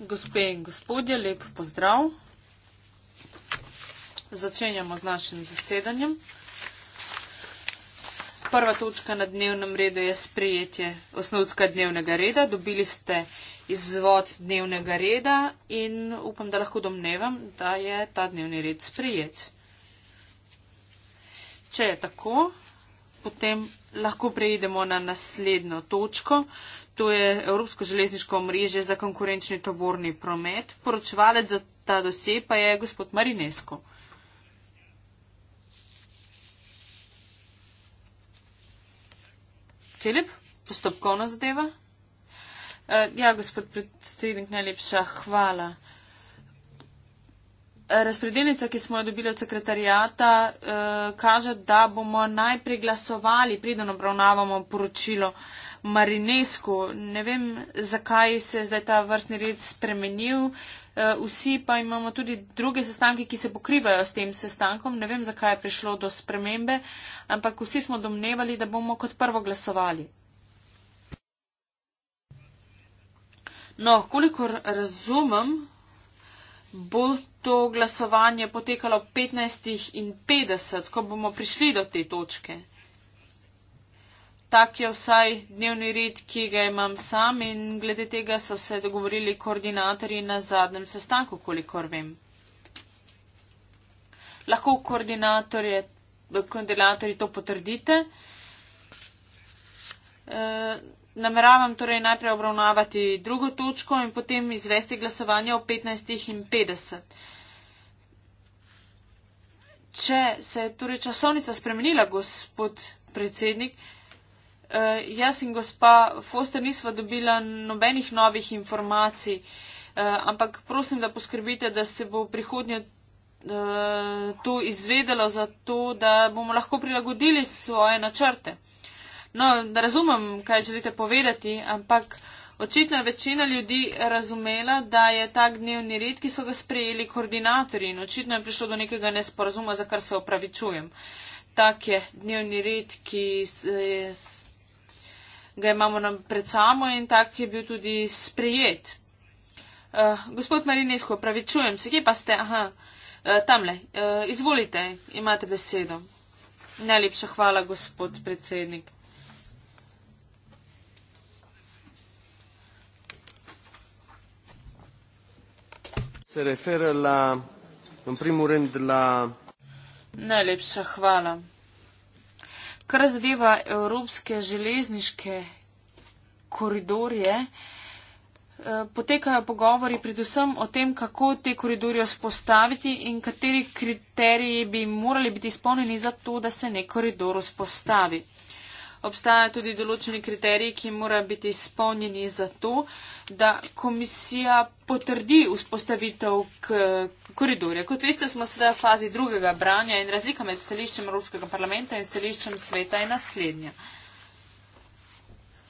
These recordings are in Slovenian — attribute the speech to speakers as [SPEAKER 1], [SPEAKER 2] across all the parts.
[SPEAKER 1] Gospe in gospodje, lep pozdrav. Začenjamo z našim zasedanjem. Prva točka na dnevnem redu je sprejetje osnovka dnevnega reda. Dobili ste izvod dnevnega reda in upam, da lahko domnevam, da je ta dnevni red sprejet. Če je tako, potem lahko preidemo na naslednjo točko. To je Evropsko železniško mreže za konkurenčni tovorni promet. Poročevalec za ta dosej pa je gospod Marinesko. Filip, postopkovna zadeva? Eh, ja, gospod predsednik, najlepša hvala razpredeljnica, ki smo jo dobili od sekretarijata, eh, kaže, da bomo najprej glasovali, preden obravnavamo poročilo Marinesku. Ne vem, zakaj se je zdaj ta vrstni red spremenil. Eh, vsi pa imamo tudi druge sestanke, ki se pokrivajo s tem sestankom. Ne vem, zakaj je prišlo do spremembe, ampak vsi smo domnevali, da bomo kot prvo glasovali. No, kolikor razumem, bo to glasovanje potekalo 15 in 50, ko bomo prišli do te točke. Tak je vsaj dnevni red, ki ga imam sam in glede tega so se dogovorili koordinatorji na zadnjem sestanku, kolikor vem. Lahko koordinatorji to potrdite. E, nameravam torej najprej obravnavati drugo točko in potem izvesti glasovanje o 15. in 50. Če se je torej časovnica spremenila, gospod predsednik, eh, jaz in gospa Foster nisva dobila nobenih novih informacij, eh, ampak prosim, da poskrbite, da se bo prihodnje eh, to izvedelo, zato da bomo lahko prilagodili svoje načrte. No, razumem, kaj želite povedati, ampak očitno je večina ljudi razumela, da je tak dnevni red, ki so ga sprejeli koordinatorji in očitno je prišlo do nekega nesporazuma, za kar se opravičujem. Tak je dnevni red, ki je, ga imamo nam pred samo in tak je bil tudi sprejet. Uh, gospod Marinesko, opravičujem se, kje pa ste? Aha, uh, tamle. Uh, izvolite, imate besedo. Najlepša hvala, gospod predsednik.
[SPEAKER 2] Se referă la, în primul rând,
[SPEAKER 1] la... Najlepša hvala. Kar zadeva evropske železniške koridorje, eh, potekajo pogovori predvsem o tem, kako te koridorje vzpostaviti in kateri kriteriji bi morali biti izpolnjeni za to, da se nek koridor vzpostavi obstaja tudi določeni kriteriji, ki mora biti izpolnjeni za to, da komisija potrdi vzpostavitev koridorja. Kot veste, smo sedaj v fazi drugega branja in razlika med stališčem Evropskega parlamenta in stališčem sveta je naslednja.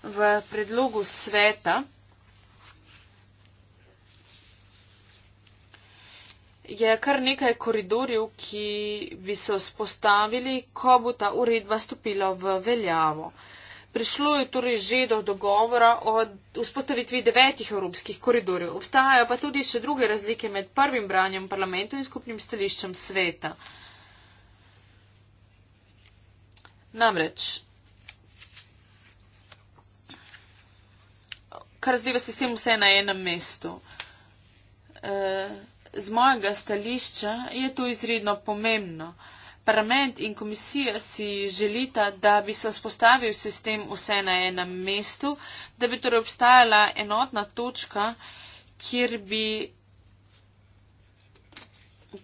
[SPEAKER 1] V predlogu sveta je kar nekaj koridorjev, ki bi se vzpostavili, ko bo ta uredba stopila v veljavo. Prišlo je torej že do dogovora o vzpostavitvi devetih evropskih koridorjev. Obstajajo pa tudi še druge razlike med prvim branjem parlamentu in skupnim stališčem sveta. Namreč, kar zdaj v sistemu vse na enem mestu. E, z mojega stališča je to izredno pomembno. Parlament in komisija si želita, da bi se vzpostavil sistem vse na enem mestu, da bi torej obstajala enotna točka, kjer bi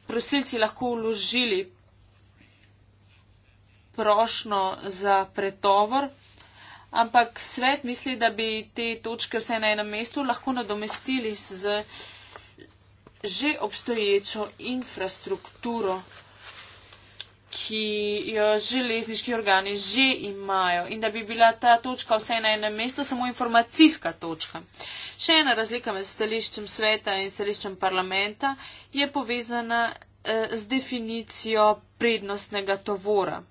[SPEAKER 1] prosilci lahko uložili prošno za pretovor, ampak svet misli, da bi te točke vse na enem mestu lahko nadomestili z že obstoječo infrastrukturo, ki jo železniški organi že imajo in da bi bila ta točka vse na enem mestu, samo informacijska točka. Še ena razlika med stališčem sveta in stališčem parlamenta je povezana eh, z definicijo prednostnega tovora.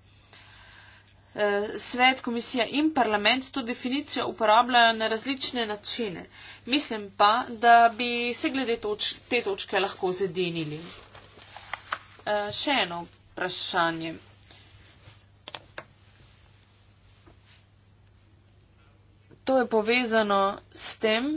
[SPEAKER 1] Eh, svet, komisija in parlament to definicijo uporabljajo na različne načine. Mislim pa, da bi se glede toč, te točke lahko zedinili. E, še eno vprašanje. To je povezano s tem,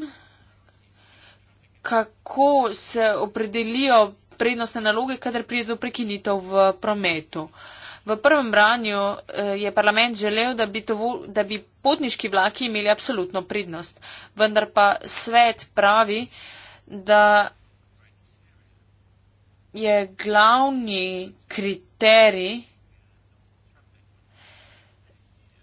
[SPEAKER 1] kako se opredelijo prednostne naloge, kadar pride do prekinitev v prometu. E, V prvem branju eh, je parlament želel, da bi, tovo, da bi potniški vlaki imeli absolutno pridnost. Vendar pa svet pravi, da je glavni kriterij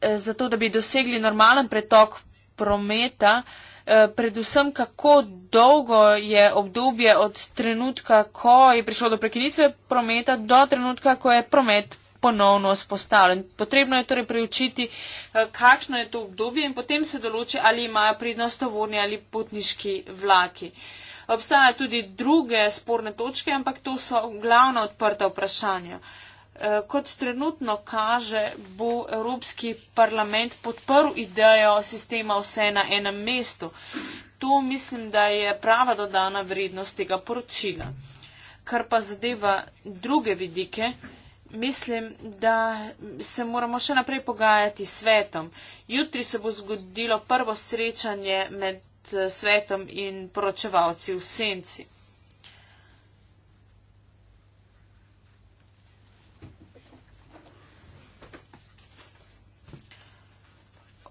[SPEAKER 1] eh, za to, da bi dosegli normalen pretok prometa, eh, predvsem kako dolgo je obdobje od trenutka, ko je prišlo do prekinitve prometa, do trenutka, ko je promet ponovno vzpostavljen. Potrebno je torej preučiti, eh, kakšno je to obdobje in potem se določi, ali imajo prednost tovorni ali potniški vlaki. Obstajajo tudi druge sporne točke, ampak to so glavna odprta vprašanja. Eh, kot trenutno kaže, bo Evropski parlament podprl idejo sistema vse na enem mestu. To mislim, da je prava dodana vrednost tega poročila. Kar pa zadeva druge vidike, mislim, da se moramo še naprej pogajati s svetom. Jutri se bo zgodilo prvo srečanje med eh, svetom in poročevalci v senci.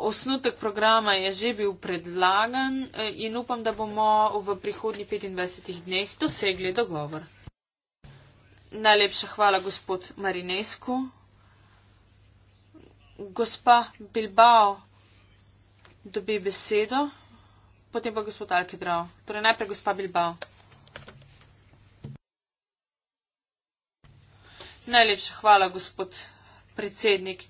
[SPEAKER 1] Osnutek programa je že bil predlagan eh, in upam, da bomo v prihodnji 25 dneh dosegli dogovor. Najlepša hvala, gospod Marinesku. Gospa Bilbao dobi besedo, potem pa gospod Alkidrav. Torej najprej gospa Bilbao. Najlepša hvala, gospod predsednik.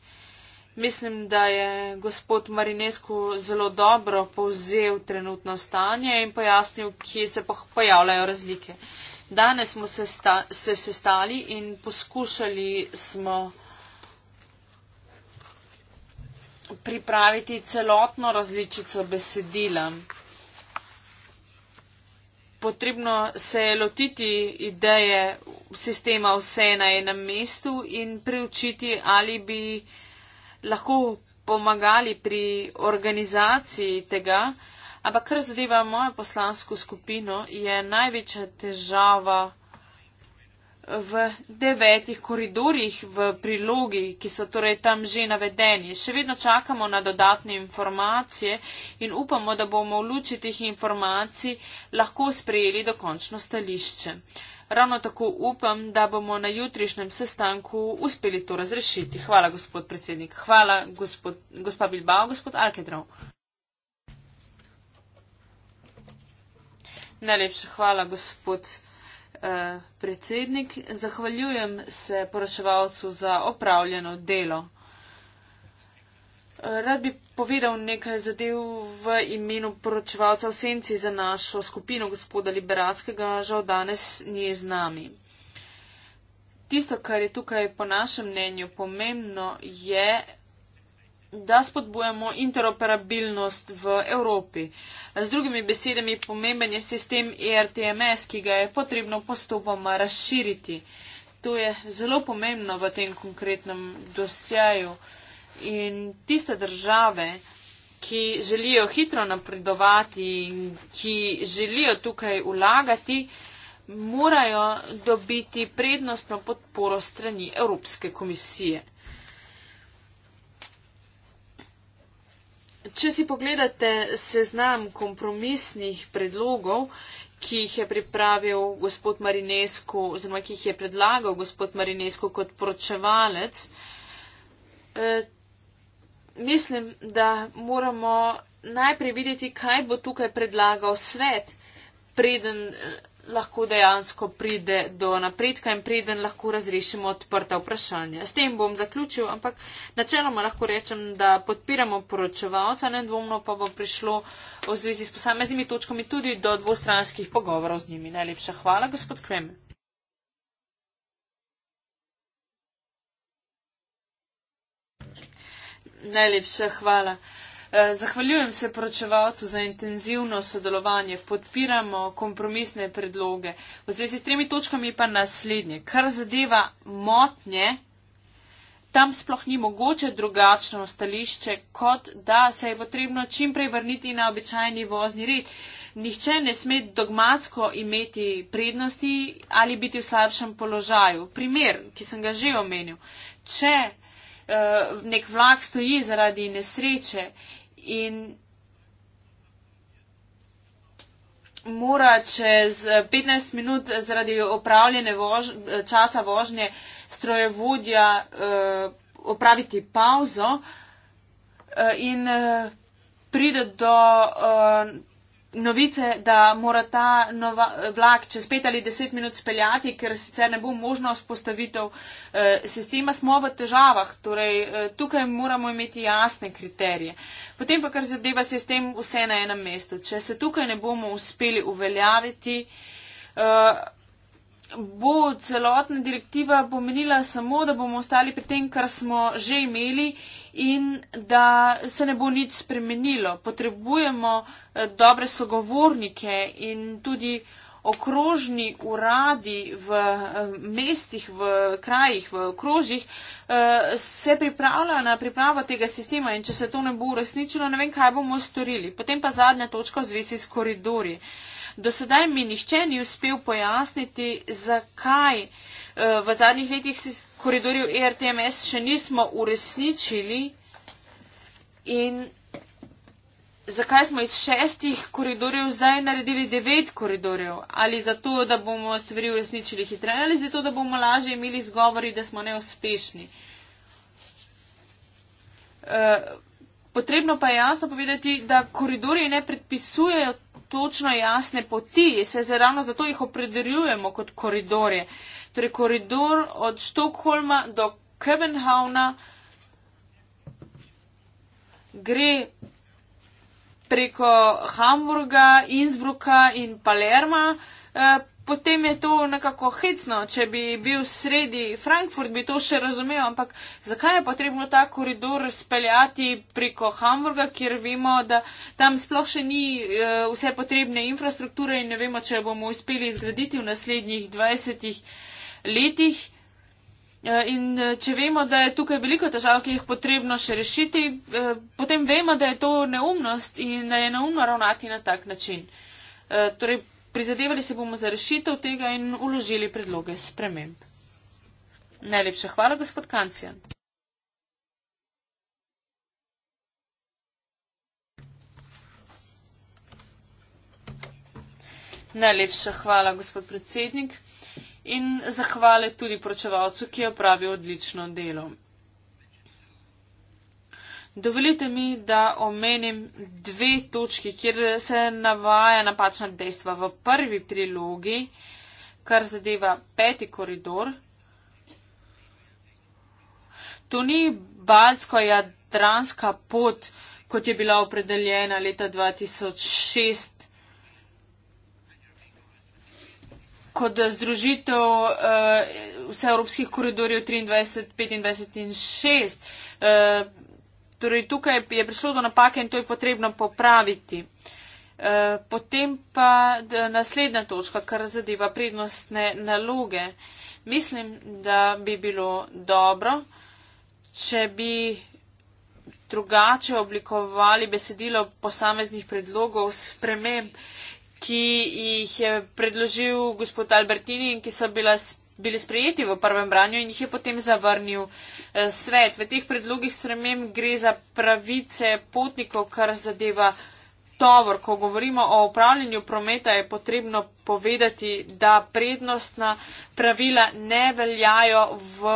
[SPEAKER 1] Mislim, da je gospod Marinesku zelo dobro povzel trenutno stanje in pojasnil, kje se pojavljajo razlike. Uh, Danes smo se, sta, se sestali in poskušali smo pripraviti celotno različico besedila. Potrebno se je lotiti ideje sistema vse na enem mestu in preučiti, ali bi lahko pomagali pri organizaciji tega, Ampak kar zadeva mojo poslansko skupino, je največja težava v devetih koridorjih v prilogi, ki so torej tam že navedeni. Še vedno čakamo na dodatne informacije in upamo, da bomo v luči teh informacij lahko sprejeli dokončno stališče. Ravno tako upam, da bomo na jutrišnjem sestanku uspeli to razrešiti. Hvala, gospod predsednik. Hvala, gospod, gospa Bilbao, gospod Alkedrov. Najlepša hvala, gospod eh, predsednik. Zahvaljujem se poročevalcu za opravljeno delo. Eh, rad bi povedal nekaj zadev v imenu poročevalca v senci za našo skupino gospoda Liberatskega, žal danes ni z nami. Tisto, kar je tukaj po našem mnenju pomembno, je da spodbujamo interoperabilnost v Evropi. Z drugimi besedami, pomemben je sistem ERTMS, ki ga je potrebno postopoma razširiti. To je zelo pomembno v tem konkretnem dosjaju. In tiste države, ki želijo hitro napredovati in ki želijo tukaj ulagati, morajo dobiti prednostno podporo strani Evropske komisije. če si pogledate seznam kompromisnih predlogov, ki jih je pripravil gospod Marinesko oziroma ki jih je predlagal gospod Marinesko kot poročevalec, eh, mislim, da moramo najprej videti, kaj bo tukaj predlagal svet, preden lahko dejansko pride do napredka in preden lahko razrešimo odprta vprašanja. S tem bom zaključil, ampak načeloma lahko rečem, da podpiramo poročevalca, nedvomno pa bo prišlo v zvezi s posameznimi točkami tudi do dvostranskih pogovorov z njimi. Najlepša hvala, gospod Kreme. Najlepša hvala. Eh, zahvaljujem se poročevalcu za intenzivno sodelovanje, podpiramo kompromisne predloge. V zvezi s tremi točkami pa naslednje. Kar zadeva motnje, tam sploh ni mogoče drugačno stališče, kot da se je potrebno čimprej vrniti na običajni vozni red. Nihče ne sme dogmatsko imeti prednosti ali biti v slabšem položaju. Primer, ki sem ga že omenil. Če uh, nek vlak stoji zaradi nesreče in mora čez 15 minut zaradi opravljene vož časa vožnje strojevodja uh, opraviti pauzo uh, eh, in uh, pride do uh, novice, da mora ta nova, vlak čez pet ali deset minut speljati, ker sicer ne bo možno spostavitev eh, sistema, smo v težavah. Torej, eh, tukaj moramo imeti jasne kriterije. Potem pa, kar zadeva sistem, vse na enem mestu. Če se tukaj ne bomo uspeli uveljaviti, eh, bo celotna direktiva pomenila samo, da bomo ostali pri tem, kar smo že imeli in da se ne bo nič spremenilo. Potrebujemo eh, dobre sogovornike in tudi okrožni uradi v eh, mestih, v krajih, v okrožjih eh, se pripravlja na pripravo tega sistema in če se to ne bo uresničilo, ne vem, kaj bomo storili. Potem pa zadnja točka v zvezi s koridori. Do sedaj mi nihče ni uspel pojasniti, zakaj eh, v zadnjih letih koridorjev ERTMS še nismo uresničili in zakaj smo iz šestih koridorjev zdaj naredili devet koridorjev. Ali zato, da bomo stvari uresničili hitreje, ali zato, da bomo lažje imeli zgovori, da smo neuspešni. Uh, Potrebno pa je jasno povedati, da koridori ne predpisujejo točno jasne poti, se ravno zato jih opredeljujemo kot koridorje. Torej koridor od Štokholma do Kevenhauna gre preko Hamburga, Innsbrucka in Palerma. Eh, potem je to nekako hecno. Če bi bil sredi Frankfurt, bi to še razumel, ampak zakaj je potrebno ta koridor speljati preko Hamburga, kjer vemo, da tam sploh še ni eh, vse potrebne infrastrukture in ne vemo, če bomo uspeli izgraditi v naslednjih 20 letih. Eh, in eh, če vemo, da je tukaj veliko težav, ki jih je potrebno še rešiti, potem vemo, da je to neumnost in da je neumno ravnati na tak način. Torej, Prizadevali se bomo za rešitev tega in uložili predloge sprememb. Najlepša hvala, gospod Kancijan. Najlepša hvala, gospod predsednik, in zahvale tudi poročevalcu, ki je opravil odlično delo. Dovolite mi, da omenim dve točki, kjer se navaja napačna dejstva. V prvi prilogi, kar zadeva peti koridor, to ni balsko-jadranska pot, kot je bila opredeljena leta 2006. kot združitev eh, vseevropskih koridorjev 23, 25 in 6, eh, Torej, tukaj je prišlo do napake in to je potrebno popraviti. Eh, potem pa naslednja točka, kar zadeva prednostne naloge. Mislim, da bi bilo dobro, če bi drugače oblikovali besedilo posameznih predlogov sprememb, ki jih je predložil gospod Albertini in ki so bila sprememba bili sprejeti v prvem branju in jih je potem zavrnil eh, svet. V teh predlogih sremem gre za pravice potnikov, kar zadeva tovor. Ko govorimo o upravljanju prometa, je potrebno povedati, da prednostna pravila ne veljajo v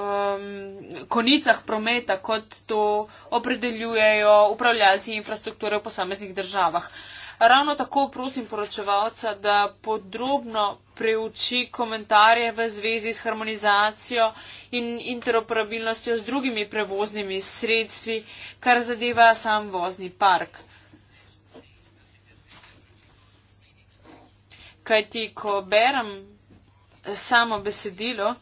[SPEAKER 1] um, konicah prometa, kot to opredeljujejo upravljalci infrastrukture v posameznih državah. Uh, Ravno tako prosim poročevalca, da podrobno preuči komentarje v zvezi s harmonizacijo in interoperabilnostjo z drugimi prevoznimi sredstvi, kar zadeva sam vozni park. Kaj ti, ko berem samo besedilo,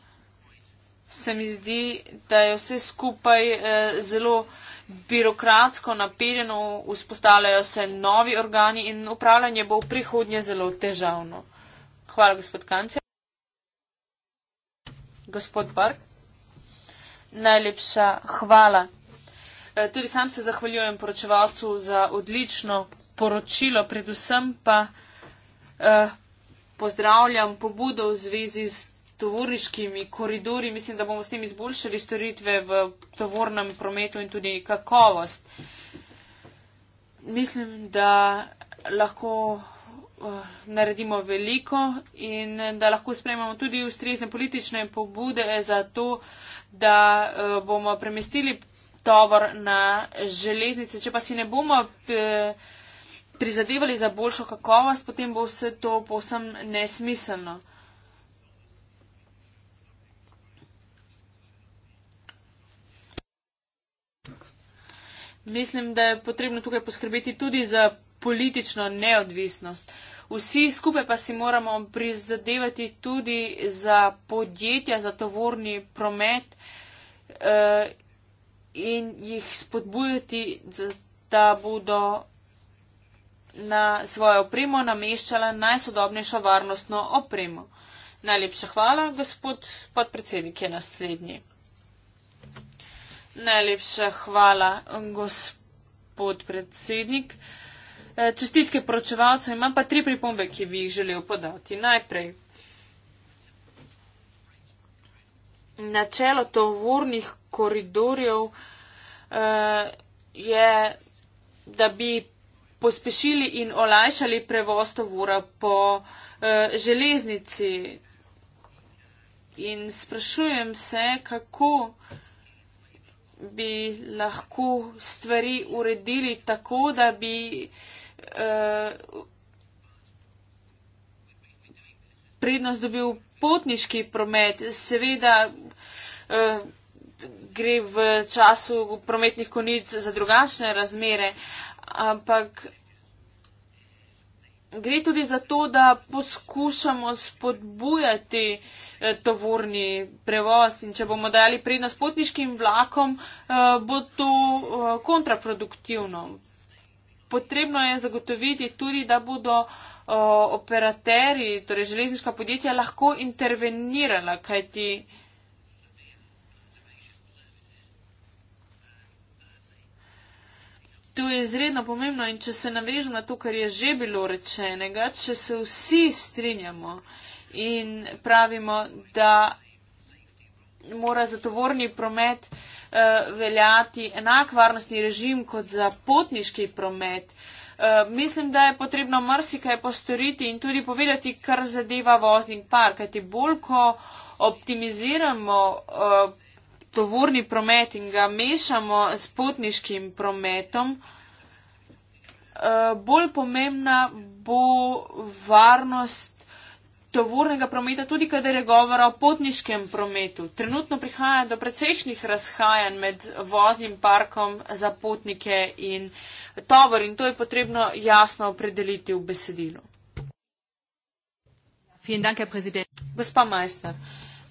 [SPEAKER 1] se mi zdi, da je vse skupaj eh, zelo birokratsko napirjeno, vzpostavljajo se novi organi in upravljanje bo v prihodnje zelo težavno. Hvala, gospod Kancer. Gospod Bark, najlepša hvala. Eh, tudi sam se zahvaljujem poročevalcu za odlično poročilo, predvsem pa eh, pozdravljam pobudo v zvezi z tovoriškimi koridori, mislim, da bomo s tem izboljšali storitve v tovornem prometu in tudi kakovost. Mislim, da lahko eh, naredimo veliko in da lahko sprejmemo tudi ustrezne politične pobude za to, da eh, bomo premestili tovor na železnice. Če pa si ne bomo eh, prizadevali za boljšo kakovost, potem bo vse to povsem nesmiselno. Mislim, da je potrebno tukaj poskrbeti tudi za politično neodvisnost. Vsi skupaj pa si moramo prizadevati tudi za podjetja, za tovorni promet eh, in jih spodbujati, da bodo na svojo opremo nameščala najsodobnejšo varnostno opremo. Najlepša hvala, gospod podpredsednik je naslednji. Najlepša hvala, gospod predsednik. Eh, čestitke poročevalcu, imam pa tri pripombe, ki bi jih želel podati. Najprej. Načelo tovornih koridorjev eh, je, da bi pospešili in olajšali prevoz tovora po eh, železnici. In sprašujem se, kako bi lahko stvari uredili tako, da bi eh, prednost dobil potniški promet. Seveda eh, gre v času prometnih konic za drugačne razmere, ampak gre tudi za to, da poskušamo spodbujati eh, tovorni prevoz in če bomo dali prednost potniškim vlakom, eh, bo to eh, kontraproduktivno. Potrebno je zagotoviti tudi, da bodo operaterji, torej železniška podjetja, lahko intervenirala, kajti. To je izredno pomembno in če se navežem na to, kar je že bilo rečenega, če se vsi strinjamo in pravimo, da mora za tovorni promet uh, veljati enak varnostni režim kot za potniški promet. Uh, mislim, da je potrebno marsikaj postoriti in tudi povedati, kar zadeva vozni park, kajti bolj, ko optimiziramo uh, tovorni promet in ga mešamo s potniškim prometom, eh, bolj pomembna bo varnost tovornega prometa, tudi kadar je govora o potniškem prometu. Trenutno prihaja do precejšnjih razhajanj med voznim parkom za potnike in tovor in to je potrebno jasno opredeliti v besedilu. Gospa majster.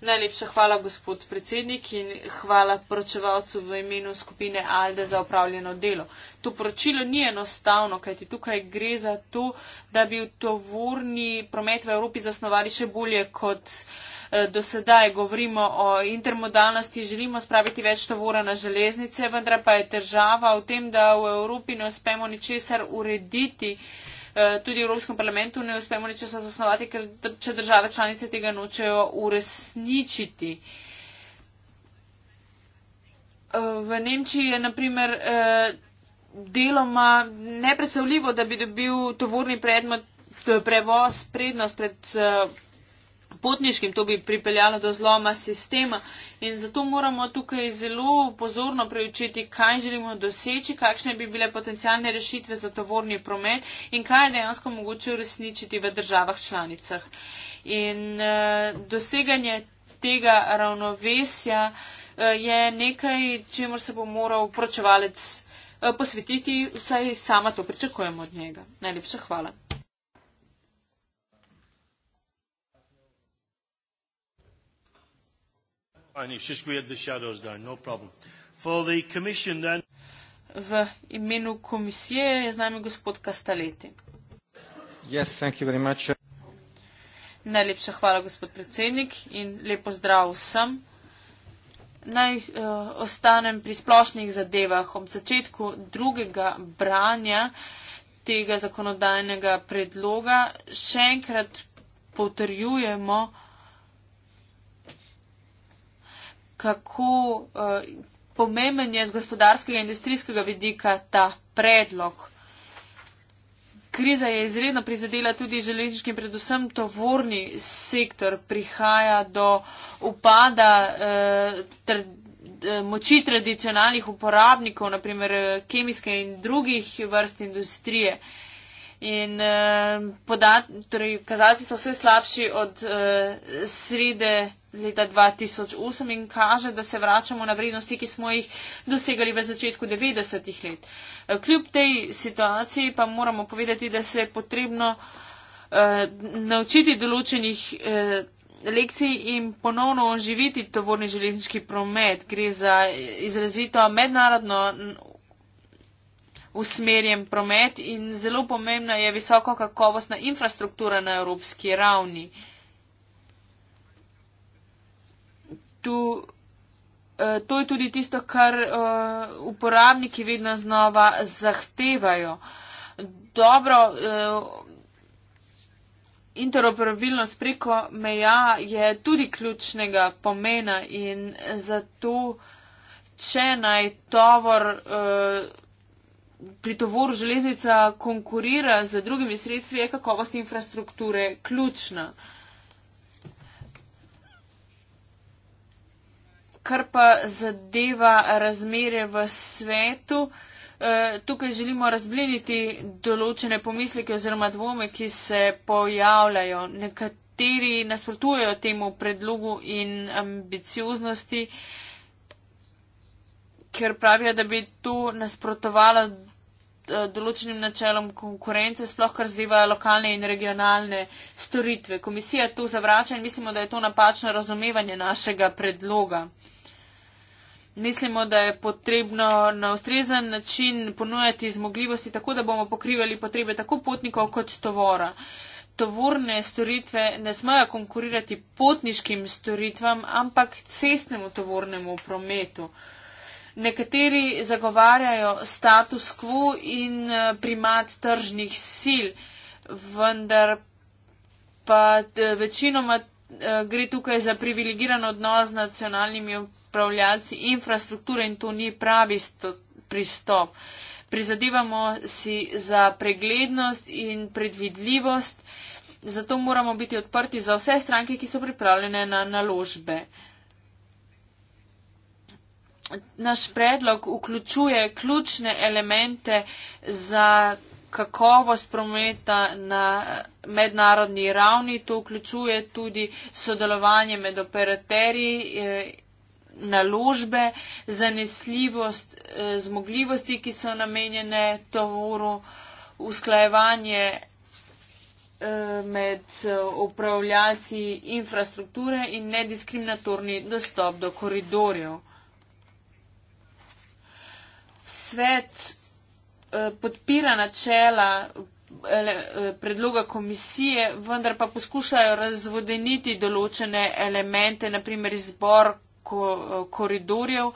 [SPEAKER 1] Najlepša hvala, gospod predsednik, in hvala poročevalcu v imenu skupine Alde za upravljeno delo. To poročilo ni enostavno, kajti tukaj gre za to, da bi tovorni promet v Evropi zasnovali še bolje kot eh, do sedaj. Govorimo o intermodalnosti, želimo spraviti več tovora na železnice, vendar pa je država v tem, da v Evropi ne uspemo ničesar urediti. Eh, tudi v Evropskem parlamentu ne uspemo ničesar zasnovati, ker če države članice tega nočejo uresničiti. Eh, v Nemčiji je naprimer eh, deloma nepredstavljivo, da bi dobil tovorni predmet prevoz prednost pred potniškim, to bi pripeljalo do zloma sistema in zato moramo tukaj zelo pozorno preučiti, kaj želimo doseči, kakšne bi bile potencijalne rešitve za tovorni promet in kaj je dejansko mogoče uresničiti v državah članicah. In uh, doseganje tega ravnovesja uh, je nekaj, čemu se bo moral pročevalec uh, eh, posvetiti, vsaj sama to pričakujemo od njega. Najlepša hvala.
[SPEAKER 2] No
[SPEAKER 1] v imenu komisije je z nami gospod Kastaleti. Yes, Najlepša hvala, gospod predsednik, in lepo zdrav vsem. Naj uh, ostanem pri splošnih zadevah. Ob začetku drugega branja tega zakonodajnega predloga še enkrat potrjujemo, kako uh, pomemben je z gospodarskega in industrijskega vidika ta predlog. Kriza je izredno prizadela tudi železniški in predvsem tovorni sektor. Prihaja do upada eh, tr, eh, moči tradicionalnih uporabnikov, naprimer eh, kemijske in drugih vrst industrije. Eh, In eh, podat, torej, kazalci so vse slabši od eh, srede leta 2008 in kaže, da se vračamo na vrednosti, ki smo jih dosegali v začetku 90-ih let. Eh, kljub tej situaciji pa moramo povedati, da se je potrebno eh, naučiti določenih eh, lekcij in ponovno oživiti tovorni železniški promet. Gre za eh, izrazito mednarodno usmerjen promet in zelo pomembna je visoko kakovostna infrastruktura na evropski ravni. Tu, eh, to je tudi tisto, kar eh, uporabniki vedno znova zahtevajo. Dobro, eh, interoperabilnost preko meja je tudi ključnega pomena in zato, če naj tovor. Eh, pri tovoru železnica konkurira z drugimi sredstvi, je kakovost infrastrukture ključna. Kar pa zadeva razmere v svetu, eh, tukaj želimo razbliniti določene pomisleke oziroma dvome, ki se pojavljajo. Nekateri nasprotujejo temu predlogu in ambicioznosti, ker pravijo, da bi to nasprotovalo Eh, določenim načelom konkurence, sploh kar zdeva lokalne in regionalne storitve. Komisija to zavrača in mislimo, da je to napačno razumevanje našega predloga. Mislimo, da je potrebno na ustrezen način ponujati zmogljivosti, tako da bomo pokrivali potrebe tako potnikov kot tovora. Tovorne storitve ne smajo konkurirati potniškim storitvam, ampak cestnemu tovornemu prometu. Uh, Nekateri zagovarjajo status quo in eh, primat tržnih sil, vendar pa eh, večinoma eh, gre tukaj za privilegiran odnos z nacionalnimi upravljalci infrastrukture in to ni pravi pristop. Prizadevamo si za preglednost in predvidljivost, zato moramo biti odprti za vse stranke, ki so pripravljene na naložbe naš predlog vključuje ključne elemente za kakovost prometa na mednarodni ravni. To vključuje tudi sodelovanje med operaterji, eh, naložbe, zanesljivost, eh, zmogljivosti, ki so namenjene tovoru, usklajevanje eh, med upravljalci infrastrukture in nediskriminatorni dostop do koridorjev svet eh, podpira načela eh, predloga komisije, vendar pa poskušajo razvodeniti določene elemente, naprimer izbor eh, koridorjev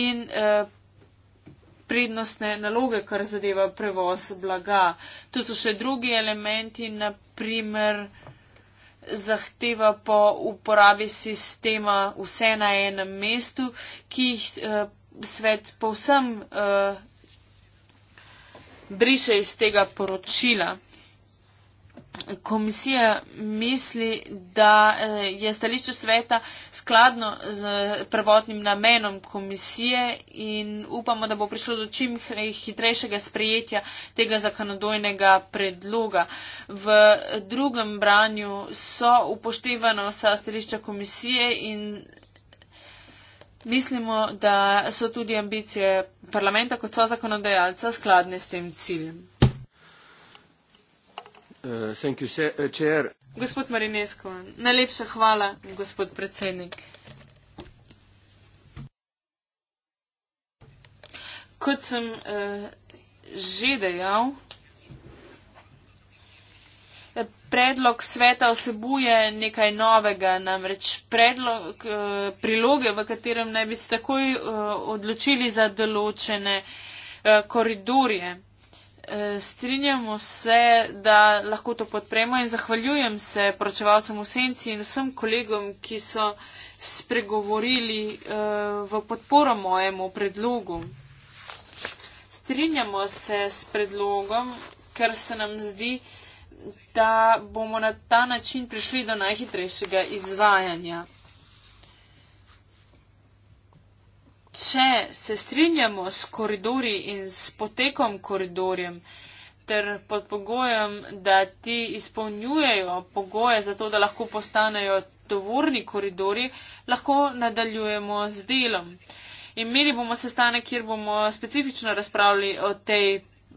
[SPEAKER 1] in prednostne naloge, kar zadeva prevoz blaga. Tu so še drugi elementi, naprimer zahteva po uporabi sistema vse na enem mestu, ki jih svet povsem uh, briše iz tega poročila. Komisija misli, da eh, je stališče sveta skladno z prvotnim namenom komisije in upamo, da bo prišlo do čim hitrejšega sprejetja tega zakonodojnega predloga. V drugem branju so upoštevana vsa stališča komisije in Mislimo, da so tudi ambicije parlamenta kot so zakonodajalca skladne s tem ciljem.
[SPEAKER 2] Uh,
[SPEAKER 1] gospod Marinesko, najlepša hvala, gospod predsednik. Kot sem uh, že dejal, predlog sveta vsebuje nekaj novega, namreč predlog, uh, priloge, v katerem naj bi se takoj uh, odločili za določene uh, koridorje. Strinjamo se, da lahko to podpremo in zahvaljujem se pročevalcem v senci in vsem kolegom, ki so spregovorili v podporo mojemu predlogu. Strinjamo se s predlogom, ker se nam zdi, da bomo na ta način prišli do najhitrejšega izvajanja. Če se strinjamo s koridori in s potekom koridorjem ter pod pogojem, da ti izpolnjujejo pogoje za to, da lahko postanejo tovorni koridori, lahko nadaljujemo z delom. Imeli bomo sestanek, kjer bomo specifično razpravljali o tej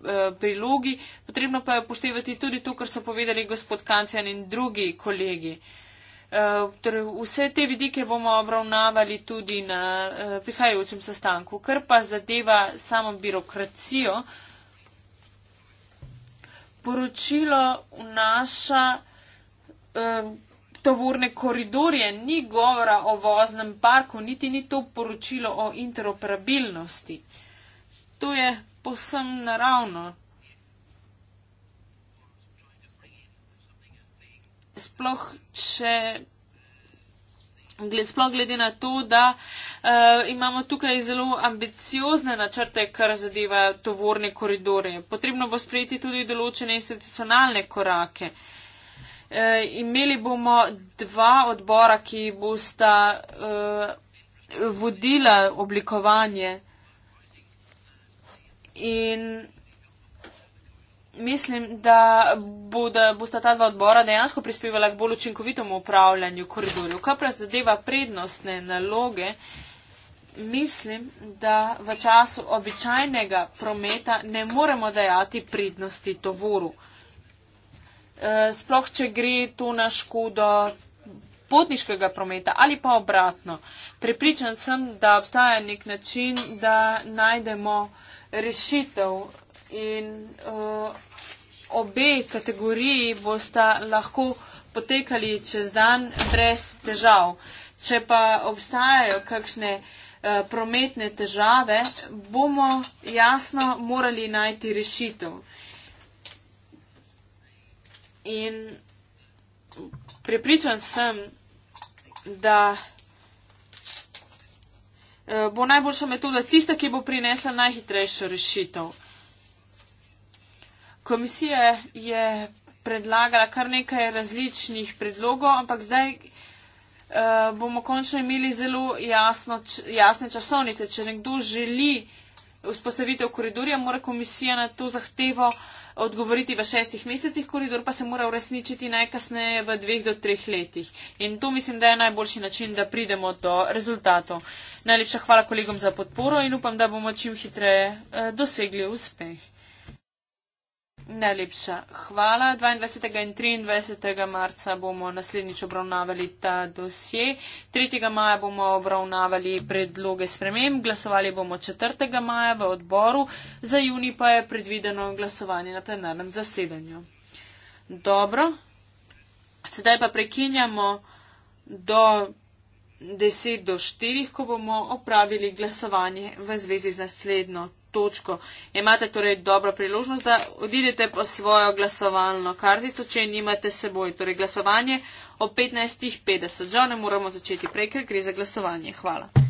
[SPEAKER 1] Eh, prilogi. Potrebno pa je upoštevati tudi to, kar so povedali gospod Kancijan in drugi kolegi. Eh, torej, vse te vidike bomo obravnavali tudi na eh, prihajajočem sestanku, kar pa zadeva samo birokracijo. Poročilo vnaša tovorne koridorje, ni govora o voznem parku, niti ni to poročilo o interoperabilnosti. To je posem naravno. Sploh, če, gled, sploh glede na to, da uh, imamo tukaj zelo ambiciozne načrte, kar zadeva tovorne koridore. Potrebno bo sprejeti tudi določene institucionalne korake. E, imeli bomo dva odbora, ki bosta e, vodila oblikovanje in mislim, da bodo, bosta ta dva odbora dejansko prispevala k bolj učinkovitemu upravljanju koridorjev. Kar pa zadeva prednostne naloge, mislim, da v času običajnega prometa ne moremo dajati prednosti tovoru. E, sploh, če gre to na škodo potniškega prometa ali pa obratno. Pripričan sem, da obstaja nek način, da najdemo uh, rešitev. In uh, obe kategoriji bosta lahko potekali čez dan brez težav. Če pa obstajajo kakšne eh, prometne težave, bomo jasno morali najti rešitev. In prepričan sem, da Eh, bo najboljša metoda tista, ki bo prinesla najhitrejšo rešitev. Komisija je predlagala kar nekaj različnih predlogov, ampak zdaj eh, bomo končno imeli zelo jasno, jasne časovnice. Če nekdo želi vzpostavitev koridorja, mora komisija na to zahtevo odgovoriti v šestih mesecih, koridor pa se mora uresničiti najkasneje v dveh do treh letih. In to mislim, da je najboljši način, da pridemo do rezultatov. Najlepša hvala kolegom za podporo in upam, da bomo čim hitreje eh, dosegli uspeh. Najlepša hvala. 22. in 23. marca bomo naslednjič obravnavali ta dosje. 3. maja bomo obravnavali predloge sprememb. Glasovali bomo 4. maja v odboru. Za juni pa je predvideno glasovanje na plenarnem zasedanju. Dobro. Sedaj pa prekinjamo do 10 do 4, ko bomo opravili glasovanje v zvezi z naslednjo točko. Imate torej dobro priložnost, da odidete po svojo glasovalno kartico, če nimate seboj. Torej glasovanje o 15.50. Žal ne moramo začeti prej, ker gre za glasovanje. Hvala.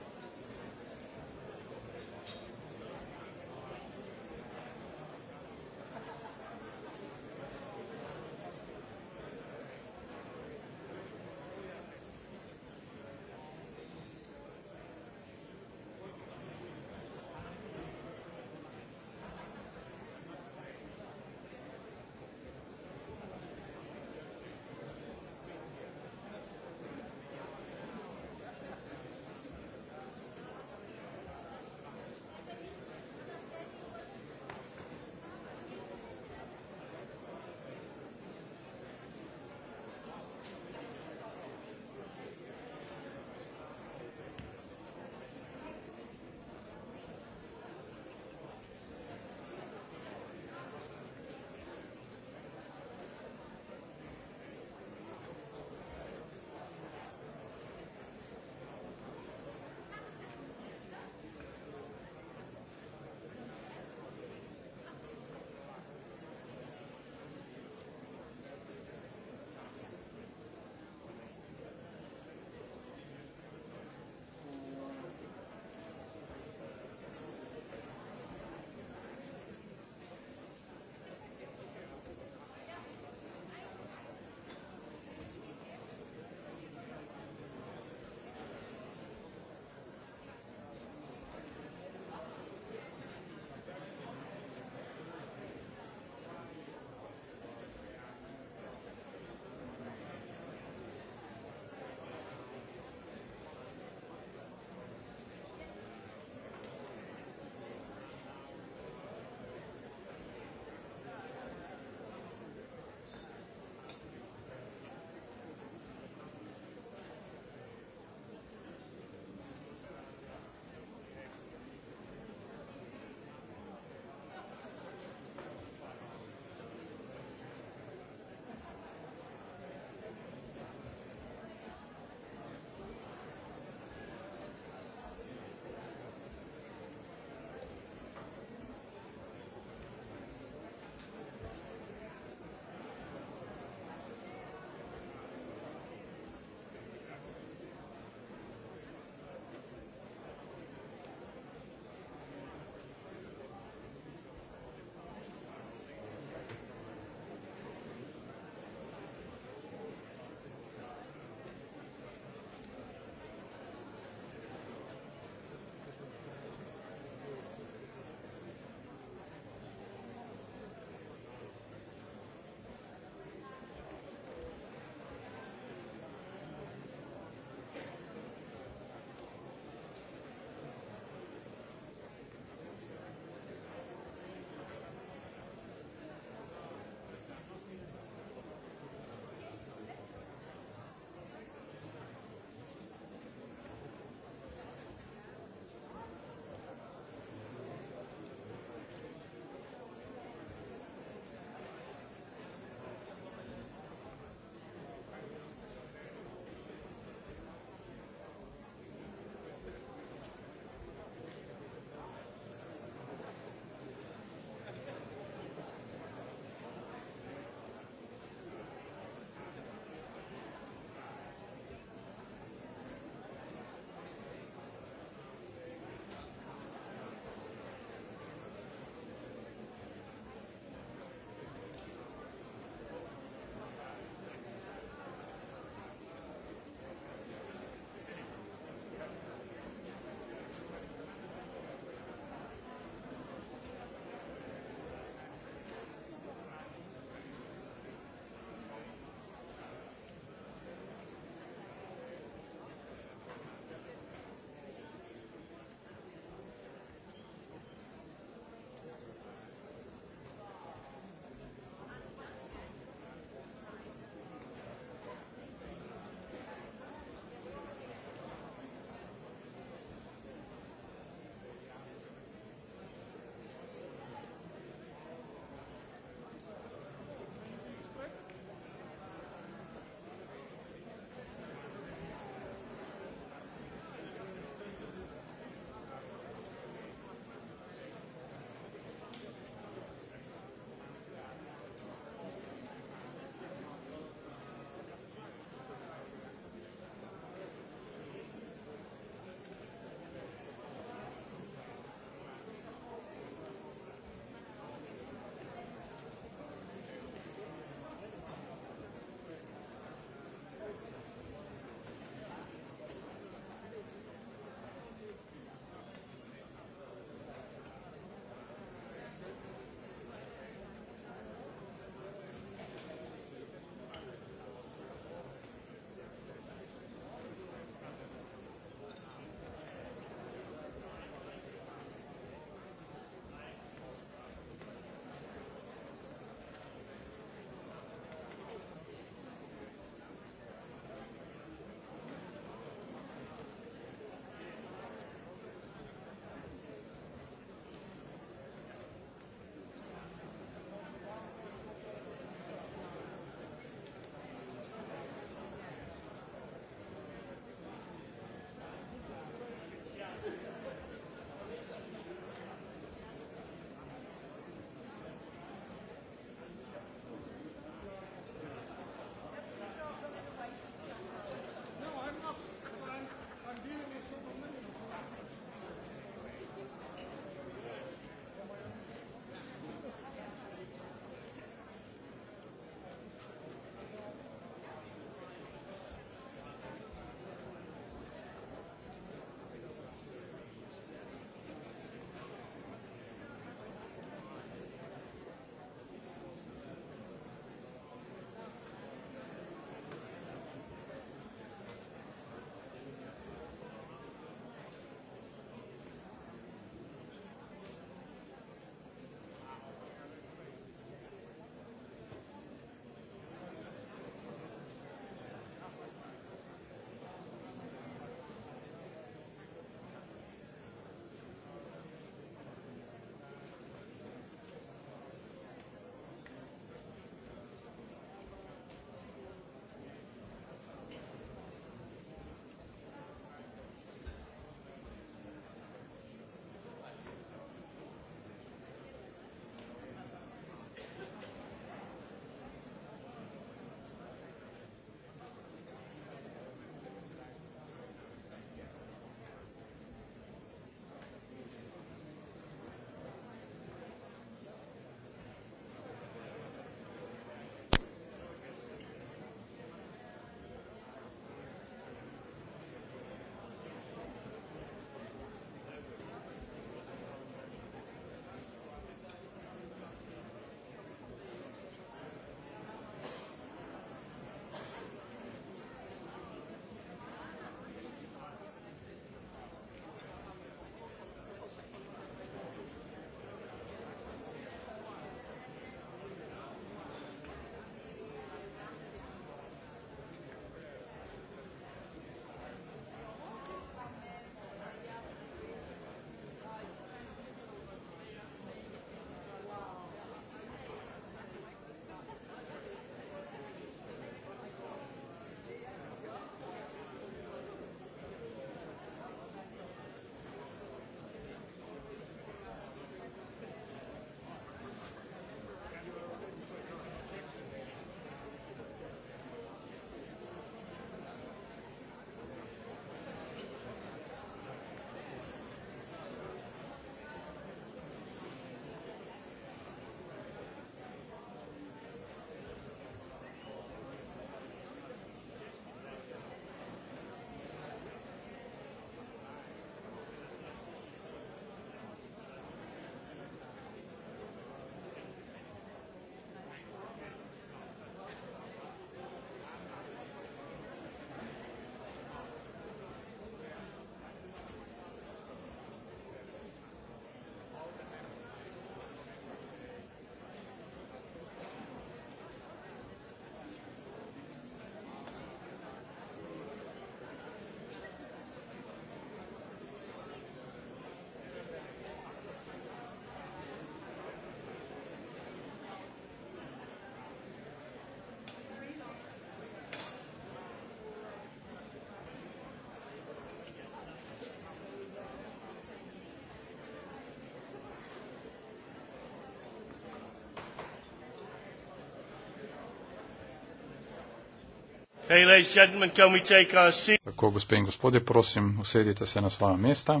[SPEAKER 3] Tako, gospe in gospodje, prosim, usedite se na svoje mesta.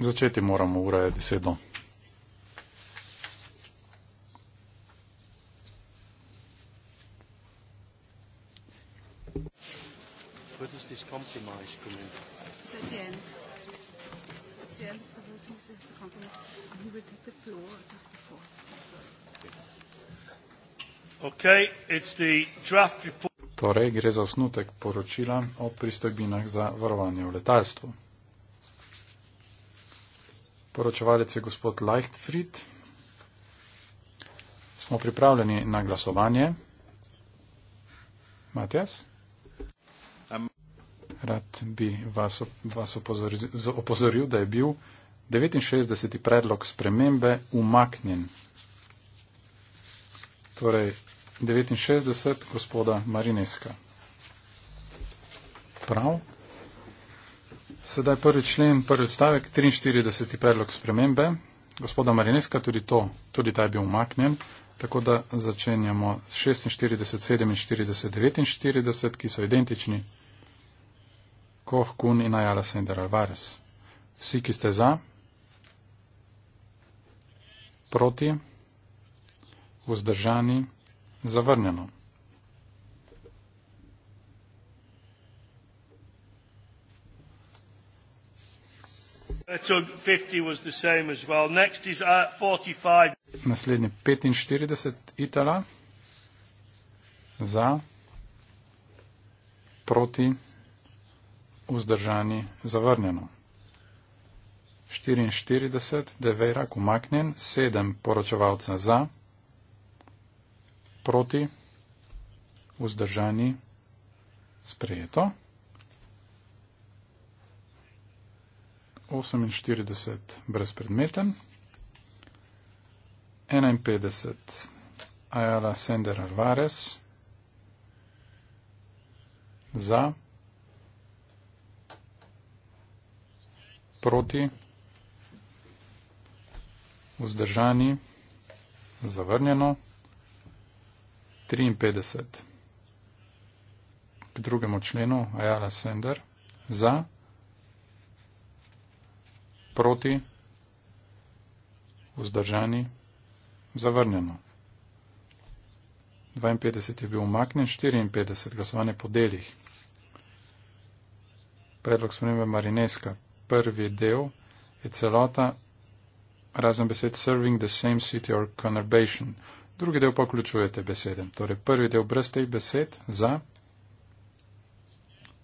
[SPEAKER 3] Začeti moramo ura je desetno. Torej, gre za osnutek poročila o pristojbinah za varovanje v letalstvu. Poročevalec je gospod Leichtfried. Smo pripravljeni na glasovanje. Matjas? Rad bi vas, vas opozoril, opozoril, da je bil 69. predlog spremembe umaknjen. Torej, 69 gospoda Marineska. Prav. Sedaj prvi člen, prvi odstavek, 43. predlog spremembe. Gospoda Marineska, tudi to, tudi ta je bil umaknjen, tako da začenjamo s 46, 47, 49, ki so identični. Koh, kun in najala se in deralvares. Vsi, ki ste za, proti, vzdržani, Zavrnjeno. Uh, Naslednji 45 Itala za proti vzdržani zavrnjeno. 44 Devera Kumaknen, 7 poročevalca za proti, vzdržani, sprejeto. 48 brezpredmeten. 51 Ayala Sender Alvarez za proti vzdržani zavrnjeno 53 k drugemu členu Ayala Sender za, proti, vzdržani, zavrnjeno. 52 je bil umaknjen, 54 glasovanje po delih. Predlog spremembe Marineska, prvi del je celota razen besed serving the same city or conurbation drugi del pa vključuje te besede. Torej, prvi del brez teh besed za,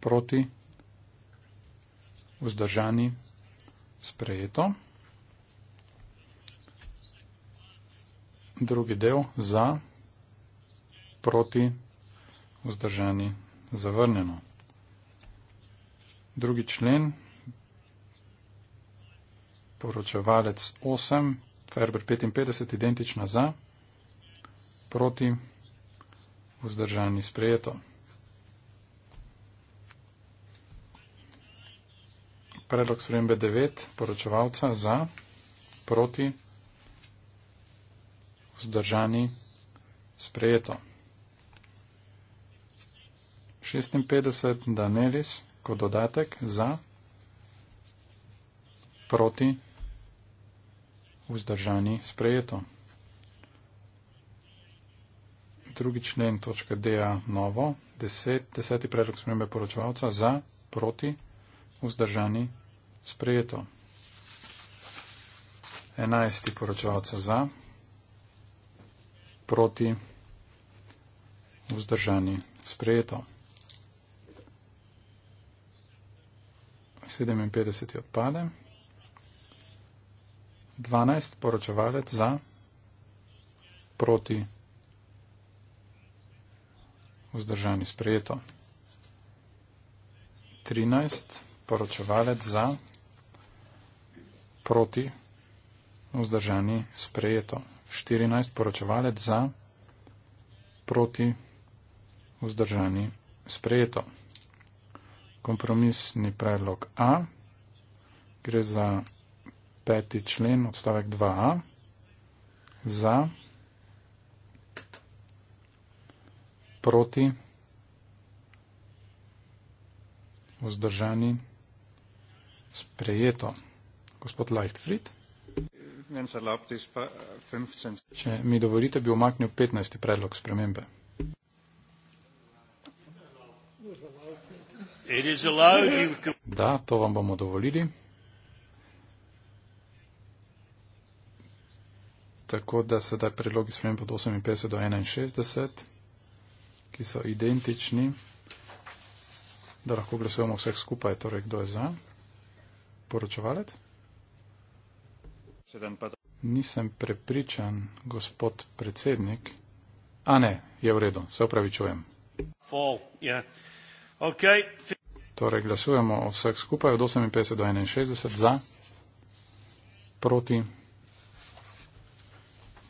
[SPEAKER 3] proti, vzdržani, sprejeto. Drugi del za, proti, vzdržani, zavrnjeno. Drugi člen, poročevalec 8, Ferber 55, identična za proti, vzdržani sprejeto. Predlog spremembe 9, poročevalca za, proti, vzdržani sprejeto. 56 Danelis kot dodatek za, proti, vzdržani sprejeto drugi člen točka DA novo, deset, deseti predlog spremembe poročevalca za, proti, vzdržani, sprejeto. Enajsti poročevalca za, proti, vzdržani, sprejeto. 57 odpade. 12 poročevalec za, proti, vzdržani, sprejeto vzdržani sprejeto. 13. Poročevalec za, proti, vzdržani sprejeto. 14. Poročevalec za, proti, vzdržani sprejeto. Kompromisni predlog A. Gre za peti člen odstavek 2a. Za. proti, vzdržani, sprejeto. Gospod Leichtfried. Če mi dovolite, bi omaknil 15. predlog spremembe. Da, to vam bomo dovolili. Tako da sedaj predlogi spremembe od 58 do 61 ki so identični, da lahko glasujemo vseh skupaj, torej kdo je za? Poročevalec? Nisem prepričan, gospod predsednik. A ne, je v redu, se opravičujem. Torej glasujemo o vseh skupaj od 58 do 61 za, proti,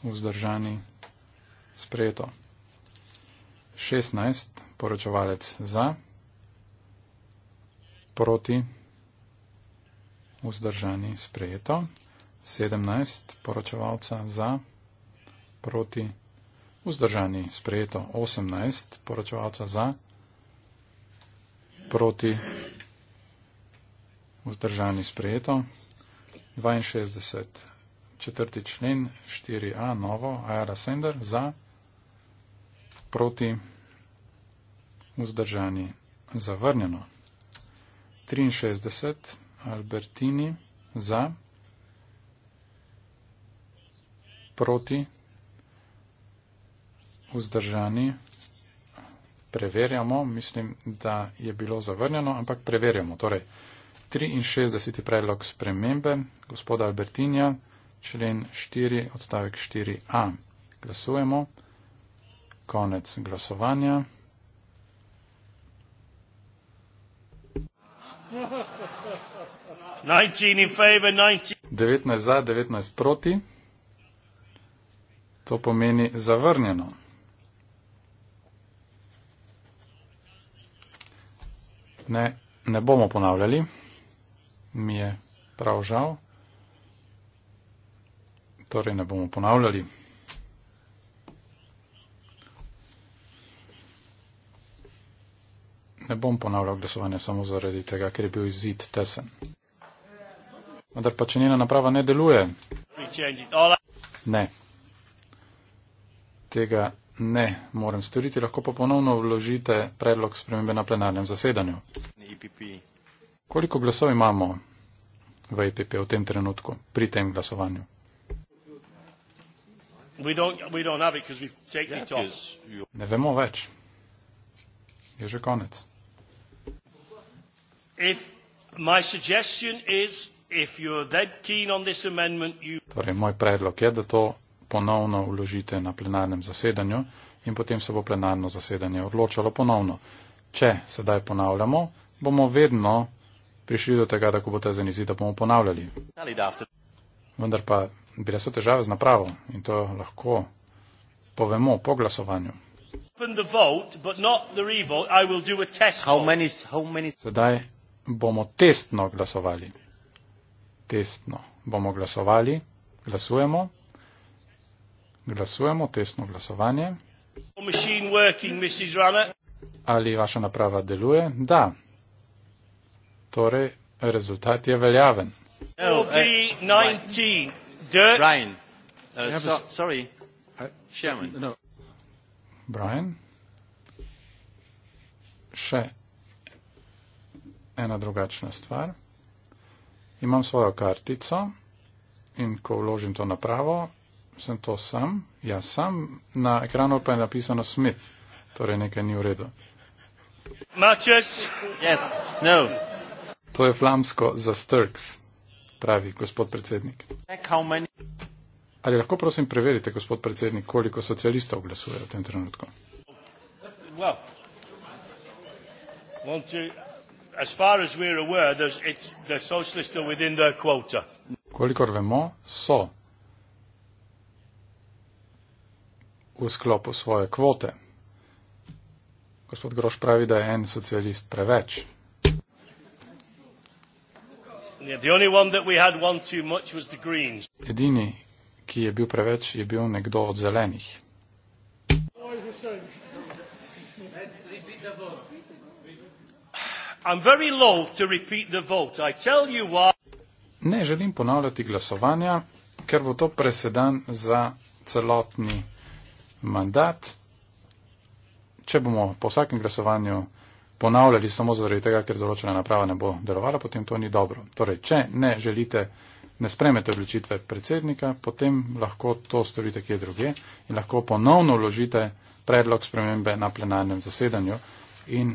[SPEAKER 3] vzdržani, sprejeto. 16, poročevalec za, proti, vzdržani, sprejeto. 17, poročevalca za, proti, vzdržani, sprejeto. 18, poročevalca za, proti, vzdržani, sprejeto. 62, četrti člen, 4a, novo, aerosender, za, proti, vzdržani, sprejeto proti, vzdržani, zavrnjeno. 63 Albertini za, proti, vzdržani, preverjamo, mislim, da je bilo zavrnjeno, ampak preverjamo. Torej, 63. predlog spremembe, gospoda Albertinja, člen 4, odstavek 4a. Glasujemo konec glasovanja. Favor, 19 za, 19 proti. To pomeni zavrnjeno. Ne, ne bomo ponavljali. Mi je prav žal. Torej ne bomo ponavljali. ne bom ponavljal glasovanja samo zaradi tega, ker je bil izid tesen. Vendar pa, če njena naprava ne deluje. Ne. Tega ne morem storiti, lahko pa ponovno vložite predlog spremembe na plenarnem zasedanju. Koliko glasov imamo v EPP v tem trenutku, pri tem glasovanju?
[SPEAKER 2] We don't, we don't it, yeah,
[SPEAKER 3] ne vemo več. Je že konec. Torej, moj predlog je, da to ponovno vložite na plenarnem zasedanju in potem se bo plenarno zasedanje odločalo ponovno. Če sedaj ponavljamo, bomo vedno prišli do tega, da ko bo ta zani zid, da bomo ponavljali. Vendar pa bile so težave z napravo in to lahko povemo po glasovanju.
[SPEAKER 2] Vote, how
[SPEAKER 3] many, how many... Sedaj bomo testno glasovali. Testno bomo glasovali, glasujemo, glasujemo, testno glasovanje.
[SPEAKER 2] Working,
[SPEAKER 3] Ali vaša naprava deluje? Da. Torej, rezultat je veljaven. E uh, no. Brian, še ena drugačna stvar. Imam svojo kartico in ko vložim to napravo, sem to sam, jaz sam, na ekranu pa je napisano Smith, torej nekaj ni v redu.
[SPEAKER 2] Matches? Yes,
[SPEAKER 3] no. To je flamsko za Sturks, pravi gospod predsednik. Ali lahko prosim preverite, gospod predsednik, koliko socialistov glasuje v tem trenutku?
[SPEAKER 2] Well, as far as we are aware, there's, it's, the socialists are within their quota.
[SPEAKER 3] Kolikor vemo, so v sklopu svoje kvote. Gospod Groš pravi, da je en socialist preveč. Edini, ki je bil preveč, je bil nekdo od zelenih. Ne želim ponavljati glasovanja, ker bo to presedan za celotni mandat. Če bomo po vsakem glasovanju ponavljali samo zaradi tega, ker določena naprava ne bo delovala, potem to ni dobro. Torej, če ne želite, ne spremete odločitve predsednika, potem lahko to storite kje druge in lahko ponovno vložite predlog spremembe na plenarnem zasedanju. In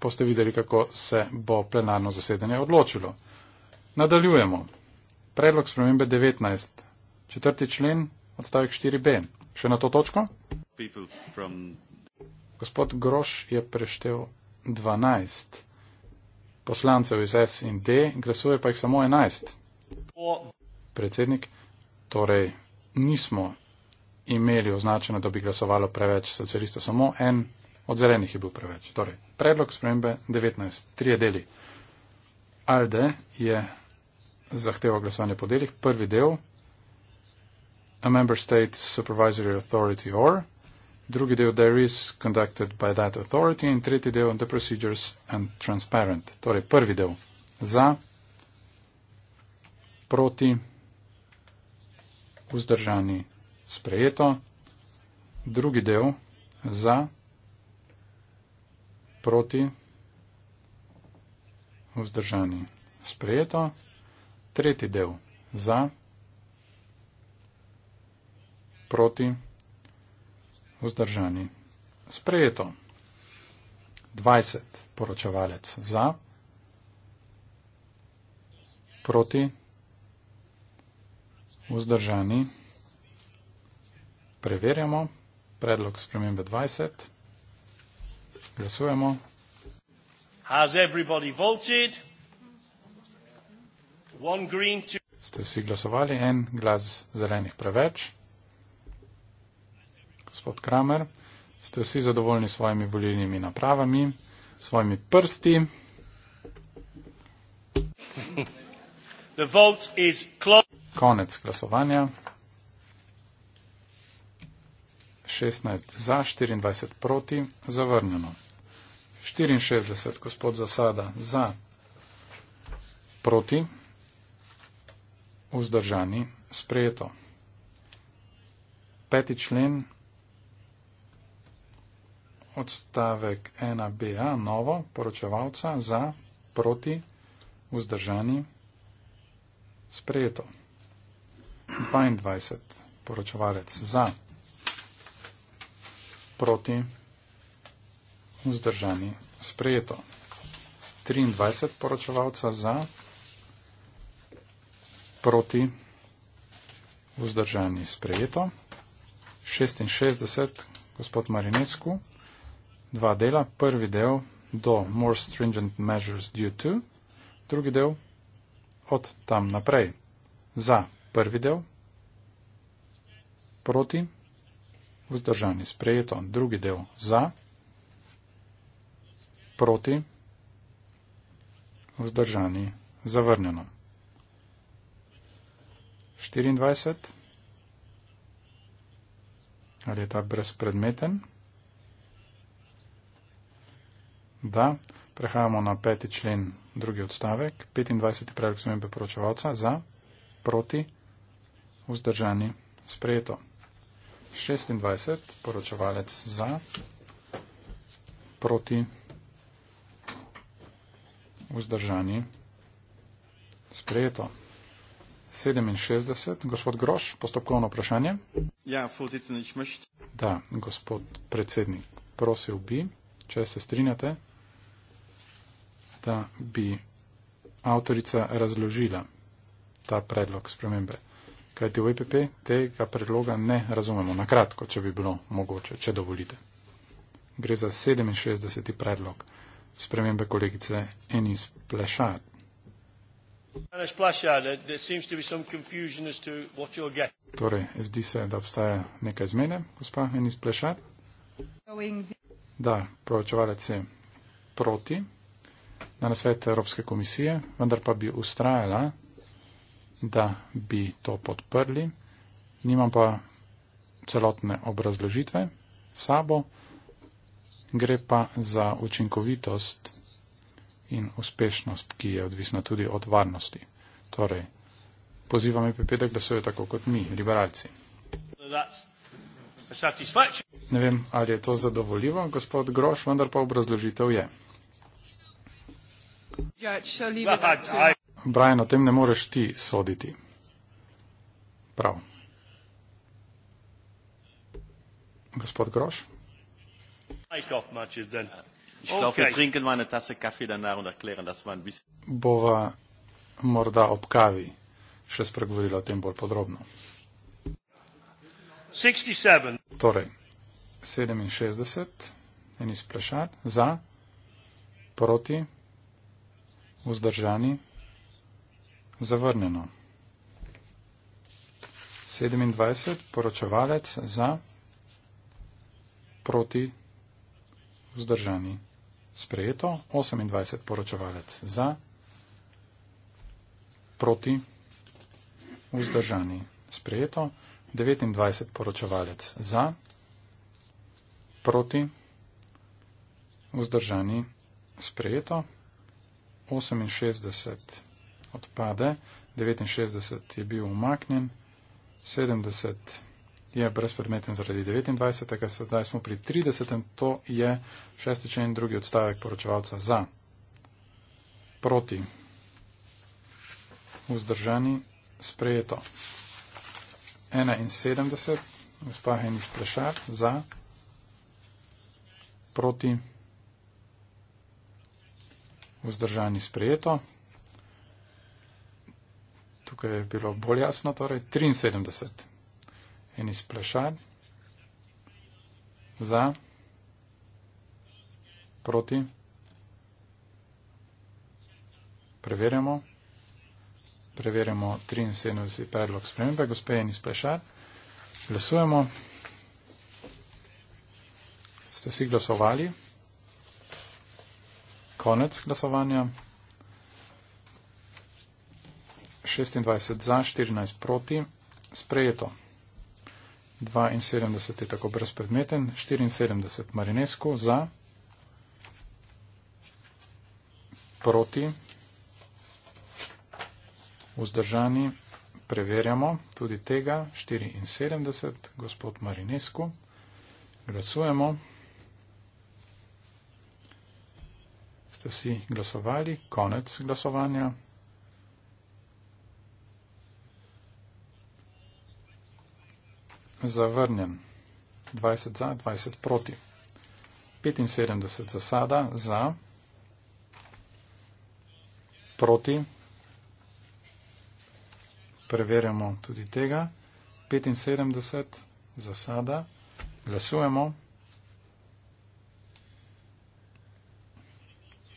[SPEAKER 3] boste videli, kako se bo plenarno zasedanje odločilo. Nadaljujemo. Predlog spremembe 19. Četrti člen, odstavek 4b. Še na to točko? From... Gospod Groš je preštel 12 poslancev iz S in D, glasuje pa jih samo 11. Predsednik, torej nismo imeli označeno, da bi glasovalo preveč socialistov, samo en od zelenih je bil preveč. Torej, predlog spremembe 19, trije deli. Alde je zahteval glasovanje po delih. Prvi del, a member state supervisory authority or, drugi del, there is conducted by that authority in tretji del, the procedures and transparent. Torej, prvi del, za, proti, vzdržani, sprejeto, drugi del, za, proti, vzdržani, sprejeto, tretji del za, proti, vzdržani, sprejeto, 20 poročevalec za, proti, vzdržani, preverjamo, predlog spremembe 20, 20, Glasujemo.
[SPEAKER 2] Has everybody voted? One green to...
[SPEAKER 3] Ste vsi glasovali? En glas zelenih preveč. Gospod Kramer, ste vsi zadovoljni s svojimi volilnimi napravami, s svojimi prsti? Konec glasovanja. 16 za, 24 proti, zavrnjeno. 64 gospod Zasada za, proti, vzdržani, sprejeto. Peti člen, odstavek 1BA, novo, poročevalca za, proti, vzdržani, sprejeto. 22 poročevalec za, proti, vzdržani, sprejeto. 23 poročevalca za, proti, vzdržani, sprejeto. 66, gospod Marinescu, dva dela, prvi del do more stringent measures due to, drugi del od tam naprej za prvi del, proti, vzdržani, sprejeto, drugi del za, proti, vzdržani, zavrnjeno. 24. Ali je ta brezpredmeten? Da. Prehajamo na peti člen, drugi odstavek. 25. predlog smembe poročevalca za, proti, vzdržani, sprejeto. 26, poročevalec za, proti, vzdržani, sprejeto. 67, gospod Groš, postopkovno vprašanje. Ja, da, gospod predsednik, prosil bi, če se strinjate, da bi avtorica razložila ta predlog spremembe kajti v EPP tega predloga ne razumemo. Na kratko, če bi bilo mogoče, če dovolite. Gre za 67. predlog spremembe kolegice Enis Plešat. Torej, zdi se, da obstaja nekaj zmene, gospa Enis Plešat. Da, proračevalec je proti na nasvet Evropske komisije, vendar pa bi ustrajala da bi to podprli. Nimam pa celotne obrazložitve sabo, gre pa za učinkovitost in uspešnost, ki je odvisna tudi od varnosti. Torej, pozivam EPP, da glasuje tako kot mi, liberalci. Ne vem, ali je to zadovoljivo, gospod Groš, vendar pa obrazložitev je.
[SPEAKER 2] Judge,
[SPEAKER 3] Brian, o tem ne moreš ti soditi. Prav. Gospod Groš. Bova morda ob kavi še spregovorila o tem bolj podrobno.
[SPEAKER 2] 67.
[SPEAKER 3] Torej, 67, en izplešar, za, proti, vzdržani zavrnjeno. 27. Poročevalec za proti vzdržani. Sprejeto. 28. Poročevalec za proti vzdržani. Sprejeto. 29. Poročevalec za proti vzdržani. Sprejeto. 68. Poročevalec za proti vzdržani odpade, 69 je bil umaknjen, 70 je brezpredmeten zaradi 29. Sedaj smo pri 30. To je šesti člen drugi odstavek poročevalca za. Proti. Vzdržani. Sprejeto. 71. Gospa Henis Plešar. Za. Proti. Vzdržani. Sprejeto tukaj je bilo bolj jasno, torej 73. En izplešan za, proti. Preverjamo. Preverjamo 73 predlog spremembe. Gospe je en izplešan. Glasujemo. Ste vsi glasovali? Konec glasovanja. 26 za, 14 proti, sprejeto. 72 je tako brezpredmeten, 74 marinesko za, proti, vzdržani, preverjamo tudi tega, 74, gospod marinesko, glasujemo. Ste vsi glasovali? Konec glasovanja. zavrnjen. 20 za, 20 proti. 75 zasada za, proti. Preverjamo tudi tega. 75 zasada. Glasujemo.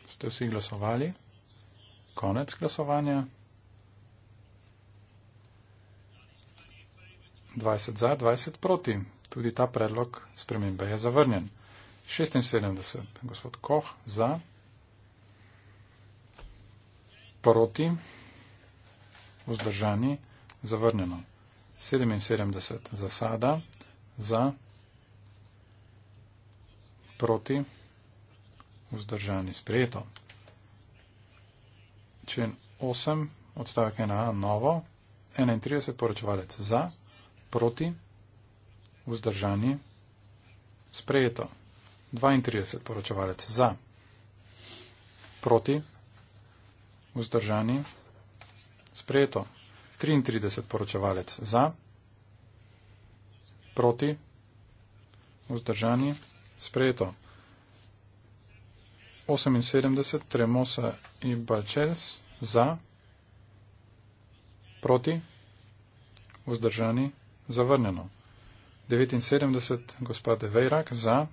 [SPEAKER 3] Ste vsi glasovali? Konec glasovanja. 20 za, 20 proti. Tudi ta predlog spremembe je zavrnjen. 76, gospod Koh, za, proti, vzdržani, zavrnjeno. 77, zasada, za, proti, vzdržani, sprejeto. Čen 8, odstavek 1a, novo, 31, poročevalec za, proti, vzdržani, sprejeto. 32 poročevalec za, proti, vzdržani, sprejeto. 33 poročevalec za, proti, vzdržani, sprejeto. 78 Tremosa in Balčels za, proti, vzdržani, sprejeto zavrnjeno. 79, gospa Devejrak, za,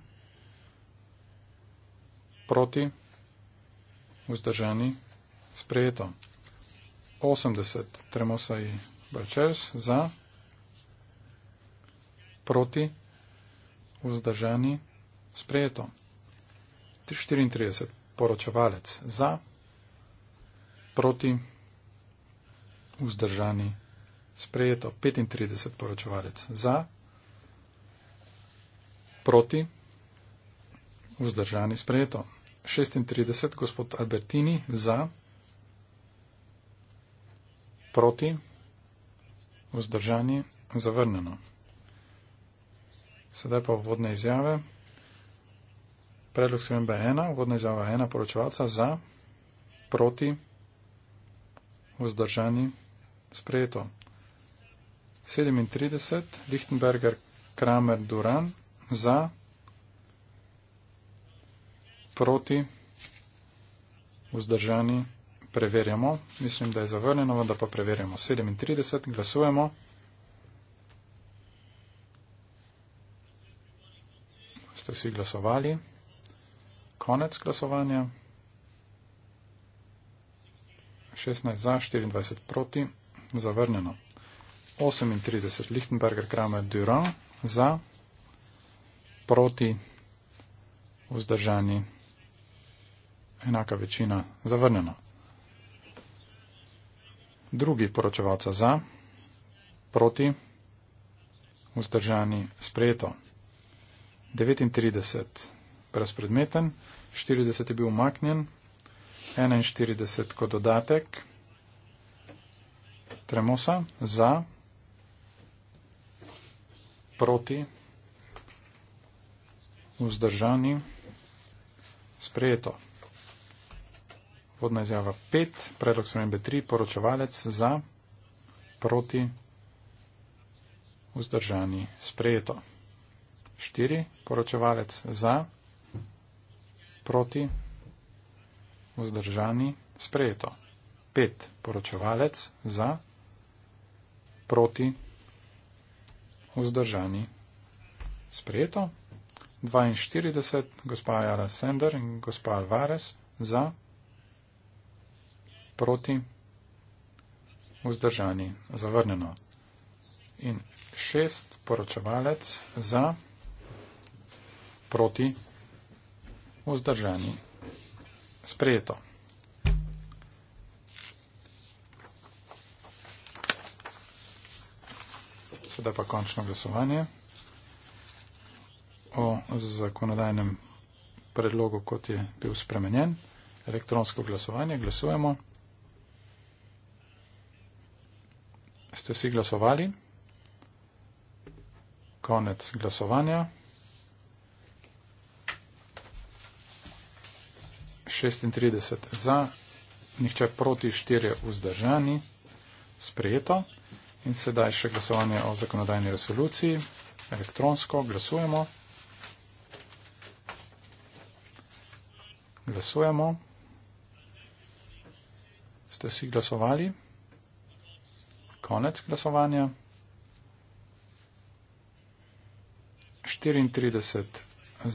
[SPEAKER 3] proti, vzdržani, sprejeto. 80, Tremosa i Balčers, za, proti, vzdržani, sprejeto. 34, poročevalec, za, proti, vzdržani, sprejeto sprejeto 35 poročevalec za, proti, vzdržani sprejeto 36 gospod Albertini za, proti, vzdržani zavrnjeno. Sedaj pa vodne izjave. Predlog sprememba 1, vodna izjava 1 poročevalca za, proti, vzdržani sprejeto 37, Lichtenberger, Kramer, Duran za, proti, vzdržani, preverjamo. Mislim, da je zavrnjeno, da pa preverjamo. 37, glasujemo. Ste vsi glasovali? Konec glasovanja. 16 za, 24 proti, zavrnjeno. 38, Lichtenberger, Kramer, Durand za, proti, vzdržani, enaka večina, zavrnjeno. Drugi poročevalca za, proti, vzdržani, sprejeto. 39, brezpredmeten, 40 je bil umaknjen, 41 kot dodatek, tremosa za, proti, vzdržani, sprejeto. Vodna izjava 5, predlog smembe 3, poročevalec za, proti, vzdržani, sprejeto. 4, poročevalec za, proti, vzdržani, sprejeto. 5, poročevalec za, proti, vzdržani vzdržani. Sprejeto. 42, gospa Jala Sender in gospa Alvarez za, proti, vzdržani, zavrnjeno. In šest poročevalec za, proti, vzdržani, sprejeto. sedaj pa končno glasovanje o zakonodajnem predlogu, kot je bil spremenjen. Elektronsko glasovanje, glasujemo. Ste vsi glasovali? Konec glasovanja. 36 za, nihče proti, 4 vzdržani. Sprejeto. In sedaj še glasovanje o zakonodajni resoluciji. Elektronsko glasujemo. Glasujemo. Ste vsi glasovali? Konec glasovanja. 34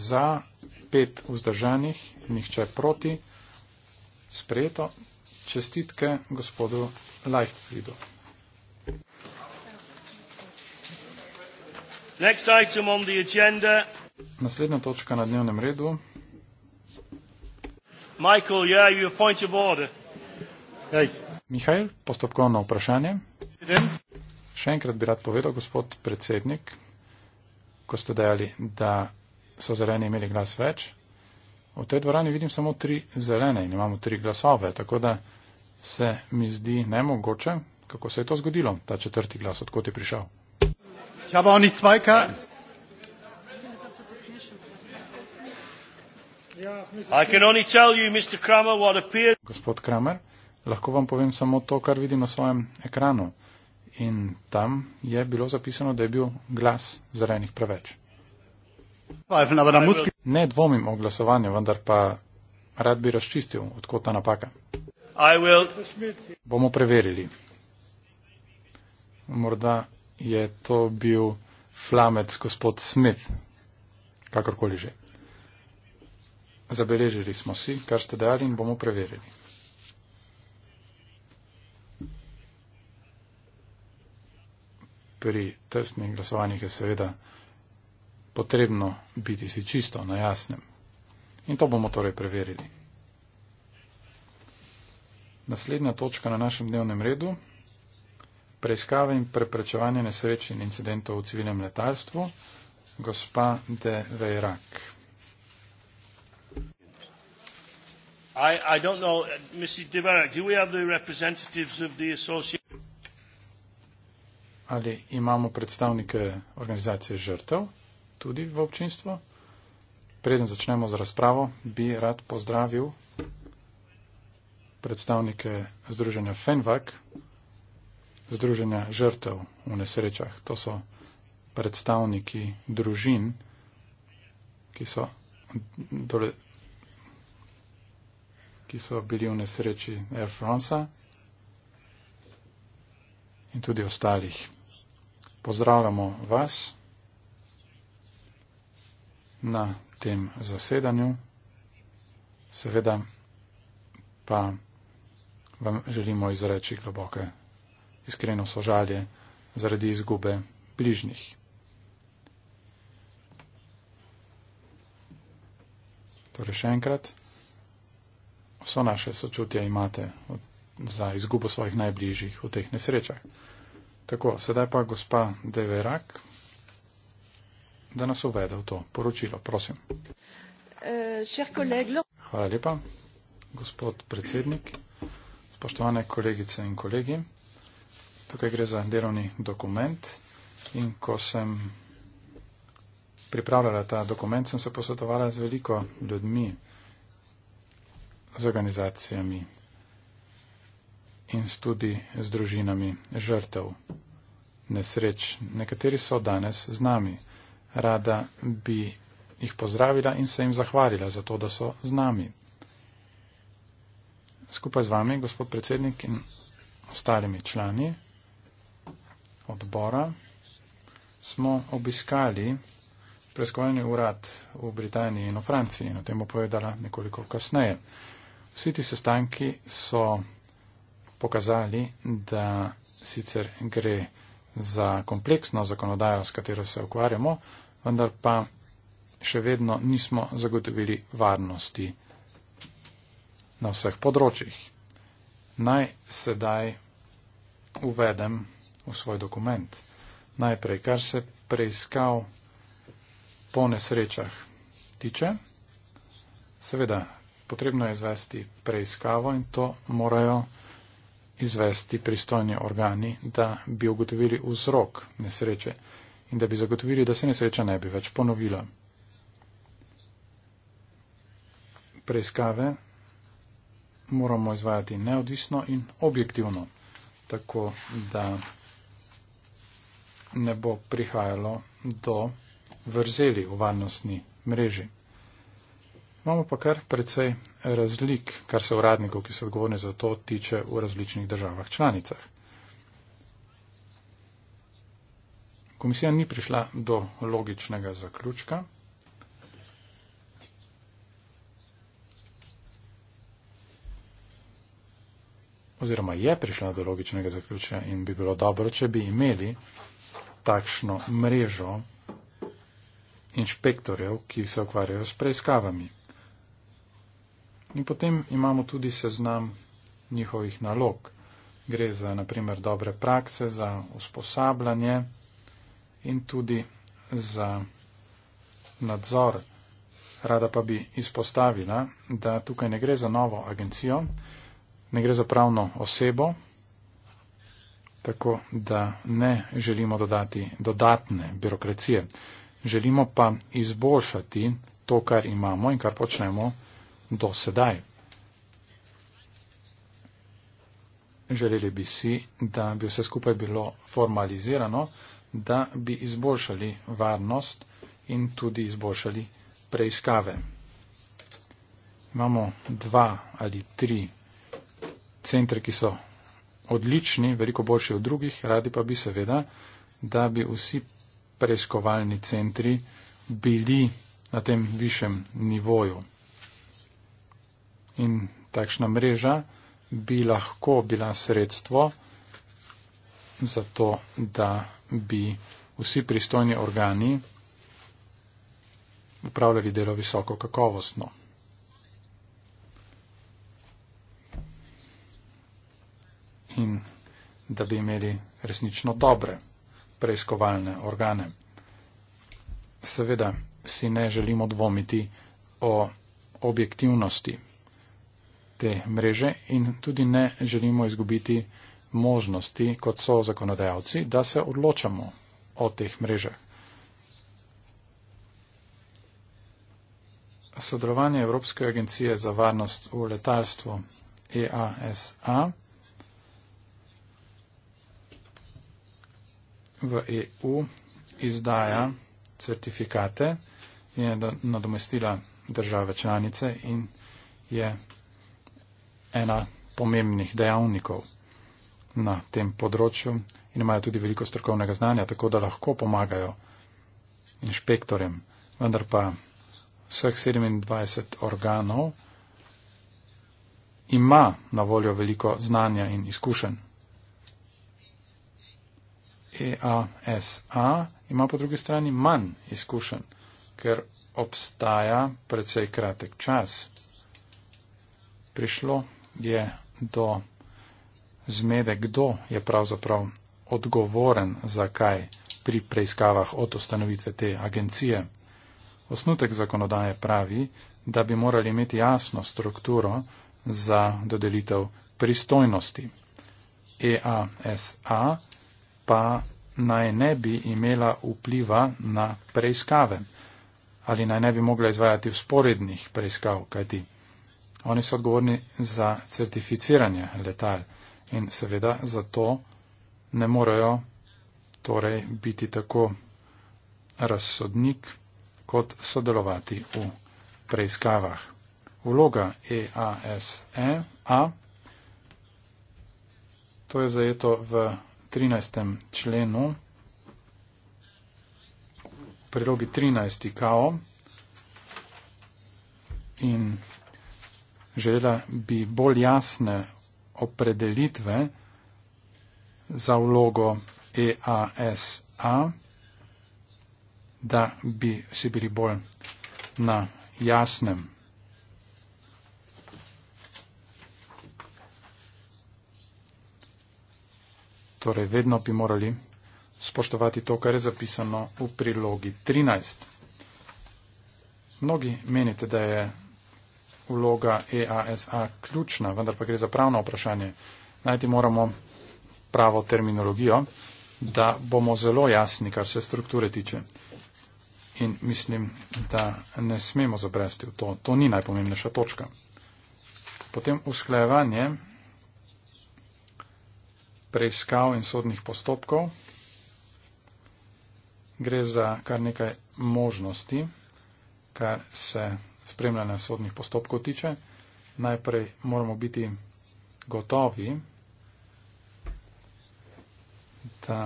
[SPEAKER 3] za, 5 vzdržanih, nihče proti. Sprejeto. Čestitke gospodu Leichtfriedu.
[SPEAKER 2] Next item on the agenda.
[SPEAKER 3] Naslednja točka na dnevnem redu.
[SPEAKER 2] Michael, yeah, you have point of order.
[SPEAKER 3] Hey. Mihajl, postopkovno vprašanje. Še enkrat bi rad povedal, gospod predsednik, ko ste dejali, da so zeleni imeli glas več. V tej dvorani vidim samo tri zelene in imamo tri glasove, tako da se mi zdi nemogoče, kako se je to zgodilo, ta četrti glas, odkot je prišel. Ich habe auch nicht zwei Karten. Gospod Kramer, lahko vam povem samo to, kar vidim na svojem ekranu. In tam je bilo zapisano, da je bil glas zelenih preveč. Ne dvomim o glasovanju, vendar pa rad bi razčistil, odkot ta napaka. Bomo preverili. Morda je to bil flamec gospod Smith, kakorkoli že. Zabeležili smo si, kar ste dali in bomo preverili. Pri testnih glasovanjih je seveda potrebno biti si čisto na jasnem. In to bomo torej preverili. Naslednja točka na našem dnevnem redu preiskave in preprečevanje nesreč in incidentov v civilnem letalstvu, gospa De Veirak.
[SPEAKER 2] Uh,
[SPEAKER 3] Ali imamo predstavnike organizacije žrtev tudi v občinstvu? Preden začnemo z razpravo, bi rad pozdravil predstavnike združenja FENVAK, Združenja žrtev v nesrečah. To so predstavniki družin, ki so, dole, ki so bili v nesreči Air France in tudi ostalih. Pozdravljamo vas na tem zasedanju, seveda pa vam želimo izreči globoke iskreno sožalje zaradi izgube bližnjih. Torej še enkrat, vso naše sočutje imate za izgubo svojih najbližjih v teh nesrečah. Tako, sedaj pa gospa Deverak, da nas uvede v to poročilo, prosim. Eh, Hvala lepa, gospod predsednik, spoštovane kolegice in kolegi. Tukaj gre za delovni dokument in ko sem pripravljala ta dokument, sem se posvetovala z veliko ljudmi, z organizacijami in tudi z družinami žrtev nesreč. Nekateri so danes z nami. Rada bi jih pozdravila in se jim zahvalila za to, da so z nami. Skupaj z vami, gospod predsednik in ostalimi člani, odbora smo obiskali preiskovalni urad v Britaniji in v Franciji in o tem bo povedala nekoliko kasneje. Vsi ti sestanki so pokazali, da sicer gre za kompleksno zakonodajo, s katero se ukvarjamo, vendar pa še vedno nismo zagotovili varnosti na vseh področjih. Naj sedaj uvedem v svoj dokument. Najprej, kar se preiskav po nesrečah tiče, seveda, potrebno je izvesti preiskavo in to morajo izvesti pristojni organi, da bi ugotovili vzrok nesreče in da bi zagotovili, da se nesreča ne bi več ponovila. Preiskave moramo izvajati neodvisno in objektivno, tako da ne bo prihajalo do vrzeli v varnostni mreži. Imamo pa kar precej razlik, kar se uradnikov, ki so odgovorni za to, tiče v različnih državah članicah. Komisija ni prišla do logičnega zaključka. Oziroma je prišla do logičnega zaključka in bi bilo dobro, če bi imeli takšno mrežo inšpektorjev, ki se ukvarjajo s preiskavami. In potem imamo tudi seznam njihovih nalog. Gre za, naprimer, dobre prakse, za usposabljanje in tudi za nadzor. Rada pa bi izpostavila, da tukaj ne gre za novo agencijo, ne gre za pravno osebo, tako da ne želimo dodati dodatne birokracije. Želimo pa izboljšati to, kar imamo in kar počnemo do sedaj. Želeli bi si, da bi vse skupaj bilo formalizirano, da bi izboljšali varnost in tudi izboljšali preiskave. Imamo dva ali tri centre, ki so odlični, veliko boljši od drugih, radi pa bi seveda, da bi vsi preiskovalni centri bili na tem višjem nivoju. In takšna mreža bi lahko bila sredstvo za to, da bi vsi pristojni organi upravljali delo visoko kakovostno. in da bi imeli resnično dobre preiskovalne organe. Seveda si ne želimo dvomiti o objektivnosti te mreže in tudi ne želimo izgubiti možnosti, kot so zakonodajalci, da se odločamo o teh mrežah. Sodelovanje Evropske agencije za varnost v letalstvu EASA v EU izdaja certifikate in je nadomestila države članice in je ena pomembnih dejavnikov na tem področju in imajo tudi veliko strokovnega znanja, tako da lahko pomagajo inšpektorjem. Vendar pa vseh 27 organov ima na voljo veliko znanja in izkušenj. EASA ima po drugi strani manj izkušen, ker obstaja precej kratek čas. Prišlo je do zmede, kdo je pravzaprav odgovoren za kaj pri preiskavah od ustanovitve te agencije. Osnutek zakonodaje pravi, da bi morali imeti jasno strukturo za dodelitev pristojnosti. EASA pa naj ne bi imela vpliva na preiskave ali naj ne bi mogla izvajati usporednih preiskav, kajti oni so odgovorni za certificiranje letal in seveda zato ne morejo torej biti tako razsodnik kot sodelovati v preiskavah. Vloga EASEA, e to je zajeto v 13. členu, prilogi 13. kao. In želela bi bolj jasne opredelitve za vlogo EASA, da bi si bili bolj na jasnem. Torej, vedno bi morali spoštovati to, kar je zapisano v prilogi 13. Mnogi menite, da je vloga EASA ključna, vendar pa gre za pravno vprašanje. Najti moramo pravo terminologijo, da bomo zelo jasni, kar se strukture tiče. In mislim, da ne smemo zabresti v to. To ni najpomembnejša točka. Potem usklajevanje preiskav in sodnih postopkov. Gre za kar nekaj možnosti, kar se spremljanja sodnih postopkov tiče. Najprej moramo biti gotovi, da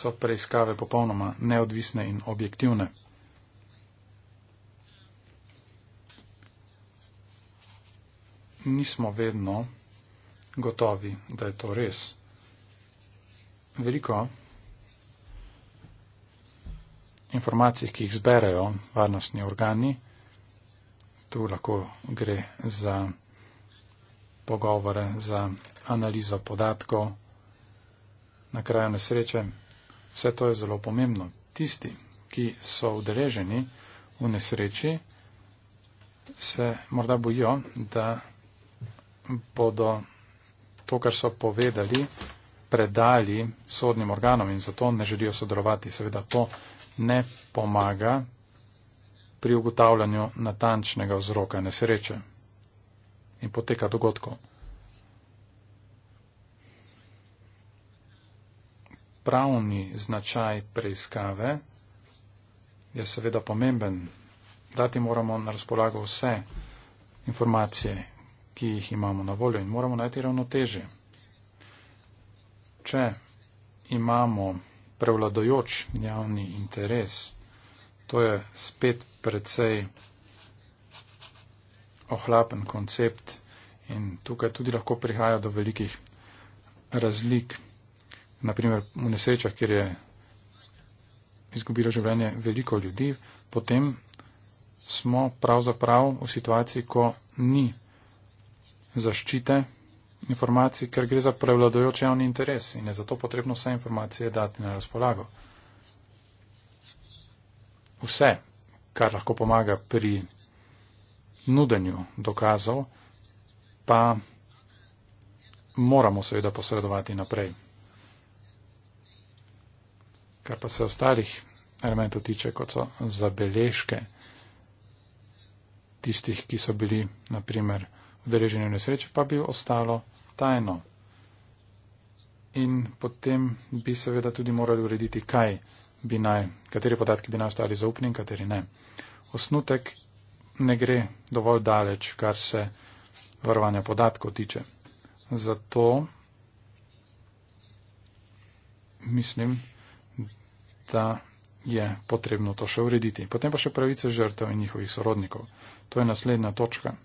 [SPEAKER 3] so preiskave popolnoma neodvisne in objektivne. Nismo vedno gotovi, da je to res. Veliko informacij, ki jih zberajo varnostni organi, tu lahko gre za pogovore, za analizo podatkov na kraju nesreče. Vse to je zelo pomembno. Tisti, ki so udeleženi v nesreči, se morda bojijo, da bodo to, kar so povedali, predali sodnim organom in zato ne želijo sodelovati. Seveda to ne pomaga pri ugotavljanju natančnega vzroka nesreče in poteka dogodkov. Pravni značaj preiskave je seveda pomemben. Dati moramo na razpolago vse informacije, ki jih imamo na voljo in moramo najti ravnoteže. Če imamo prevladojoč javni interes, to je spet precej ohlapen koncept in tukaj tudi lahko prihaja do velikih razlik. Naprimer, v nesrečah, kjer je izgubilo življenje veliko ljudi, potem smo pravzaprav v situaciji, ko ni zaščite informacij, ker gre za prevladojoč javni interes in je zato potrebno vse informacije dati na razpolago. Vse, kar lahko pomaga pri nudenju dokazov, pa moramo seveda posredovati naprej. Kar pa se ostalih elementov tiče, kot so zabeležke tistih, ki so bili, naprimer, udeleženje v nesreče pa bi ostalo tajno. In potem bi seveda tudi morali urediti, kaj bi naj, kateri podatki bi naj ostali zaupni in kateri ne. Osnutek ne gre dovolj daleč, kar se varovanja podatkov tiče. Zato mislim, da je potrebno to še urediti. Potem pa še pravice žrtev in njihovih sorodnikov. To je naslednja točka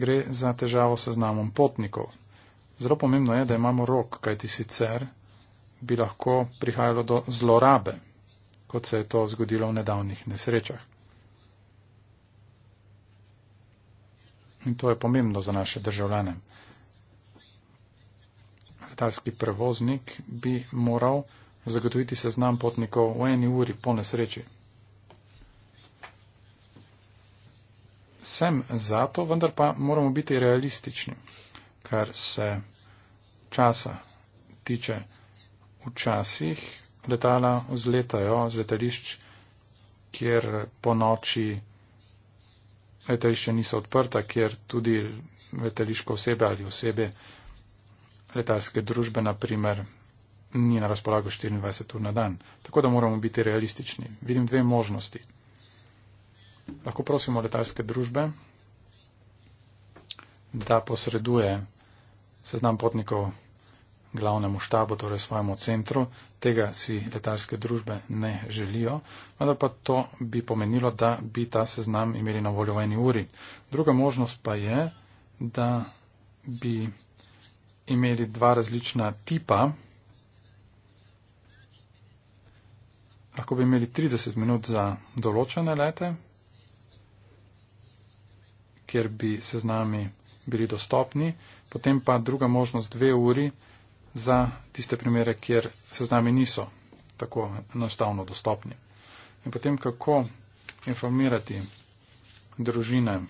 [SPEAKER 3] gre za težavo s znamom potnikov. Zelo pomembno je, da imamo rok, kajti sicer bi lahko prihajalo do zlorabe, kot se je to zgodilo v nedavnih nesrečah. In to je pomembno za naše državljane. Letalski prevoznik bi moral zagotoviti seznam potnikov v eni uri po nesreči. sem za to, vendar pa moramo biti realistični, kar se časa tiče. Včasih letala vzletajo z letališč, kjer po noči letališče niso odprta, kjer tudi letališko osebe ali osebe letalske družbe, na primer, ni na razpolago 24 ur na dan. Tako da moramo biti realistični. Vidim dve možnosti lahko prosimo letalske družbe, da posreduje seznam potnikov glavnemu štabu, torej svojemu centru. Tega si letalske družbe ne želijo, vendar pa to bi pomenilo, da bi ta seznam imeli na voljo v eni uri. Druga možnost pa je, da bi imeli dva različna tipa. Lahko bi imeli 30 minut za določene lete, kjer bi se z nami bili dostopni, potem pa druga možnost dve uri za tiste primere, kjer se z nami niso tako enostavno dostopni. In potem kako informirati družine.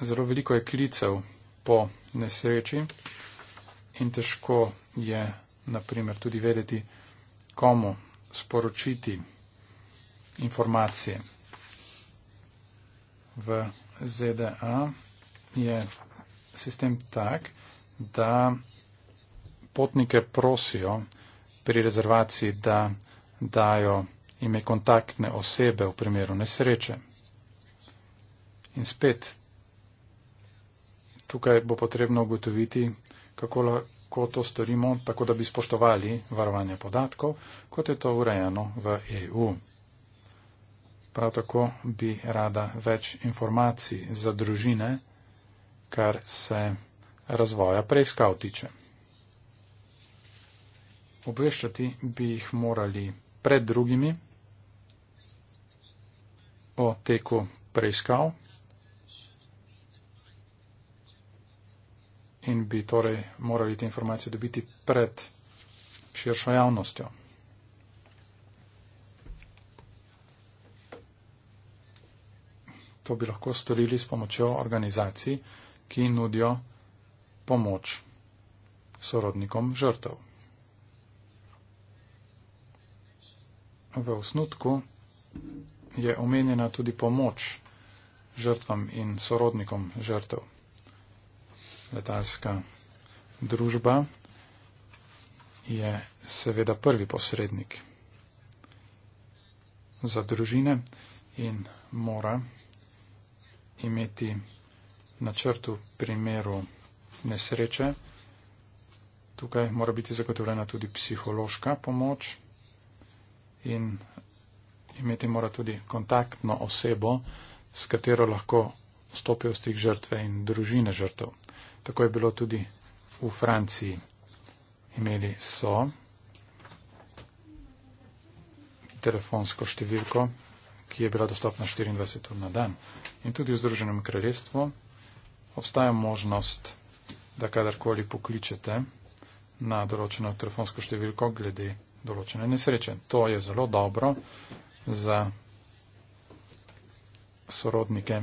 [SPEAKER 3] Zelo veliko je klicev po nesreči in težko je, naprimer, tudi vedeti, komu sporočiti informacije v ZDA je sistem tak, da potnike prosijo pri rezervaciji, da dajo ime kontaktne osebe v primeru nesreče. In spet, tukaj bo potrebno ugotoviti, kako lahko to storimo, tako da bi spoštovali varovanje podatkov, kot je to urejeno v EU. Prav tako bi rada več informacij za družine, kar se razvoja preiskav tiče. Obveščati bi jih morali pred drugimi o teku preiskav in bi torej morali te informacije dobiti pred širšo javnostjo. to bi lahko storili s pomočjo organizacij, ki nudijo pomoč sorodnikom žrtev. V osnutku je omenjena tudi pomoč žrtvam in sorodnikom žrtev. Letalska družba je seveda prvi posrednik za družine in mora imeti načrtu primeru nesreče. Tukaj mora biti zagotovljena tudi psihološka pomoč in imeti mora tudi kontaktno osebo, s katero lahko stopijo v stik žrtve in družine žrtev. Tako je bilo tudi v Franciji. Imeli so telefonsko številko ki je bila dostopna 24 ur na dan. In tudi v Združenem kraljestvu obstaja možnost, da kadarkoli pokličete na določeno telefonsko številko glede določene nesreče. To je zelo dobro za sorodnike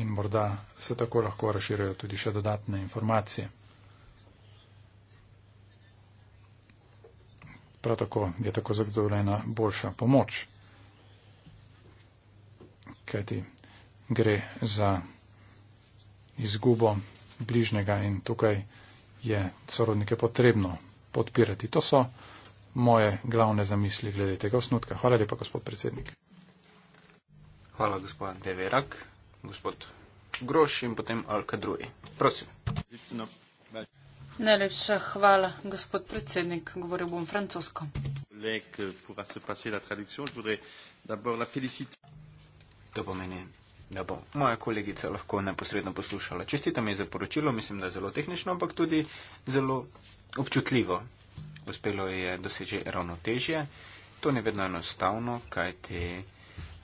[SPEAKER 3] in morda se tako lahko razširijo tudi še dodatne informacije. prav tako je tako zagotovljena boljša pomoč, kajti gre za izgubo bližnjega in tukaj je sorodnike potrebno podpirati. To so moje glavne zamisli glede tega osnutka. Hvala lepa, gospod predsednik.
[SPEAKER 4] Hvala, gospod Deverak, gospod Groš in potem Alka Drugi. Prosim.
[SPEAKER 1] Najlepša hvala, gospod predsednik. Govoril bom francosko.
[SPEAKER 2] Eh,
[SPEAKER 4] to pomeni, da bo moja kolegica lahko neposredno poslušala. Čestitam ji za poročilo, mislim, da je zelo tehnično, ampak tudi zelo občutljivo. Uspelo je doseči ravnotežje. To ni vedno enostavno, kajti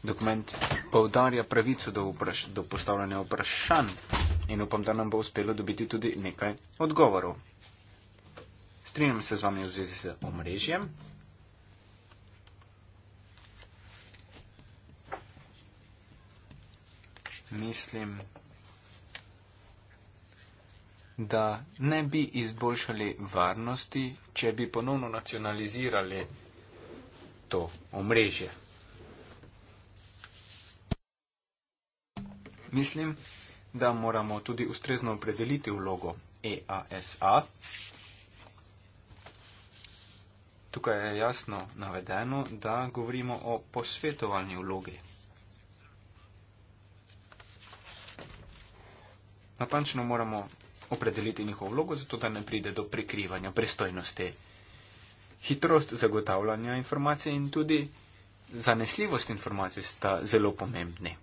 [SPEAKER 4] dokument poudarja pravico do, vpraš do postavljanja vprašanj in upam, da nam bo uspelo dobiti tudi nekaj odgovorov. Strinjam se z vami v zvezi z omrežjem. Mislim, da ne bi izboljšali varnosti, če bi ponovno nacionalizirali to omrežje. Mislim, da moramo tudi ustrezno opredeliti vlogo EASA. Tukaj je jasno navedeno, da govorimo o posvetovalni vlogi. Natančno moramo opredeliti njihovo vlogo, zato da ne pride do prikrivanja pristojnosti. Hitrost zagotavljanja informacije in tudi zanesljivost informacij sta zelo pomembni.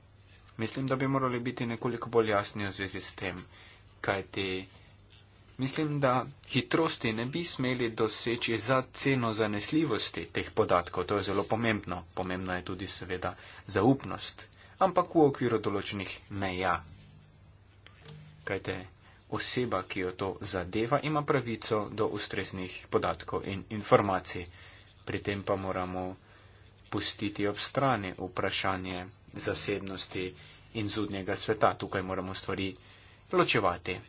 [SPEAKER 4] Mislim, da bi morali biti nekoliko bolj jasni v zvezi s tem, kajti mislim, da hitrosti ne bi smeli doseči za ceno zanesljivosti teh podatkov. To je zelo pomembno. Pomembna je tudi seveda zaupnost, ampak v okviru določenih meja. Kajte, oseba, ki jo to zadeva, ima pravico do ustreznih podatkov in informacij. Pri tem pa moramo pustiti ob strani vprašanje zasebnosti in zudnjega sveta. Tukaj moramo stvari ločevati.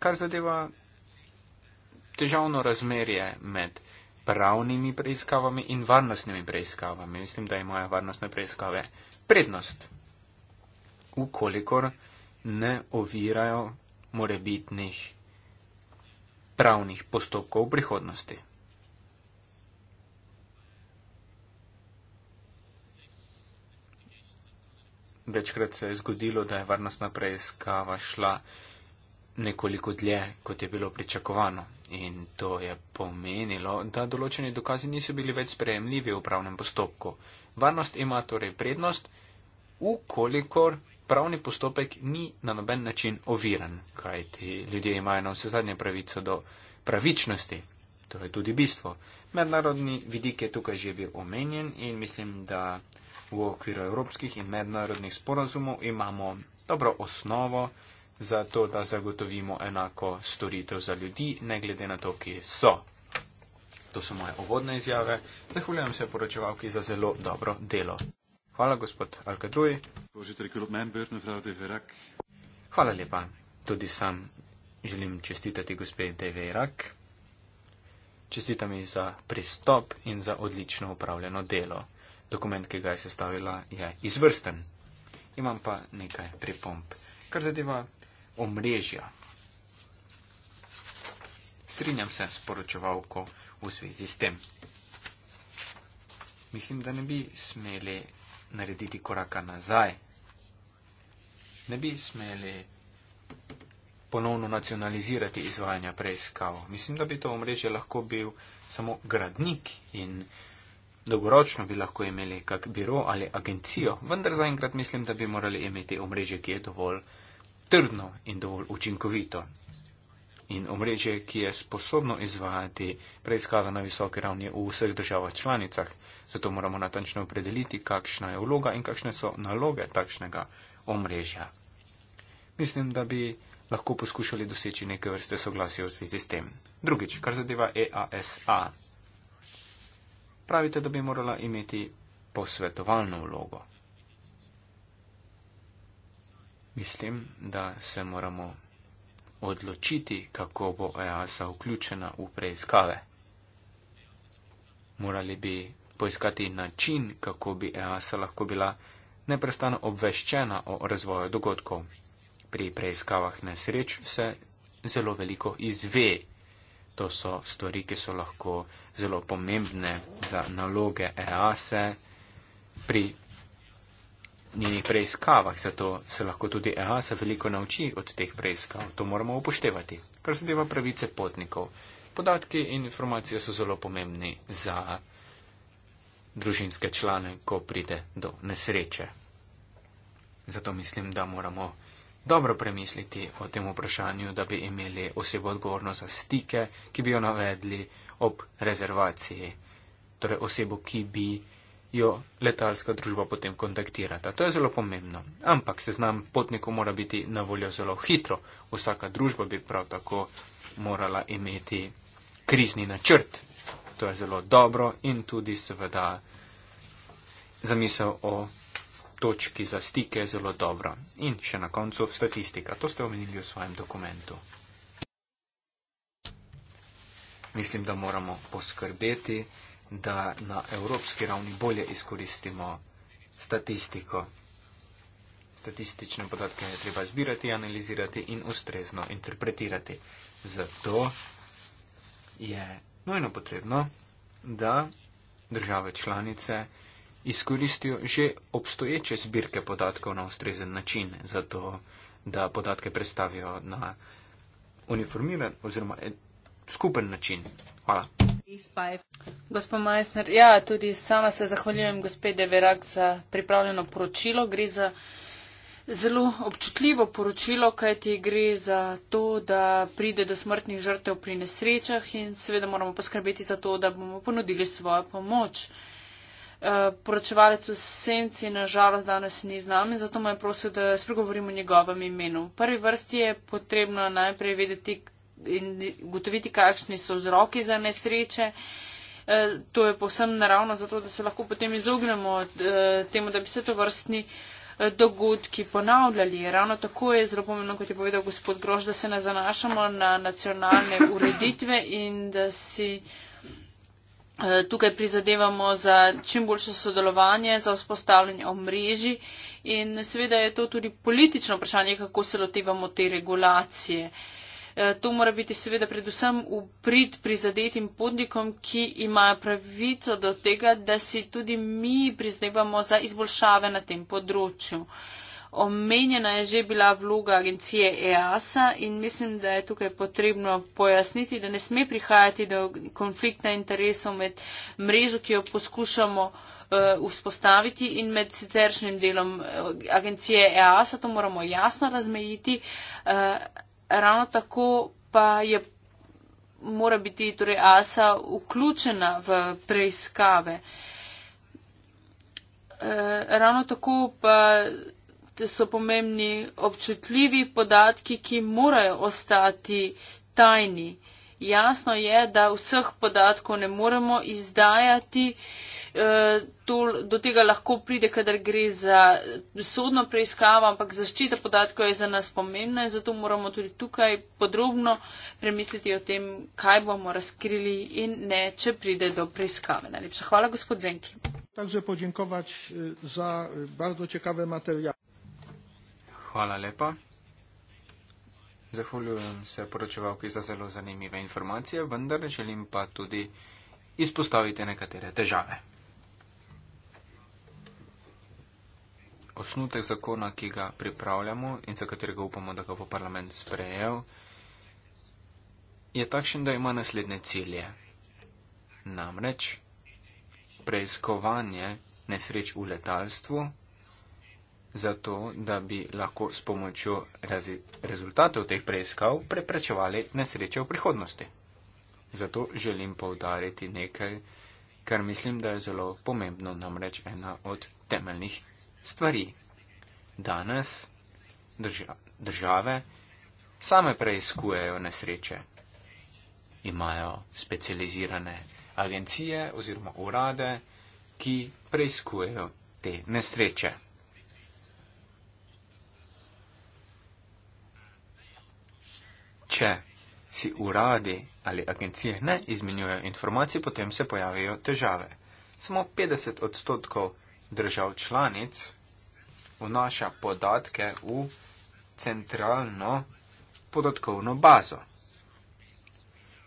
[SPEAKER 4] Kar zadeva težavno razmerje med pravnimi preiskavami in varnostnimi preiskavami. Mislim, da imajo varnostne preiskave prednost, ukolikor ne ovirajo morebitnih pravnih postopkov v prihodnosti. večkrat se je zgodilo, da je varnostna preiskava šla nekoliko dlje, kot je bilo pričakovano. In to je pomenilo, da določeni dokazi niso bili več sprejemljivi v pravnem postopku. Varnost ima torej prednost, ukolikor pravni postopek ni na noben način oviran, kajti ljudje imajo na vse zadnje pravico do pravičnosti. To je tudi bistvo. Mednarodni vidik je tukaj že bil omenjen in mislim, da v okviru evropskih in mednarodnih sporazumov imamo dobro osnovo za to, da zagotovimo enako storitev za ljudi, ne glede na to, ki so. To so moje uvodne izjave. Zahvaljujem se poročevalki za zelo dobro delo. Hvala, gospod Alkadruj. Hvala lepa. Tudi sam želim čestitati gospe Deve Irak. Čestitam ji za pristop in za odlično upravljeno delo dokument, ki ga je sestavila, je izvrsten. Imam pa nekaj pripomp, kar zadeva omrežja. Strinjam se s poročevalko v zvezi s tem. Mislim, da ne bi smeli narediti koraka nazaj. Ne bi smeli ponovno nacionalizirati izvajanja preiskav. Mislim, da bi to omrežje lahko bil samo gradnik in Dolgoročno bi lahko imeli kak biro ali agencijo, vendar zaenkrat mislim, da bi morali imeti omrežje, ki je dovolj trdno in dovolj učinkovito. In omrežje, ki je sposobno izvajati preiskave na visoki ravni v vseh državah članicah. Zato moramo natančno opredeliti, kakšna je vloga in kakšne so naloge takšnega omrežja. Mislim, da bi lahko poskušali doseči neke vrste soglasja v zvezi s tem. Drugič, kar zadeva EASA pravite, da bi morala imeti posvetovalno vlogo. Mislim, da se moramo odločiti, kako bo EASA vključena v preiskave. Morali bi poiskati način, kako bi EASA lahko bila neprestano obveščena o razvoju dogodkov. Pri preiskavah nesreč se zelo veliko izve, To so stvari, ki so lahko zelo pomembne za naloge EASE e. pri njenih preiskavah, zato se lahko tudi EASE e veliko nauči od teh preiskav. To moramo upoštevati, kar zadeva pravice potnikov. Podatki in informacije so zelo pomembni za družinske člane, ko pride do nesreče. Zato mislim, da moramo dobro premisliti o tem vprašanju, da bi imeli osebo odgovorno za stike, ki bi jo navedli ob rezervaciji, torej osebo, ki bi jo letalska družba potem kontaktirata. To je zelo pomembno. Ampak seznam potnikov mora biti na voljo zelo hitro. Vsaka družba bi prav tako morala imeti krizni načrt. To je zelo dobro in tudi seveda zamisel o točki za stike zelo dobro. In še na koncu statistika. To ste omenili v svojem dokumentu. Mislim, da moramo poskrbeti, da na evropski ravni bolje izkoristimo statistiko. Statistične podatke je treba zbirati, analizirati in ustrezno interpretirati. Zato je nujno potrebno, da države članice izkoristijo že obstoječe zbirke podatkov na ustrezen način, zato da podatke predstavijo na uniformiran oziroma skupen način. Hvala.
[SPEAKER 1] Gospod Majsner, ja, tudi sama se zahvaljujem gospede Verak za pripravljeno poročilo. Gre za zelo občutljivo poročilo, kajti gre za to, da pride do smrtnih žrtev pri nesrečah in seveda moramo poskrbeti za to, da bomo ponudili svojo pomoč. Eh, poročevalec v senci nažalost danes ni z nami, zato me je prosil, da spregovorim o njegovem imenu. V prvi vrsti je potrebno najprej vedeti in gotoviti, kakšni so vzroki za nesreče. Eh, to je povsem naravno, zato da se lahko potem izognemo eh, temu, da bi se to vrstni dogodki ponavljali. Ravno tako je zelo pomembno, kot je povedal gospod Grož, da se ne zanašamo na nacionalne ureditve in da si. Eh, tukaj prizadevamo za čim boljše sodelovanje, za vzpostavljanje omrežij in seveda je to tudi politično vprašanje, kako se lotevamo te regulacije. Eh, to mora biti seveda predvsem v prid prizadetim podnikom, ki imajo pravico do tega, da si tudi mi priznevamo za izboljšave na tem področju. Uh, omenjena je že bila vloga agencije EASA in mislim, da je tukaj potrebno pojasniti, da ne sme prihajati do konflikta interesov med mrežo, ki jo poskušamo eh, vzpostaviti in med siceršnjim delom eh, agencije EASA, to moramo jasno razmejiti. Eh, ravno tako pa je, mora biti torej EASA vključena v preiskave. Ravno tako pa so pomembni občutljivi podatki, ki morajo ostati tajni. Jasno je, da vseh podatkov ne moremo izdajati. Eh, do tega lahko pride, kadar gre za sodno preiskavo, ampak zaščita podatkov je za nas pomembna in zato moramo tudi tukaj podrobno premisliti o tem, kaj bomo razkrili in ne, če pride do preiskave. Najlepša hvala, gospod Zenki. Takže podjękować e, za e, bardzo ciekawe materiały.
[SPEAKER 4] Hvala lepa. Zahvaljujem se poročevalki za zelo zanimive informacije, vendar želim pa tudi izpostaviti nekatere težave. Osnutek zakona, ki ga pripravljamo in za katerega upamo, da ga bo parlament sprejel, je takšen, da ima naslednje cilje. Namreč preiskovanje nesreč v letalstvu zato, da bi lahko s pomočjo rezultatov teh preiskav preprečevali nesreče v prihodnosti. Zato želim povdariti nekaj, kar mislim, da je zelo pomembno, namreč ena od temeljnih stvari. Danes drža države same preizkujejo nesreče. Imajo specializirane agencije oziroma urade, ki preizkujejo te nesreče. če si uradi ali agencije ne izmenjujejo informacij, potem se pojavijo težave. Samo 50 odstotkov držav članic vnaša podatke v centralno podatkovno bazo.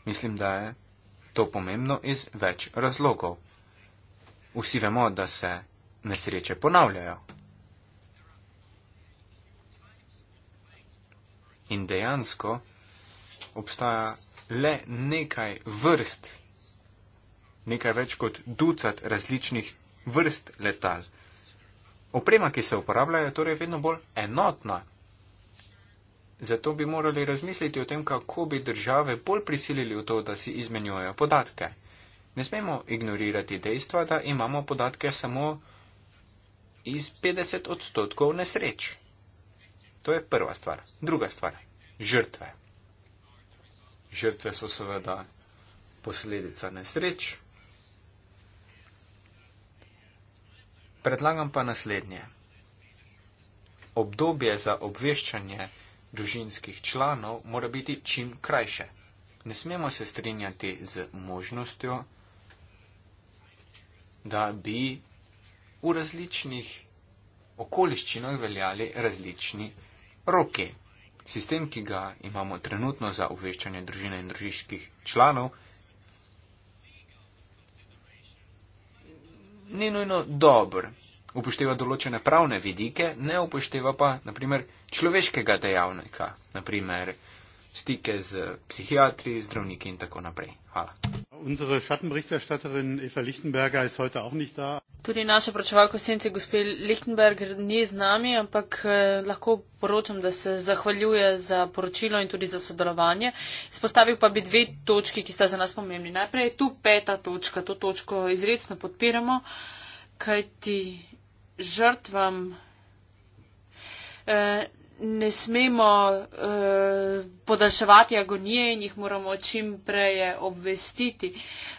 [SPEAKER 4] Mislim, da je to pomembno iz več razlogov. Vsi vemo, da se nesreče ponavljajo. In dejansko obstaja le nekaj vrst, nekaj več kot ducat različnih vrst letal. Oprema, ki se uporablja, je torej vedno bolj enotna. Zato bi morali razmisliti o tem, kako bi države bolj prisilili v to, da si izmenjujejo podatke. Ne smemo ignorirati dejstva, da imamo podatke samo iz 50 odstotkov nesreč. To je prva stvar. Druga stvar. Žrtve. Žrtve so seveda posledica nesreč. Predlagam pa naslednje. Obdobje za obveščanje družinskih članov mora biti čim krajše. Ne smemo se strinjati z možnostjo, da bi v različnih okoliščinah veljali različni roki. Sistem, ki ga imamo trenutno za obveščanje družine in družiških članov, ni nujno dober. Upošteva določene pravne vidike, ne upošteva pa, naprimer, človeškega dejavnika, naprimer, stike z psihiatri, zdravniki in tako naprej. Hvala.
[SPEAKER 2] Unsere Schattenberichterstatterin Eva
[SPEAKER 3] Lichtenberger ist heute auch nicht da.
[SPEAKER 1] Tudi naša pročevalka v senci, gospod Lichtenberger, ni z nami, ampak eh, lahko poročam, da se zahvaljuje za poročilo in tudi za sodelovanje. Spostavil pa bi dve točki, ki sta za nas pomembni. Najprej je tu peta točka. To točko izredno podpiramo, kajti žrtvam. Eh, ne smemo uh, podaljševati agonije in jih moramo čim prej obvestiti.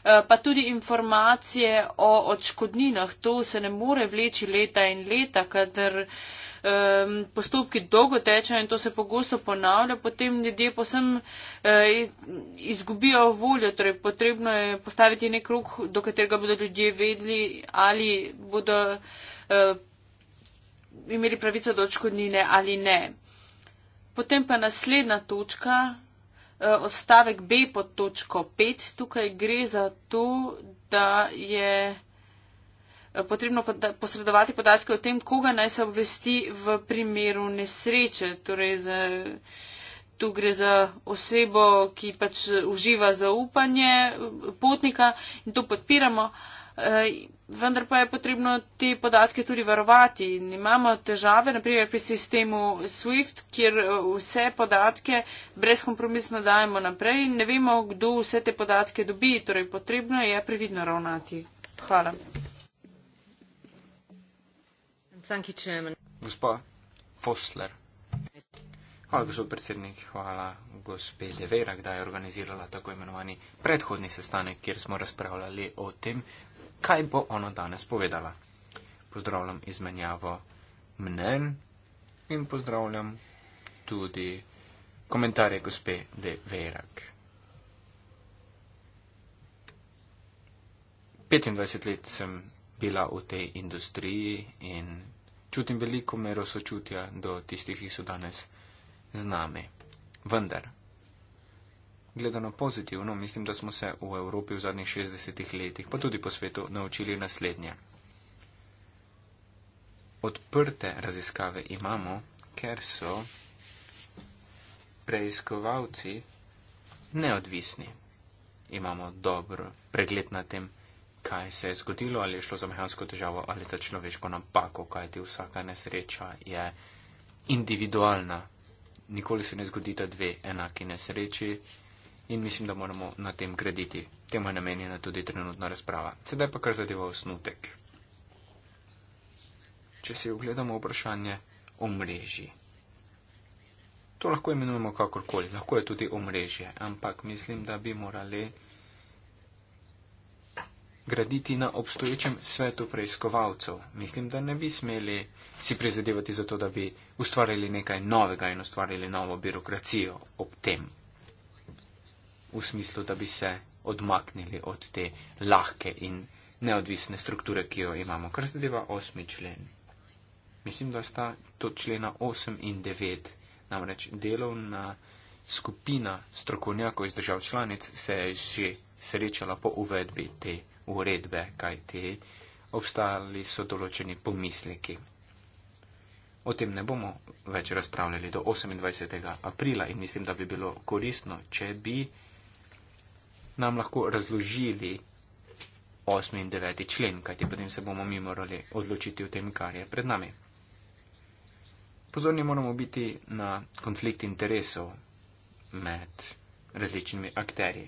[SPEAKER 1] Uh, pa tudi informacije o odškodninah, to se ne more vleči leta in leta, kadar um, postopki dolgo tečejo in to se pogosto ponavlja, potem ljudje posem uh, izgubijo voljo, torej potrebno je postaviti nek rok, do katerega bodo ljudje vedli ali bodo. Uh, imeli pravico do očkodnine ali ne. Potem pa naslednja točka, eh, ostavek B pod točko 5, tukaj gre za to, da je eh, potrebno posredovati podatke o tem, koga naj se obvesti v primeru nesreče. Torej za, tu gre za osebo, ki pač uživa zaupanje eh, potnika in to podpiramo vendar pa je potrebno te podatke tudi varovati. In imamo težave, naprimer pri sistemu SWIFT, kjer eh, vse podatke brezkompromisno dajemo naprej in ne vemo, kdo vse te podatke dobi. Torej, potrebno je previdno ravnati. Hvala.
[SPEAKER 4] Gospa Fosler. Hvala, gospod predsednik. Hvala, gospe Devera, kdaj je organizirala tako imenovani predhodni sestanek, kjer smo razpravljali o tem, kaj bo ona danes povedala. Pozdravljam izmenjavo mnen in pozdravljam tudi komentarje gospe De Verak. 25 let sem bila v tej industriji in čutim veliko mero sočutja do tistih, ki so danes z nami. Vendar gledano pozitivno, mislim, da smo se v Evropi v zadnjih 60 letih, pa tudi po svetu, naučili naslednje. Odprte raziskave imamo, ker so preiskovalci neodvisni. Imamo dobro pregled na tem, kaj se je zgodilo, ali je šlo za mehansko težavo ali za človeško napako, kajti vsaka nesreča je individualna. Nikoli se ne zgodita dve enaki nesreči in mislim, da moramo na tem graditi. Temu je namenjena tudi trenutna razprava. Sedaj pa kar zadeva osnutek. Če si ogledamo vprašanje o mreži. To lahko imenujemo kakorkoli, lahko je tudi omrežje, ampak mislim, da bi morali graditi na obstoječem svetu preiskovalcev. Mislim, da ne bi smeli si prizadevati za to, da bi ustvarili nekaj novega in ustvarili novo birokracijo ob tem v smislu, da bi se odmaknili od te lahke in neodvisne strukture, ki jo imamo. Kar zadeva osmi člen. Mislim, da sta to člena 8 in 9, namreč delovna skupina strokovnjakov iz držav članic se je že srečala po uvedbi te uredbe, kaj te obstajali so določeni pomisleki. O tem ne bomo več razpravljali do 28. aprila in mislim, da bi bilo koristno, če bi nam lahko razložili 8. in 9. člen, kajti potem se bomo mi morali odločiti o tem, kar je pred nami. Pozorni moramo biti na konflikt interesov med različnimi akterji.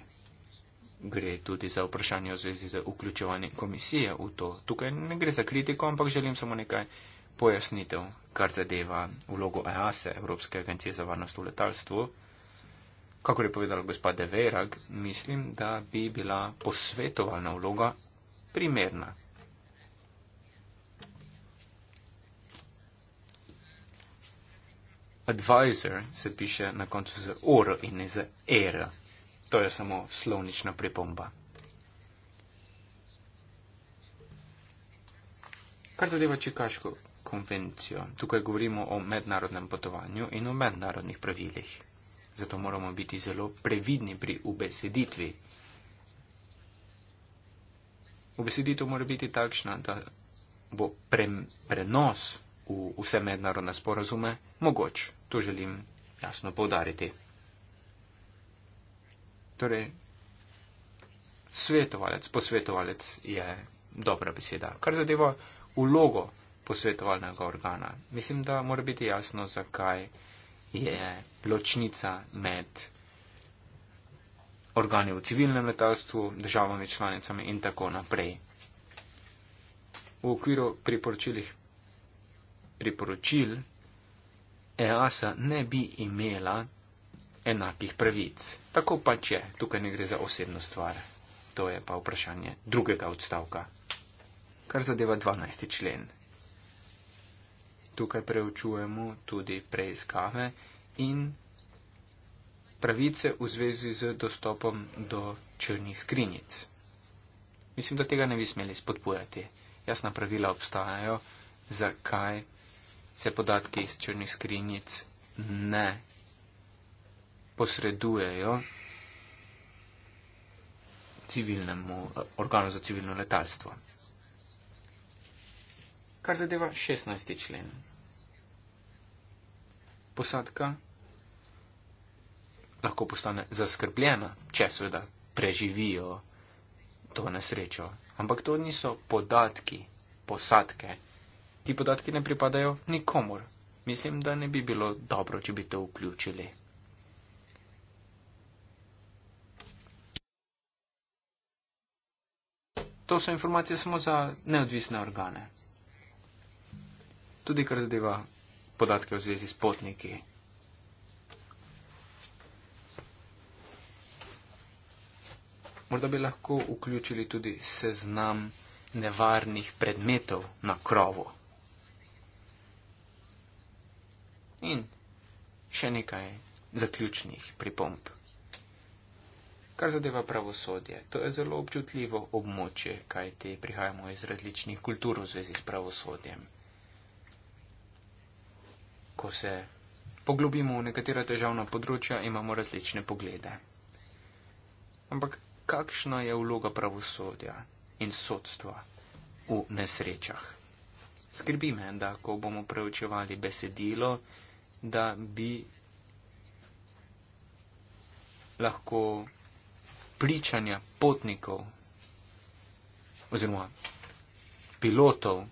[SPEAKER 4] Gre tudi za vprašanje v zvezi z vključevanjem komisije v to. Tukaj ne gre za kritiko, ampak želim samo nekaj pojasnitev, kar zadeva vlogo EASE, e, Evropske agencije za varnost v letalstvu. Kakor je povedala gospa De Verag, mislim, da bi bila posvetovalna vloga primerna. Advisor se piše na koncu z or in ne z er. To je samo slovnična pripomba. Kar zadeva Čikaško konvencijo, tukaj govorimo o mednarodnem potovanju in o mednarodnih pravilih. Zato moramo biti zelo previdni pri ubeseditvi. Ubeseditev mora biti takšna, da bo pre, prenos v vse mednarodne sporazume mogoč. To želim jasno povdariti. Torej, svetovalec, posvetovalec je dobra beseda. Kar zadeva ulogo posvetovalnega organa. Mislim, da mora biti jasno, zakaj je ločnica med organi v civilnem letalstvu, državami članicami in tako naprej. V okviru priporočil EASA ne bi imela enakih pravic. Tako pač je, tukaj ne gre za osebno stvar. To je pa vprašanje drugega odstavka. Kar zadeva 12. člen, tukaj preučujemo tudi preiskave in pravice v zvezi z dostopom do črnih skrinjic. Mislim, da tega ne bi smeli spodbujati. Jasna pravila obstajajo, zakaj se podatki iz črnih skrinjic ne posredujejo civilnemu eh, organu za civilno letalstvo kar zadeva 16. člen. Posadka lahko postane zaskrbljena, če seveda preživijo to nesrečo. Ampak to niso podatki posadke. Ti podatki ne pripadajo nikomor. Mislim, da ne bi bilo dobro, če bi to vključili. To so informacije samo za neodvisne organe tudi kar zadeva podatke v zvezi s potniki. Morda bi lahko vključili tudi seznam nevarnih predmetov na krovu. In še nekaj zaključnih pripomb. Kar zadeva pravosodje, to je zelo občutljivo območje, kajti prihajamo iz različnih kultur v zvezi s pravosodjem ko se poglobimo v nekatera težavna področja, imamo različne poglede. Ampak kakšna je vloga pravosodja in sodstva v nesrečah? Skrbi me, da ko bomo preučevali besedilo, da bi lahko pričanja potnikov oziroma pilotov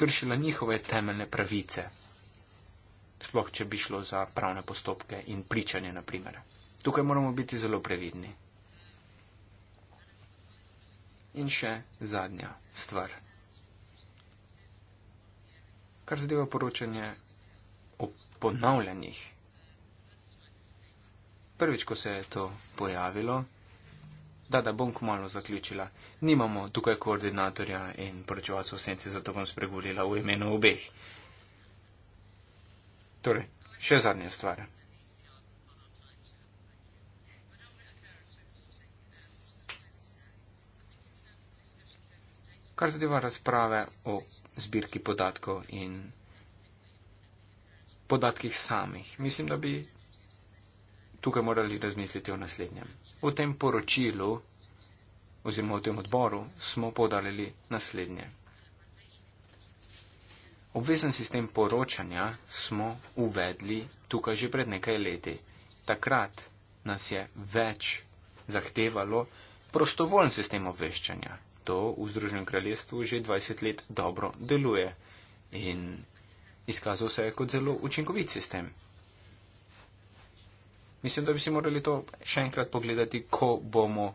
[SPEAKER 4] kršila njihove temeljne pravice, sploh če bi šlo za pravne postopke in pričanje, na primer. Tukaj moramo biti zelo previdni. In še zadnja stvar. Kar zadeva poročanje o ponavljanjih. Prvič, ko se je to pojavilo, da, da bom kmalo zaključila. Nimamo tukaj koordinatorja in poročevalcev senci, zato bom spregovorila v imenu obeh. Torej, še zadnja stvar. Kar zadeva razprave o zbirki podatkov in podatkih samih. Mislim, da bi tukaj morali razmisliti o naslednjem. V tem poročilu oziroma v tem odboru smo podarili naslednje. Obvezen sistem poročanja smo uvedli tukaj že pred nekaj leti. Takrat nas je več zahtevalo prostovoljen sistem obveščanja. To v Združenem kraljestvu že 20 let dobro deluje in izkazal se je kot zelo učinkovit sistem. Mislim, da bi si morali to še enkrat pogledati, ko bomo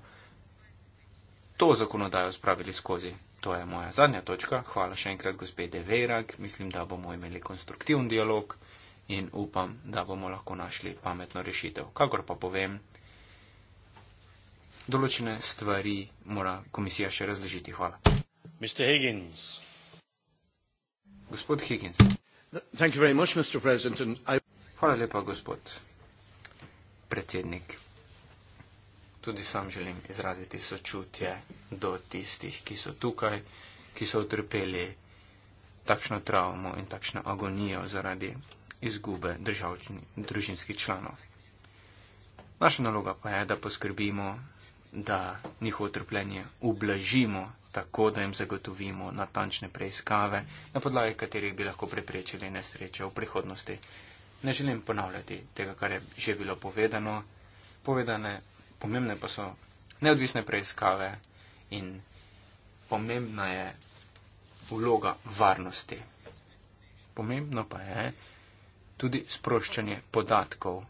[SPEAKER 4] to zakonodajo spravili skozi. To je moja zadnja točka. Hvala še enkrat, gospe Deverak. Mislim, da bomo imeli konstruktivn dialog in upam, da bomo lahko našli pametno rešitev. Kakor pa povem, določene stvari mora komisija še razložiti. Hvala. Mr. Higgins. Gospod Higgins. Hvala lepa, gospod predsednik. Tudi sam želim izraziti sočutje do tistih, ki so tukaj, ki so utrpeli takšno travmo in takšno agonijo zaradi izgube državčni, družinskih članov. Naša naloga pa je, da poskrbimo, da njihovo utrpljenje ublažimo tako, da jim zagotovimo natančne preiskave, na podlagi katerih bi lahko preprečili nesreče v prihodnosti. Ne želim ponavljati tega, kar je že bilo povedano. Povedane, pomembne pa so neodvisne preiskave in pomembna je vloga varnosti. Pomembno pa je tudi sproščanje podatkov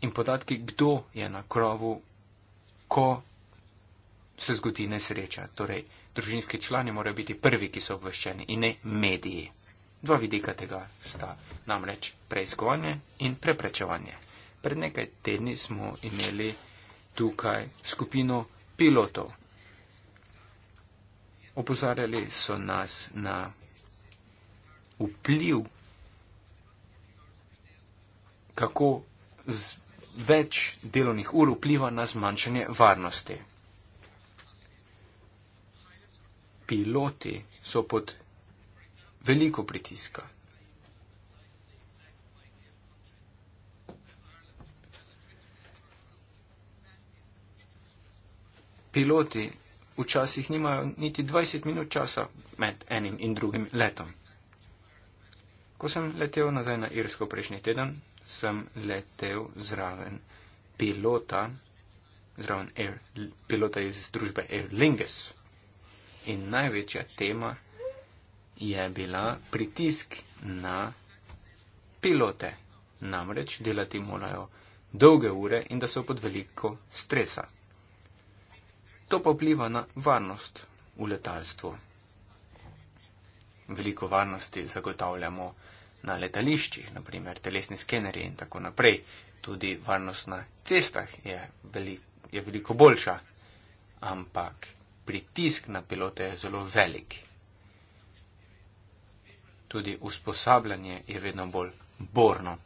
[SPEAKER 4] in podatki, kdo je na krovu, ko se zgodi nesreča. Torej, družinski člani morajo biti prvi, ki so obveščeni in ne mediji. Dva vidika tega sta namreč preiskovanje in preprečevanje. Pred nekaj tedni smo imeli tukaj skupino pilotov. Opozarjali so nas na vpliv, kako z več delovnih ur vpliva na zmanjšanje varnosti. Piloti so pod veliko pritiska. Piloti včasih nimajo niti 20 minut časa med enim in drugim letom. Ko sem letel nazaj na Irsko prejšnji teden, sem letel zraven pilota, zraven Air, pilota iz družbe Air Lingus. In največja tema je bila pritisk na pilote. Namreč delati morajo dolge ure in da so pod veliko stresa. To pa vpliva na varnost v letalstvu. Veliko varnosti zagotavljamo na letališčih, naprimer telesni skeneri in tako naprej. Tudi varnost na cestah je, veli, je veliko boljša, ampak pritisk na pilote je zelo velik tudi usposabljanje je vedno bolj borno.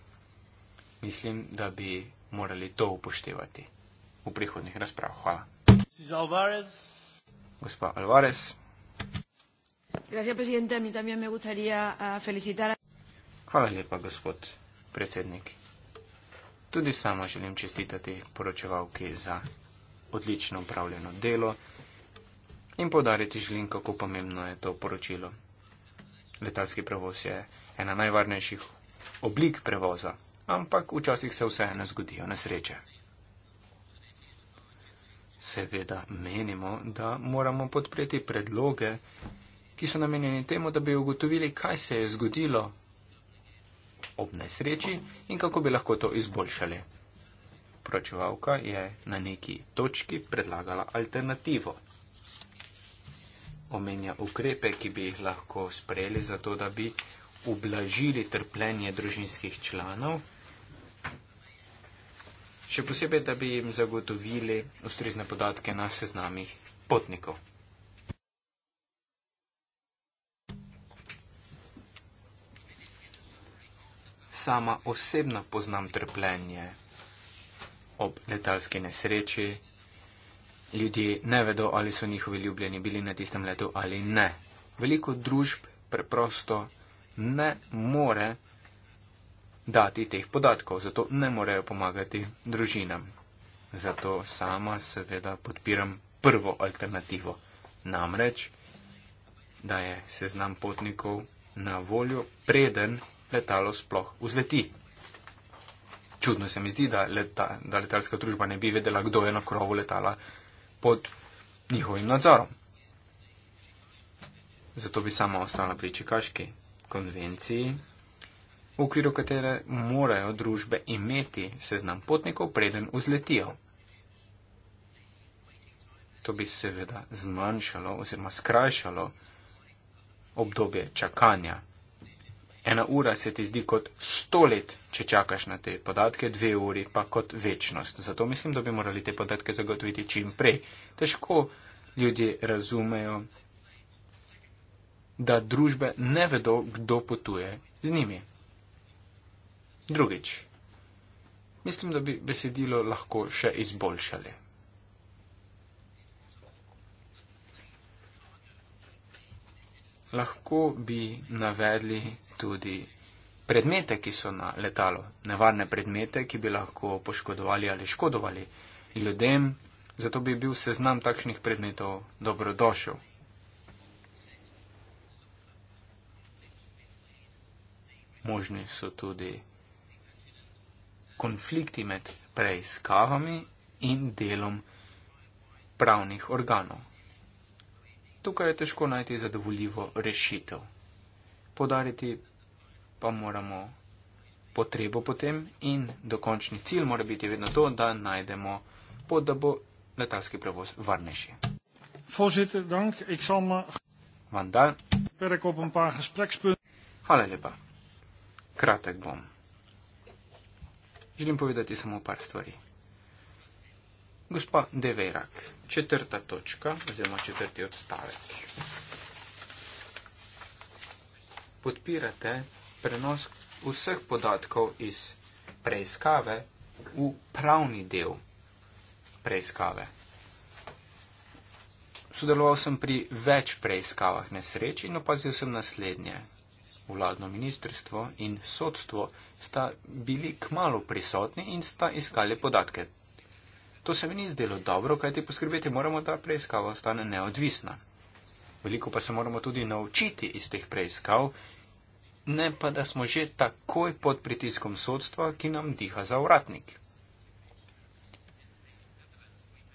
[SPEAKER 4] Mislim, da bi morali to upoštevati v prihodnih razpravah. Hvala.
[SPEAKER 2] Alvarez.
[SPEAKER 4] Gospa Alvarez. Ah, Hvala lepa, gospod predsednik. Tudi sama želim čestitati poročevalki za odlično upravljeno delo in podariti želim, kako pomembno je to poročilo letalski prevoz je ena najvarnejših oblik prevoza, ampak včasih se vseeno zgodijo nesreče. Seveda menimo, da moramo podpreti predloge, ki so namenjeni temu, da bi ugotovili, kaj se je zgodilo ob nesreči in kako bi lahko to izboljšali. Pročevalka je na neki točki predlagala alternativo omenja ukrepe, ki bi jih lahko sprejeli za to, da bi ublažili trpljenje družinskih članov, še posebej, da bi jim zagotovili ustrezne podatke na seznamih potnikov. Sama osebno poznam trpljenje ob letalski nesreči, ljudje ne vedo, ali so njihovi ljubljeni bili na tistem letu ali ne. Veliko družb preprosto ne more dati teh podatkov, zato ne morejo pomagati družinam. Zato sama seveda podpiram prvo alternativo. Namreč, da je seznam potnikov na voljo, preden letalo sploh vzleti. Čudno se mi zdi, da, leta, da letalska družba ne bi vedela, kdo je na krovu letala, pod njihovim nadzorom. Zato bi sama ostala pri Čikaški konvenciji, v okviru katere morajo družbe imeti seznam potnikov, preden vzletijo. To bi seveda zmanjšalo oziroma skrajšalo obdobje čakanja ena ura se ti zdi kot sto let, če čakaš na te podatke, dve uri pa kot večnost. Zato mislim, da bi morali te podatke zagotoviti čim prej. Težko ljudje razumejo, da družbe ne vedo, kdo potuje z njimi. Drugič. Mislim, da bi besedilo lahko še izboljšali. Lahko bi navedli tudi predmete, ki so na letalu, nevarne predmete, ki bi lahko poškodovali ali škodovali ljudem, zato bi bil seznam takšnih predmetov dobrodošel. Možni so tudi konflikti med preiskavami in delom pravnih organov. Tukaj je težko najti zadovoljivo rešitev podariti, pa moramo potrebo potem in dokončni cilj mora biti vedno to, da najdemo pot, da bo letalski prevoz varnejši. Voorzitter, dank. Ik zal me werk op een paar gesprekspunten. Hallo, lepa. Kratek bom. Želim povedati samo par stvari. Gospa Deverak, četrta točka, oziroma četrti odstavek podpirate prenos vseh podatkov iz preiskave v pravni del preiskave. Sodeloval sem pri več preiskavah nesreč in opazil sem naslednje. Vladno ministrstvo in sodstvo sta bili kmalo prisotni in sta iskali podatke. To se mi ni zdelo dobro, kajti poskrbeti moramo, da preiskava ostane neodvisna. Veliko pa se moramo tudi naučiti iz teh preiskav, ne pa da smo že takoj pod pritiskom sodstva, ki nam diha za uratnik.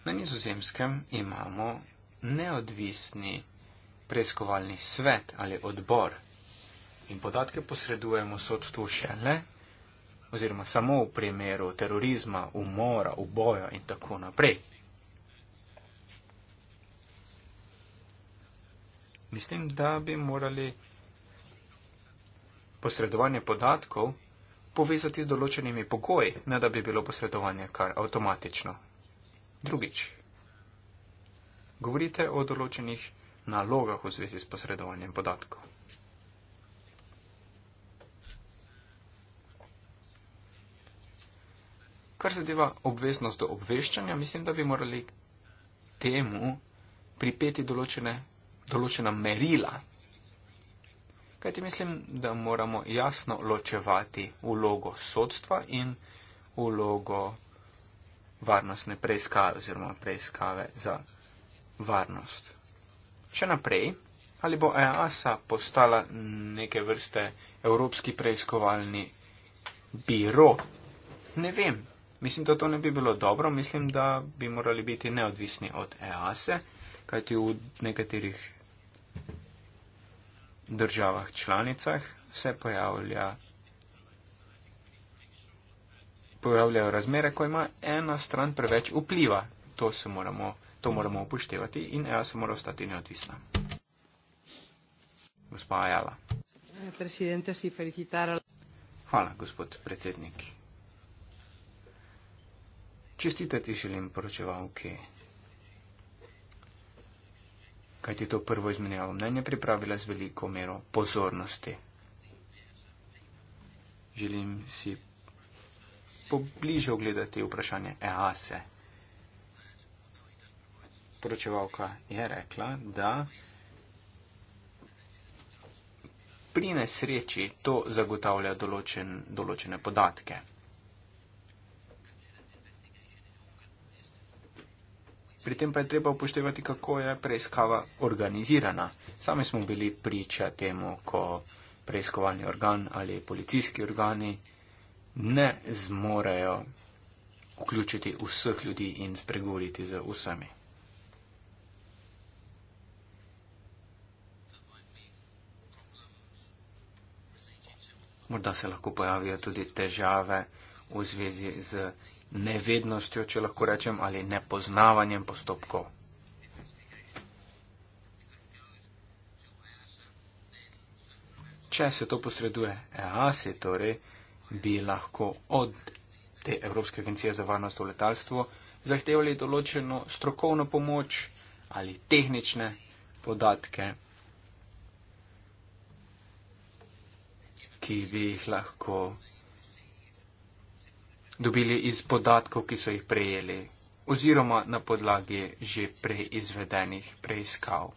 [SPEAKER 4] Na nizozemskem imamo neodvisni preiskovalni svet ali odbor in podatke posredujemo sodstvu šele oziroma samo v primeru terorizma, umora, uboja in tako naprej. Mislim, da bi morali posredovanje podatkov povezati z določenimi pogoji, ne da bi bilo posredovanje kar avtomatično. Drugič, govorite o določenih nalogah v zvezi s posredovanjem podatkov. Kar zadeva obveznost do obveščanja, mislim, da bi morali temu pripeti določene določena merila. Kajti mislim, da moramo jasno ločevati vlogo sodstva in vlogo varnostne preiskave oziroma preiskave za varnost. Če naprej, ali bo EASA postala neke vrste evropski preiskovalni biro? Ne vem. Mislim, da to ne bi bilo dobro. Mislim, da bi morali biti neodvisni od EASE, kajti v nekaterih državah članicah se pojavlja, pojavljajo razmere, ko ima ena stran preveč vpliva. To, moramo, to moramo upoštevati in EA se mora ostati neodvisna. Gospa Ajala. Hvala, gospod predsednik. Čestitati želim poročevalki. Okay kajti to prvo izmenjavo mnenje pripravila z veliko mero pozornosti. Želim si pobliže ogledati vprašanje EASE. E. Poročevalka je rekla, da pri nesreči to zagotavlja določen, določene podatke. Pri tem pa je treba upoštevati, kako je preiskava organizirana. Sami smo bili priča temu, ko preiskovalni organ ali policijski organi ne zmorejo vključiti vseh ljudi in spregovoriti z vsemi. Morda se lahko pojavijo tudi težave v zvezi z nevednostjo, če lahko rečem, ali nepoznavanjem postopkov. Če se to posreduje EASE, torej bi lahko od te Evropske agencije za varnost v letalstvu zahtevali določeno strokovno pomoč ali tehnične podatke, ki bi jih lahko dobili iz podatkov, ki so jih prejeli, oziroma na podlagi že prej izvedenih preiskav.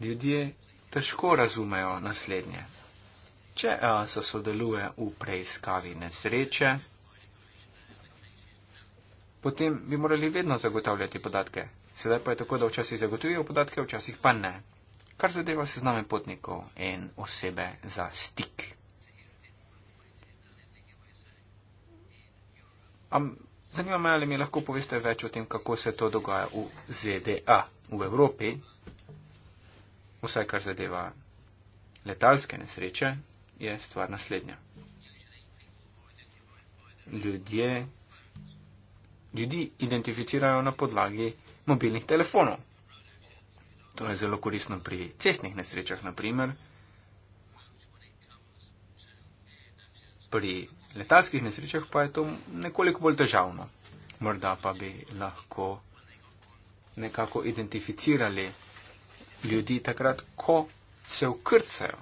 [SPEAKER 4] Ljudje težko razumejo naslednje. Če EASA sodeluje v preiskavi nesreče, potem bi morali vedno zagotavljati podatke. Sedaj pa je tako, da včasih zagotovijo podatke, včasih pa ne. Kar zadeva sezname potnikov in osebe za stik. Am, zanima me, ali mi lahko poveste več o tem, kako se to dogaja v ZDA, v Evropi, vsaj kar zadeva letalske nesreče, je stvar naslednja. Ljudje, ljudi identificirajo na podlagi mobilnih telefonov. To je zelo koristno pri cestnih nesrečah, naprimer. Pri letalskih nesrečah pa je to nekoliko bolj težavno. Morda pa bi lahko nekako identificirali ljudi takrat, ko se ukrcajo.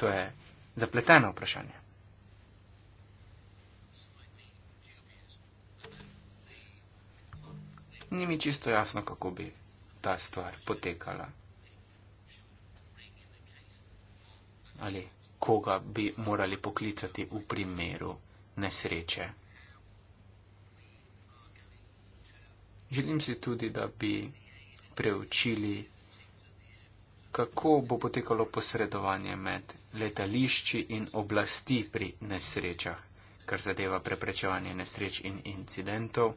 [SPEAKER 4] To je zapleteno vprašanje. Ni mi čisto jasno, kako bi ta stvar potekala. Ali koga bi morali poklicati v primeru nesreče. Želim si tudi, da bi preučili, kako bo potekalo posredovanje med letališči in oblasti pri nesrečah, kar zadeva preprečevanje nesreč in incidentov.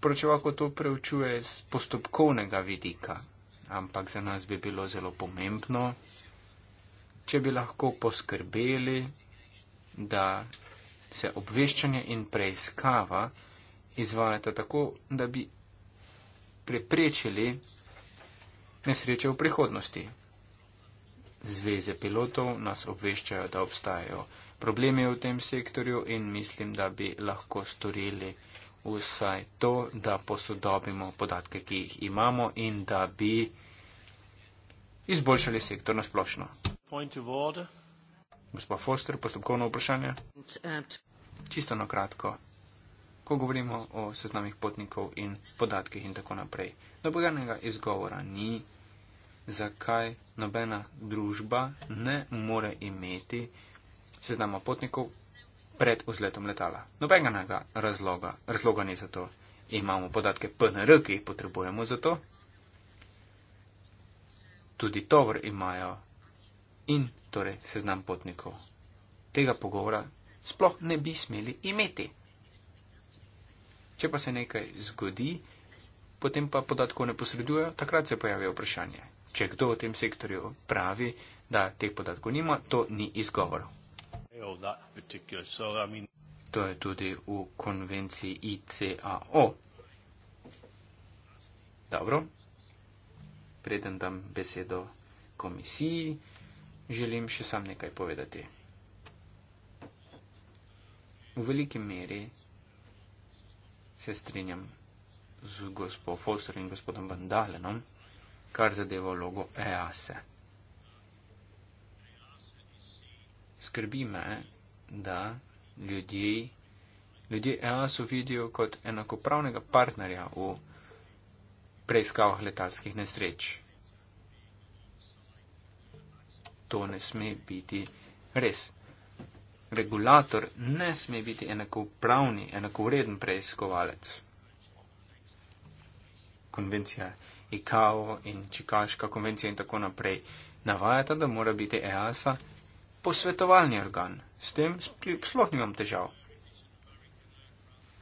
[SPEAKER 4] Proč lahko to preučuje z postopkovnega vidika, ampak za nas bi bilo zelo pomembno, če bi lahko poskrbeli, da se obveščanje in preiskava izvajata tako, da bi preprečili nesreče v prihodnosti. Zveze pilotov nas obveščajo, da obstajajo problemi v tem sektorju in mislim, da bi lahko storili vsaj to, da posodobimo podatke, ki jih imamo in da bi izboljšali sektor na splošno. Gospod Foster, postopkovno vprašanje. Čisto na kratko. Ko govorimo o seznamih potnikov in podatkih in tako naprej, dobrega izgovora ni, zakaj nobena družba ne more imeti seznama potnikov, pred vzletom letala. Nobenega razloga, razloga ni za to. Imamo podatke PNR, ki jih potrebujemo za to. Tudi tovr imajo in torej seznam potnikov. Tega pogovora sploh ne bi smeli imeti. Če pa se nekaj zgodi, potem pa podatkov ne posredujejo, takrat se pojavi vprašanje. Če kdo v tem sektorju pravi, da teh podatkov nima, to ni izgovor. To je tudi v konvenciji ICAO. Dobro. Preden dam besedo komisiji, želim še sam nekaj povedati. V veliki meri se strinjam z gospod Foster in gospodom Vandalenom, kar zadeva vlogo EASE. skrbi me, da ljudje, ljudje EASO vidijo kot enakopravnega partnerja v preiskavah letalskih nesreč. To ne sme biti res. Regulator ne sme biti enakopravni, enakovreden preiskovalec. Konvencija IKAO in Čikaška konvencija in tako naprej navajata, da mora biti EASA posvetovalni organ. S tem sploh nimam težav.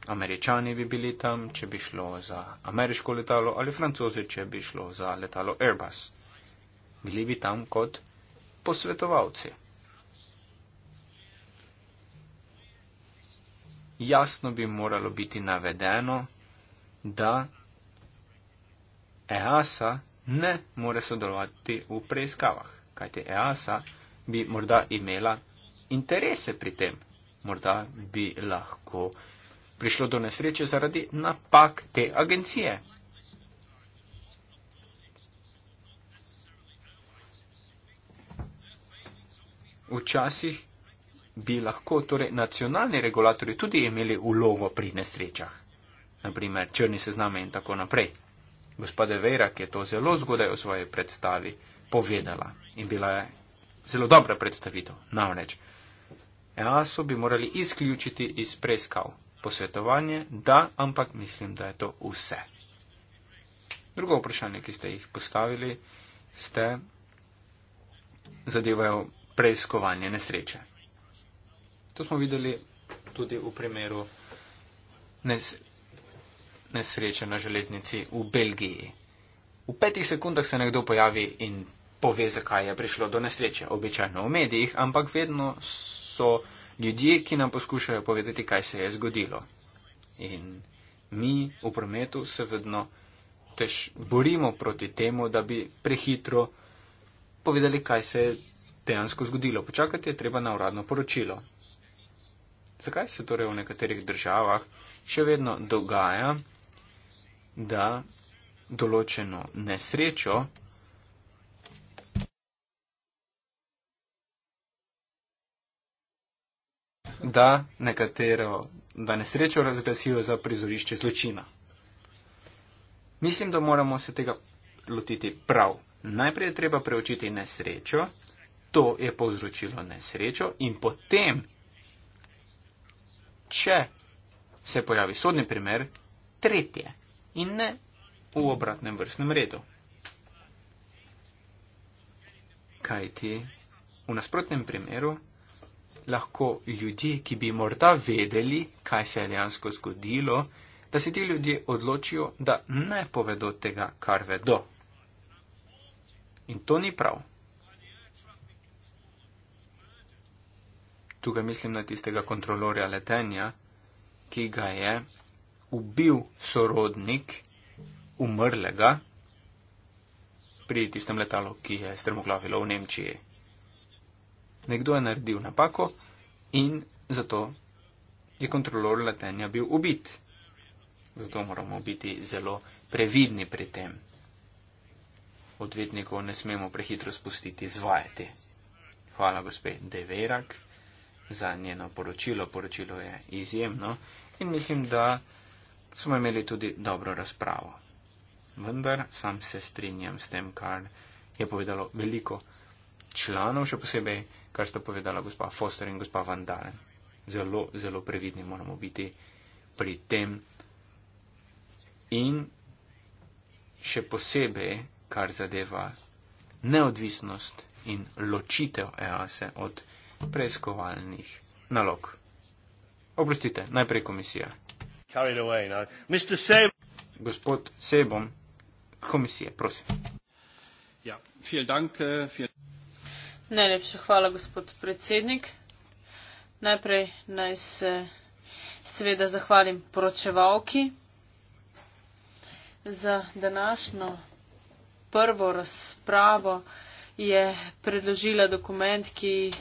[SPEAKER 4] Američani bi bili tam, če bi šlo za ameriško letalo, ali francozi, če bi šlo za letalo Airbus. Bili bi tam kot posvetovalci. Jasno bi moralo biti navedeno, da EASA ne more sodelovati v preiskavah, kajti EASA bi morda imela interese pri tem. Morda bi lahko prišlo do nesreče zaradi napak te agencije. Včasih bi lahko torej nacionalni regulatori tudi imeli ulovo pri nesrečah, naprimer črni sezname in tako naprej. Gospode Vera, ki je to zelo zgodaj v svoji predstavi povedala in bila je zelo dobra predstavitev. Namreč, EASO bi morali izključiti iz preiskav posvetovanje, da, ampak mislim, da je to vse. Drugo vprašanje, ki ste jih postavili, ste zadevajo preiskovanje nesreče. To smo videli tudi v primeru nesreče na železnici v Belgiji. V petih sekundah se nekdo pojavi in pove, zakaj je prišlo do nesreče. Običajno v medijih, ampak vedno so ljudje, ki nam poskušajo povedati, kaj se je zgodilo. In mi v prometu se vedno tež borimo proti temu, da bi prehitro povedali, kaj se je dejansko zgodilo. Počakati je treba na uradno poročilo. Zakaj se torej v nekaterih državah še vedno dogaja, da določeno nesrečo da nekatero, da nesrečo razglasijo za prizorišče zločina. Mislim, da moramo se tega lotiti prav. Najprej je treba preučiti nesrečo, to je povzročilo nesrečo in potem, če se pojavi sodni primer, tretje in ne v obratnem vrstnem redu. Kaj ti? V nasprotnem primeru lahko ljudje, ki bi morda vedeli, kaj se je dejansko zgodilo, da se ti ljudje odločijo, da ne povedo tega, kar vedo. In to ni prav. Tukaj mislim na tistega kontrolorja letenja, ki ga je ubil sorodnik umrlega pri tistem letalu, ki je strmoglavilo v Nemčiji nekdo je naredil napako in zato je kontrolor letenja bil ubit. Zato moramo biti zelo previdni pri tem. Odvetnikov ne smemo prehitro spustiti zvajati. Hvala gospe Deverak za njeno poročilo. Poročilo je izjemno in mislim, da smo imeli tudi dobro razpravo. Vendar sam se strinjam s tem, kar je povedalo veliko članov, še posebej, kar sta povedala gospa Foster in gospa Van Dalen. Zelo, zelo previdni moramo biti pri tem. In še posebej, kar zadeva neodvisnost in ločitev EASE od preiskovalnih nalog. Oprostite, najprej komisija.
[SPEAKER 2] Away, no.
[SPEAKER 4] Seb Gospod Sebom, komisije, prosim.
[SPEAKER 2] Ja, vielen dank. Uh, vielen...
[SPEAKER 1] Najlepša hvala, gospod predsednik. Najprej naj se seveda zahvalim poročevalki za današnjo prvo razpravo. Je predložila dokument, ki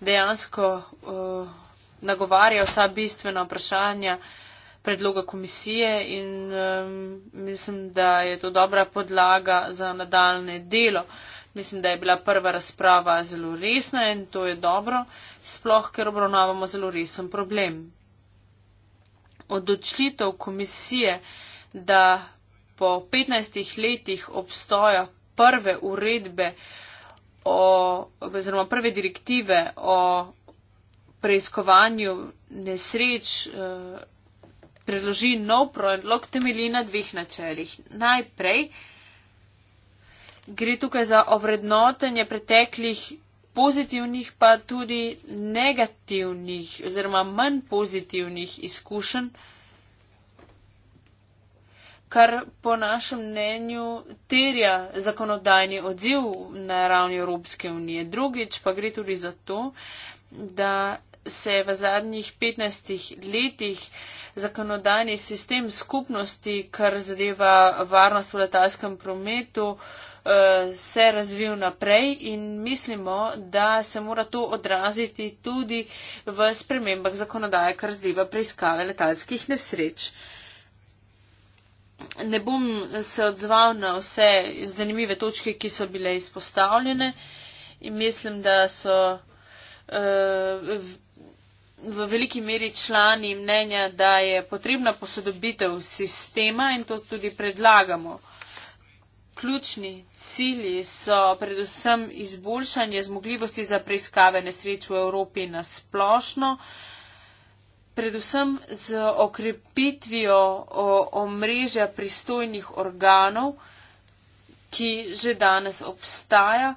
[SPEAKER 1] dejansko uh, nagovarja vsa bistvena vprašanja predloga komisije in um, mislim, da je to dobra podlaga za nadaljne delo. Uh, Mislim, da je bila prva razprava zelo resna in to je dobro, sploh ker obravnavamo zelo resen problem. Odločitev komisije, da po 15 letih obstoja prve uredbe o, oziroma prve direktive o preiskovanju nesreč, eh, predloži nov predlog temeljina dveh načelih. Najprej, gre tukaj za ovrednotenje preteklih pozitivnih, pa tudi negativnih oziroma manj pozitivnih izkušenj, kar po našem mnenju terja zakonodajni odziv na ravni Evropske unije. Drugič pa gre tudi za to, da se je v zadnjih 15 letih zakonodajni sistem skupnosti, kar zadeva varnost v letalskem prometu, uh, Eh, se razvil naprej in mislimo, da se mora to odraziti tudi v spremembah zakonodaje, kar zdiva preiskave letalskih nesreč. Ne bom se odzval na vse zanimive točke, ki so bile izpostavljene in mislim, da so eh, v veliki meri člani mnenja, da je potrebna posodobitev sistema in to tudi predlagamo ključni cilji so predvsem izboljšanje zmogljivosti za preiskave nesreč v Evropi na splošno, predvsem z okrepitvijo omrežja pristojnih organov, ki že danes obstaja,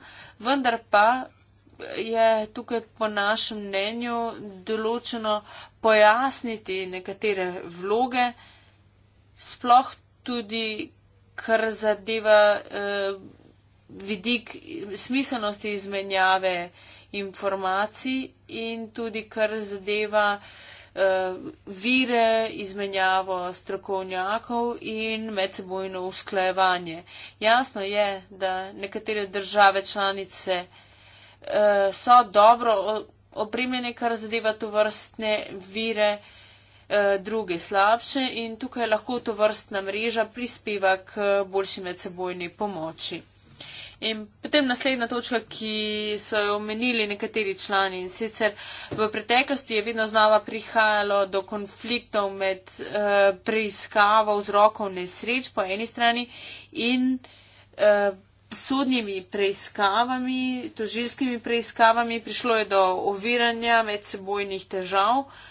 [SPEAKER 1] vendar pa je tukaj po našem mnenju določeno pojasniti nekatere vloge, sploh tudi, kar zadeva uh, vidik smiselnosti izmenjave informacij in tudi kar zadeva uh, vire, izmenjavo strokovnjakov in medsebojno usklajevanje. Jasno je, da nekatere države članice uh, so dobro opremljene, kar zadeva to vrstne vire. Uh, Eh, drugi slabše in tukaj lahko to vrstna mreža prispeva k boljši medsebojni pomoči. In potem naslednja točka, ki so jo omenili nekateri člani in sicer v preteklosti je vedno znova prihajalo do konfliktov med eh, preiskavo vzrokov nesreč po eni strani in eh, sodnimi preiskavami, tožilskimi preiskavami prišlo je do oviranja medsebojnih težav. Eh,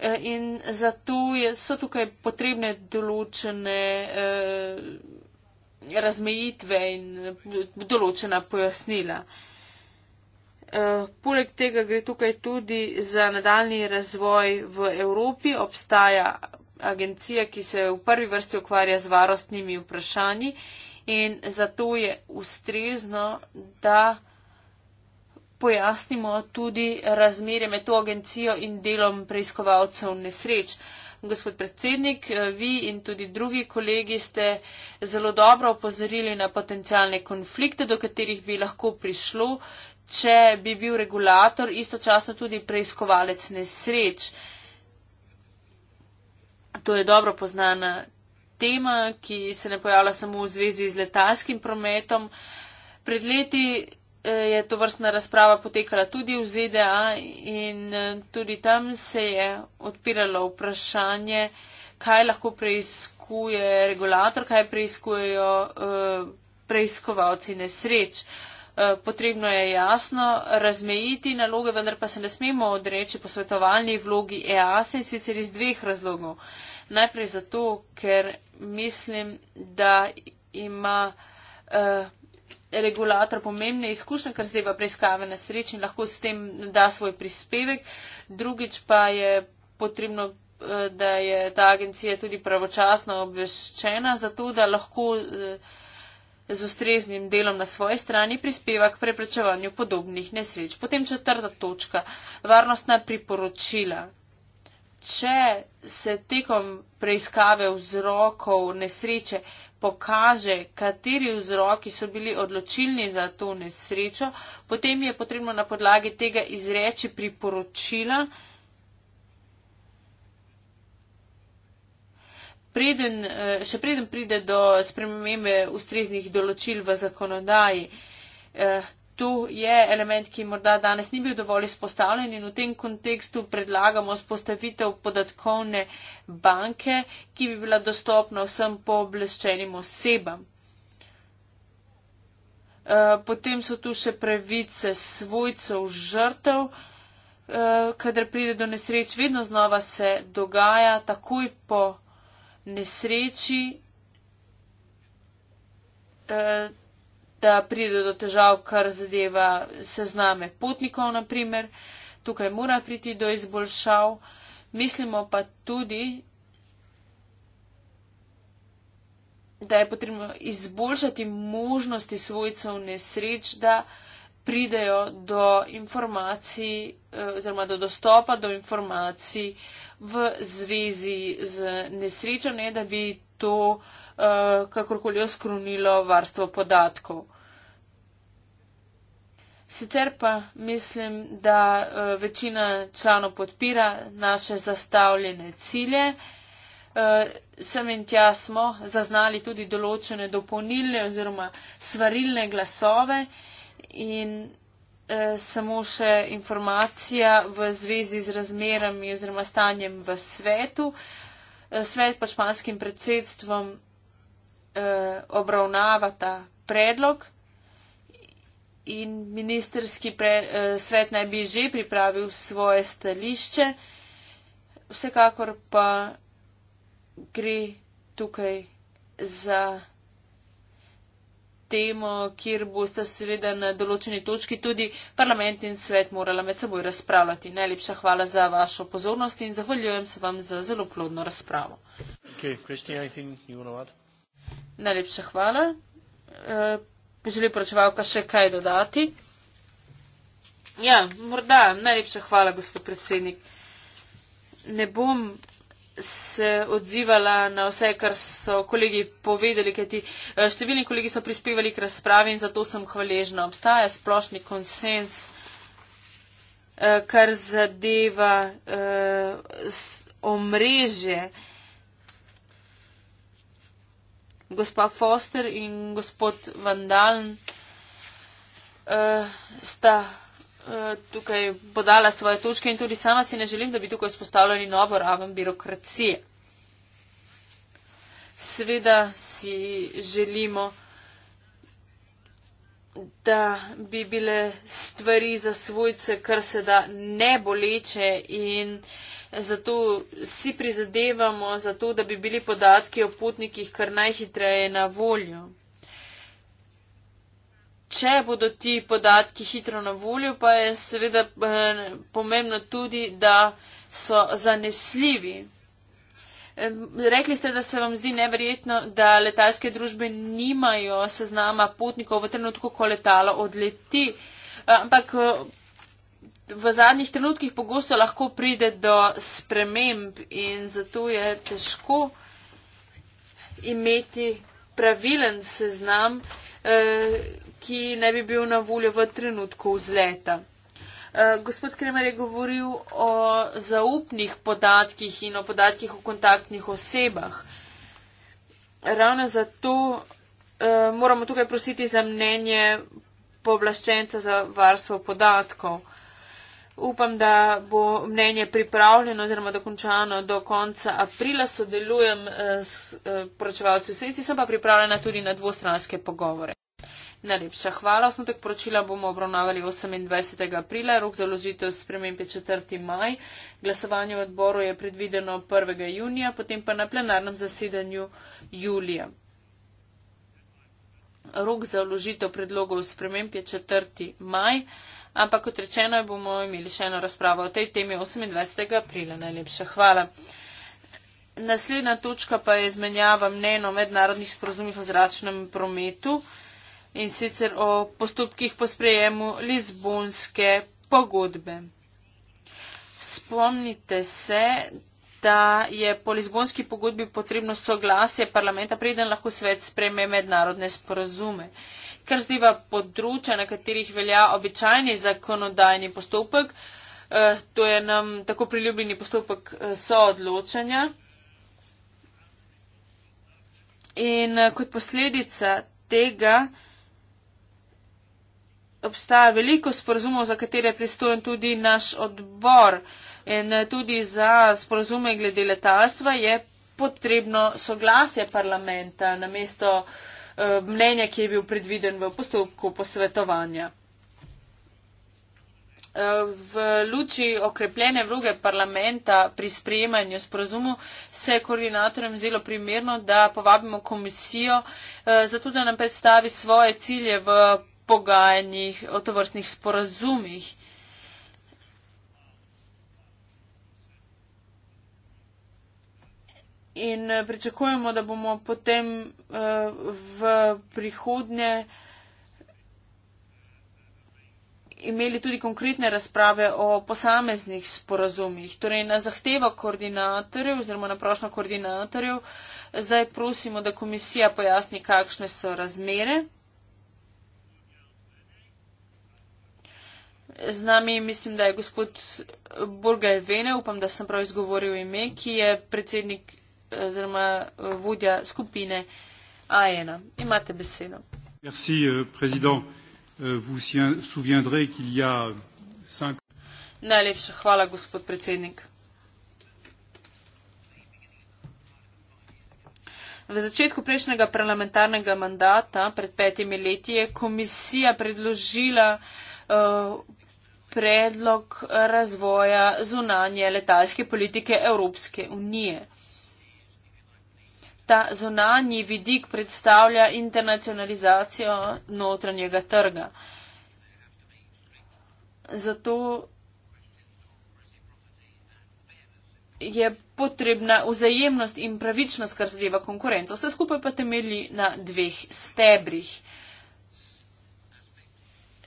[SPEAKER 1] Eh, in zato je, so tukaj potrebne določene eh, razmejitve in eh, določena pojasnila. Poleg tega gre tukaj tudi za nadaljni razvoj v Evropi. Obstaja agencija, ki se v prvi vrsti ukvarja z varostnimi vprašanji in zato je ustrezno, da pojasnimo tudi razmerje med to agencijo in delom preiskovalcev nesreč. Gospod predsednik, vi in tudi drugi kolegi ste zelo dobro opozorili na potencijalne konflikte, do katerih bi lahko prišlo, če bi bil regulator istočasno tudi preiskovalec nesreč. To je dobro poznana tema, ki se ne pojavlja samo v zvezi z letalskim prometom. Pred leti Eh, je to vrstna razprava potekala tudi v ZDA in eh, tudi tam se je odpiralo vprašanje, kaj lahko preiskuje regulator, kaj preiskujejo eh, preiskovalci nesreč. Potrebno je jasno razmejiti naloge, vendar pa se ne smemo odreči posvetovalni vlogi EAS in sicer iz dveh razlogov. Najprej zato, ker mislim, da ima. Uh, regulator pomembne izkušnje, kar zdaj v preiskave na sreč in lahko s tem da svoj prispevek. Drugič pa je potrebno, eh, da je ta agencija tudi pravočasno obveščena, zato da lahko eh, z ustreznim delom na svoji strani prispeva k preprečevanju podobnih nesreč. Potem četrta točka. Varnostna priporočila če se tekom preiskave vzrokov nesreče pokaže, kateri vzroki so bili odločilni za to nesrečo, potem je potrebno na podlagi tega izreči priporočila. Preden, eh, še preden pride do spremembe ustreznih določil v zakonodaji, eh, Tu je element, ki morda danes ni bil dovolj izpostavljen in v tem kontekstu predlagamo spostavitev podatkovne banke, ki bi bila dostopna vsem pooblaščenim osebam. Eh, potem so tu še pravice svojcev žrtev, eh, kadar pride do nesreč, vedno znova se dogaja, takoj po nesreči. Eh, da pride do težav, kar zadeva sezname potnikov, naprimer. Tukaj mora priti do izboljšav. Mislimo pa tudi, da je potrebno izboljšati možnosti svojcev nesreč, da pridejo do informacij eh, oziroma do dostopa do informacij v zvezi z nesrečo, ne da bi to uh, Eh, kakorkoli oskrunilo varstvo podatkov. Sicer pa mislim, da eh, večina članov podpira naše zastavljene cilje. Eh, sem in tja smo zaznali tudi določene dopolnilne oziroma svarilne glasove in samo še informacija v zvezi z razmerami oziroma stanjem v svetu. Svet pa španskim predsedstvom eh, obravnavata predlog in ministerski pre, eh, svet naj bi že pripravil svoje stališče. Vsekakor pa gre tukaj za temo, kjer boste seveda na določeni točki tudi parlament in svet morala med seboj razpravljati. Najlepša hvala za vašo pozornost in zahvaljujem se vam za zelo plodno razpravo. Okay, Christine, Najlepša hvala. Uh, želi poročevalka še kaj dodati? Ja, morda. Najlepša hvala, gospod predsednik. Ne bom se odzivala na vse, kar so kolegi povedali, kaj ti e, številni kolegi so prispevali k razpravi in zato sem hvaležna. Obstaja splošni konsens, e, kar zadeva omrežje. Uh, gospa Foster in gospod Vandalen uh, eh, sta eh, tukaj podala svoje točke in tudi sama si ne želim, da bi tukaj spostavljali novo raven birokracije. Sveda si želimo, da bi bile stvari za svojce kar se da neboleče in uh, zato si prizadevamo, zato, da bi bili podatki o potnikih kar najhitreje na voljo. Če bodo ti podatki hitro na voljo, pa je seveda eh, pomembno tudi, da so zanesljivi. Eh, rekli ste, da se vam zdi neverjetno, da letalske družbe nimajo seznama potnikov v trenutku, ko letalo odleti. Eh, ampak v zadnjih trenutkih pogosto lahko pride do sprememb in zato je težko imeti pravilen seznam, eh, ki ne bi bil na voljo v trenutku vzleta. Eh, gospod Kremer je govoril o zaupnih podatkih in o podatkih o kontaktnih osebah. Ravno zato eh, moramo tukaj prositi za mnenje pooblaščenca za varstvo podatkov upam, da bo mnenje pripravljeno oziroma dokončano do konca aprila. Sodelujem eh, s eh, poročevalci v senci, sem pa pripravljena tudi na dvostranske pogovore. Najlepša hvala. Osnotek poročila bomo obravnavali 28. aprila. Rok za ložitev spremembe 4. maj. Glasovanje v odboru je predvideno 1. junija, potem pa na plenarnem zasedanju julija. Rok za ložitev predlogov spremembe 4. maj ampak kot rečeno, bomo imeli še eno razpravo o tej temi 28. aprila. Najlepša hvala. Naslednja točka pa je izmenjava mnen o mednarodnih sporozumih o zračnem prometu in sicer o postopkih po sprejemu Lizbonske pogodbe. Spomnite se, da je po Lizbonski pogodbi potrebno soglasje parlamenta, preden lahko svet spreme mednarodne sporozume kar zdiva področja, na katerih velja običajni zakonodajni postopek, eh, to je nam tako priljubljeni postopek eh, soodločanja. In eh, kot posledica tega obstaja veliko sporozumov, za katere je pristojen tudi naš odbor. In tudi za sporozume glede letalstva je potrebno soglasje parlamenta na mesto. Eh, mnenja, ki je bil predviden v postopku posvetovanja. Eh, v luči okrepljene vloge parlamenta pri sprejemanju sporozumu se je koordinatorjem zelo primerno, da povabimo komisijo, eh, zato da nam predstavi svoje cilje v pogajanjih o tovrstnih sporozumih. in eh, pričakujemo, da bomo potem eh, v prihodnje imeli tudi konkretne razprave o posameznih sporazumih. Torej na zahtevo koordinatorjev oziroma na prošno koordinatorjev zdaj prosimo, da komisija pojasni, kakšne so razmere. Z nami mislim, da je gospod Burgel Vene, upam, da sem prav izgovoril ime, ki je predsednik oziroma eh, vodja skupine A1. Imate besedo.
[SPEAKER 3] Merci, eh, eh, cinq...
[SPEAKER 1] Najlepša hvala, gospod predsednik. V začetku prejšnjega parlamentarnega mandata, pred petimi leti, je komisija predložila predlog razvoja zunanje letalske politike Evropske unije ta zunanji vidik predstavlja internacionalizacijo notranjega trga. Zato je potrebna vzajemnost in pravičnost, kar zadeva konkurenco. Vse skupaj pa temelji na dveh stebrih.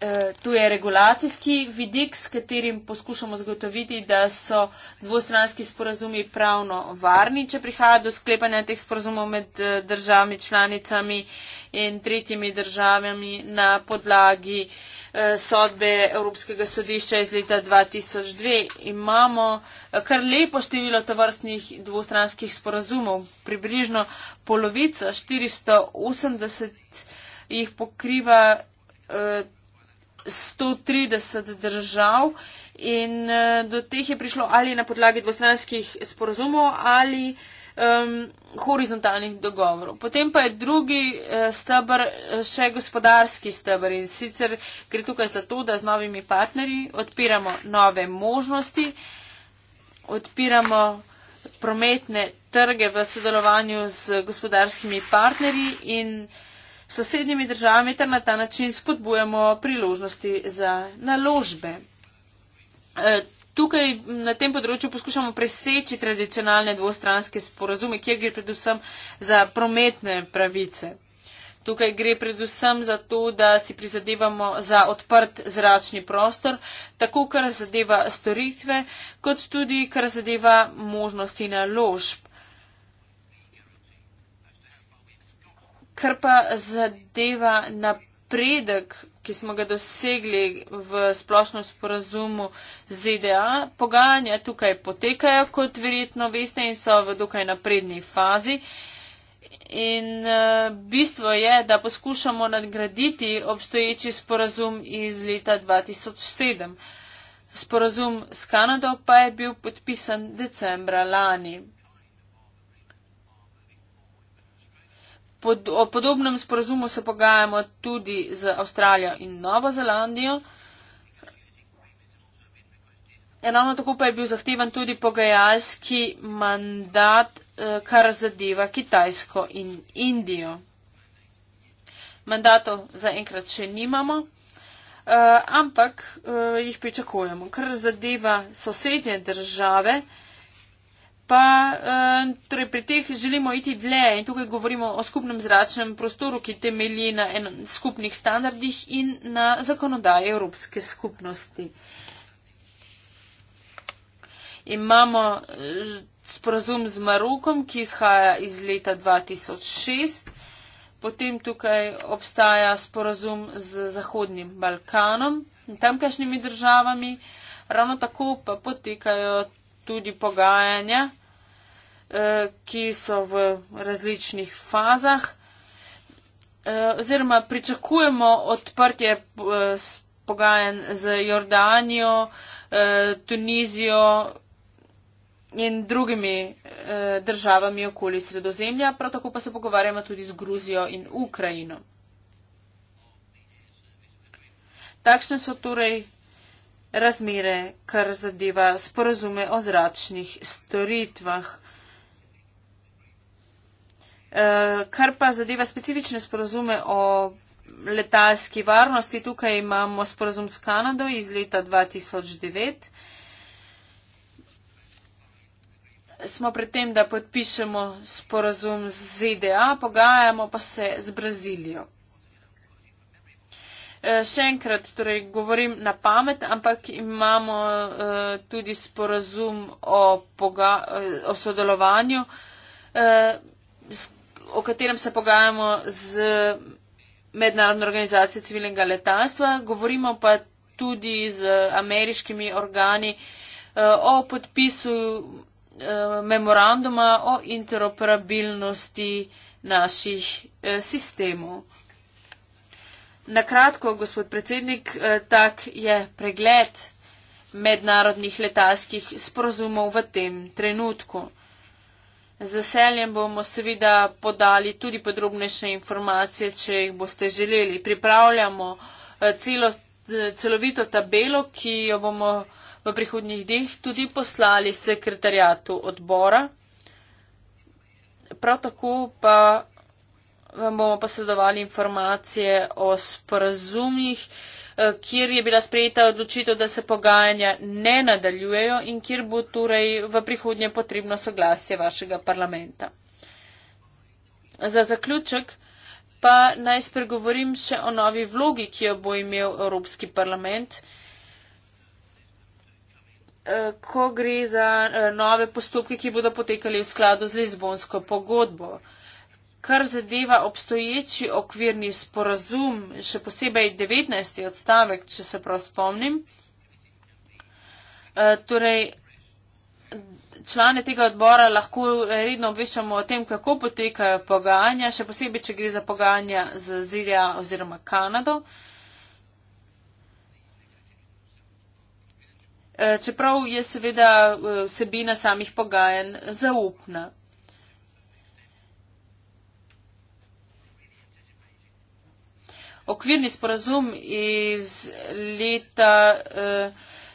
[SPEAKER 1] Eh, tu je regulacijski vidik, s katerim poskušamo zagotoviti, da so dvostranski sporazumi pravno varni, če prihaja do sklepanja teh sporazumov med eh, državami članicami in tretjimi državami na podlagi eh, sodbe Evropskega sodišča iz leta 2002. Imamo kar lepo število tovrstnih dvostranskih sporazumov, približno polovica, 480 jih pokriva. 130 držav in eh, do teh je prišlo ali na podlagi dvostranskih sporozumov ali um, horizontalnih dogovorov. Potem pa je drugi eh, stebr eh, še gospodarski stebr in sicer gre tukaj za to, da z novimi partnerji odpiramo nove možnosti, odpiramo prometne trge v sodelovanju z gospodarskimi partnerji in s sosednjimi državami ter na ta način spodbujamo priložnosti za naložbe. E, tukaj na tem področju poskušamo preseči tradicionalne dvostranske sporazume, kjer gre predvsem za prometne pravice. Tukaj gre predvsem za to, da si prizadevamo za odprt zračni prostor, tako kar zadeva storitve, kot tudi kar zadeva možnosti naložb. Kar pa zadeva napredek, ki smo ga dosegli v splošnem sporazumu ZDA, pogajanja tukaj potekajo, kot verjetno veste, in so v dokaj napredni fazi. In eh, bistvo je, da poskušamo nadgraditi obstoječi sporazum iz leta 2007. Sporazum s Kanado pa je bil podpisan decembra lani. Pod, o podobnem sporazumu se pogajamo tudi z Avstralijo in Novo Zelandijo. Ravno tako pa je bil zahteven tudi pogajalski mandat, eh, kar zadeva Kitajsko in Indijo. Mandatov zaenkrat še nimamo, eh, ampak eh, jih pričakujemo. Kar zadeva sosednje države, pa uh, torej pri teh želimo iti dlje in tukaj govorimo o skupnem zračnem prostoru, ki temelji na en, skupnih standardih in na zakonodaji Evropske skupnosti. Imamo eh, sporazum z Marokom, ki izhaja iz leta 2006. Potem tukaj obstaja sporazum z Zahodnim Balkanom in tamkajšnjimi državami. Ravno tako pa potekajo tudi pogajanja ki so v različnih fazah, e, oziroma pričakujemo odprtje e, pogajanj z Jordanijo, e, Tunizijo in drugimi državami okoli sredozemlja, prav tako pa se pogovarjamo tudi z Gruzijo in Ukrajino. Takšne so torej razmere, kar zadeva sporazume o zračnih storitvah. Eh, kar pa zadeva specifične sporozume o letalski varnosti, tukaj imamo sporozum s Kanado iz leta 2009. Smo pred tem, da podpišemo sporozum z ZDA, pogajamo pa se z Brazilijo. Eh, še enkrat, torej govorim na pamet, ampak imamo uh, tudi sporozum o, poga, uh, o sodelovanju uh, s o katerem se pogajamo z mednarodno organizacijo civilnega letalstva, govorimo pa tudi z ameriškimi organi eh, o podpisu eh, memoranduma o interoperabilnosti naših eh, sistemov. Na kratko, gospod predsednik, tak je pregled mednarodnih letalskih sporozumov v tem trenutku. Z veseljem bomo seveda podali tudi podrobnejše informacije, če jih boste želeli. Pripravljamo eh, celo, eh, celovito tabelo, ki jo bomo v prihodnjih dneh tudi poslali sekretarjatu odbora. Prav tako pa vam eh, bomo posredovali informacije o sporazumih, Eh, kjer je bila sprejeta odločitev, da se pogajanja ne nadaljujejo in kjer bo torej v prihodnje potrebno soglasje vašega parlamenta. Za zaključek pa naj spregovorim še o novi vlogi, ki jo bo imel Evropski parlament, eh, ko gre za eh, nove postopke, ki bodo potekali v skladu z Lizbonsko pogodbo kar zadeva obstoječi okvirni sporazum, še posebej 19. odstavek, če se prav spomnim. Eh, torej, člane tega odbora lahko redno obveščamo o tem, kako potekajo pogajanja, še posebej, če gre za pogajanja z ZDA oziroma Kanado. Eh, čeprav je seveda eh, vsebina samih pogajanj zaupna. okvirni sporazum iz leta eh,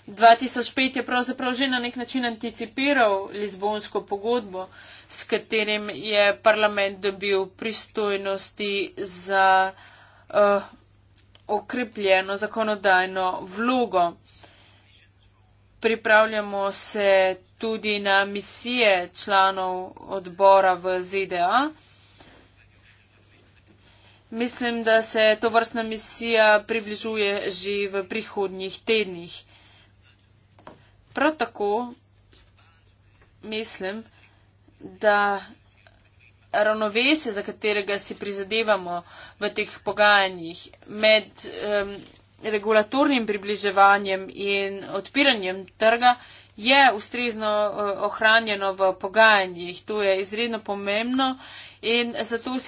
[SPEAKER 1] 2005 je pravzaprav že na nek način anticipiral Lizbonsko pogodbo, s katerim je parlament dobil pristojnosti za eh, okrepljeno zakonodajno vlogo. Pripravljamo se tudi na misije članov odbora v ZDA. Mislim, da se to vrstna misija približuje že v prihodnjih tednih. Prav tako mislim, da ravnovesje, za katerega si prizadevamo v teh pogajanjih med um, regulatornim približevanjem in odpiranjem trga, je ustrezno eh, ohranjeno v pogajanjih. To je izredno pomembno in zato se.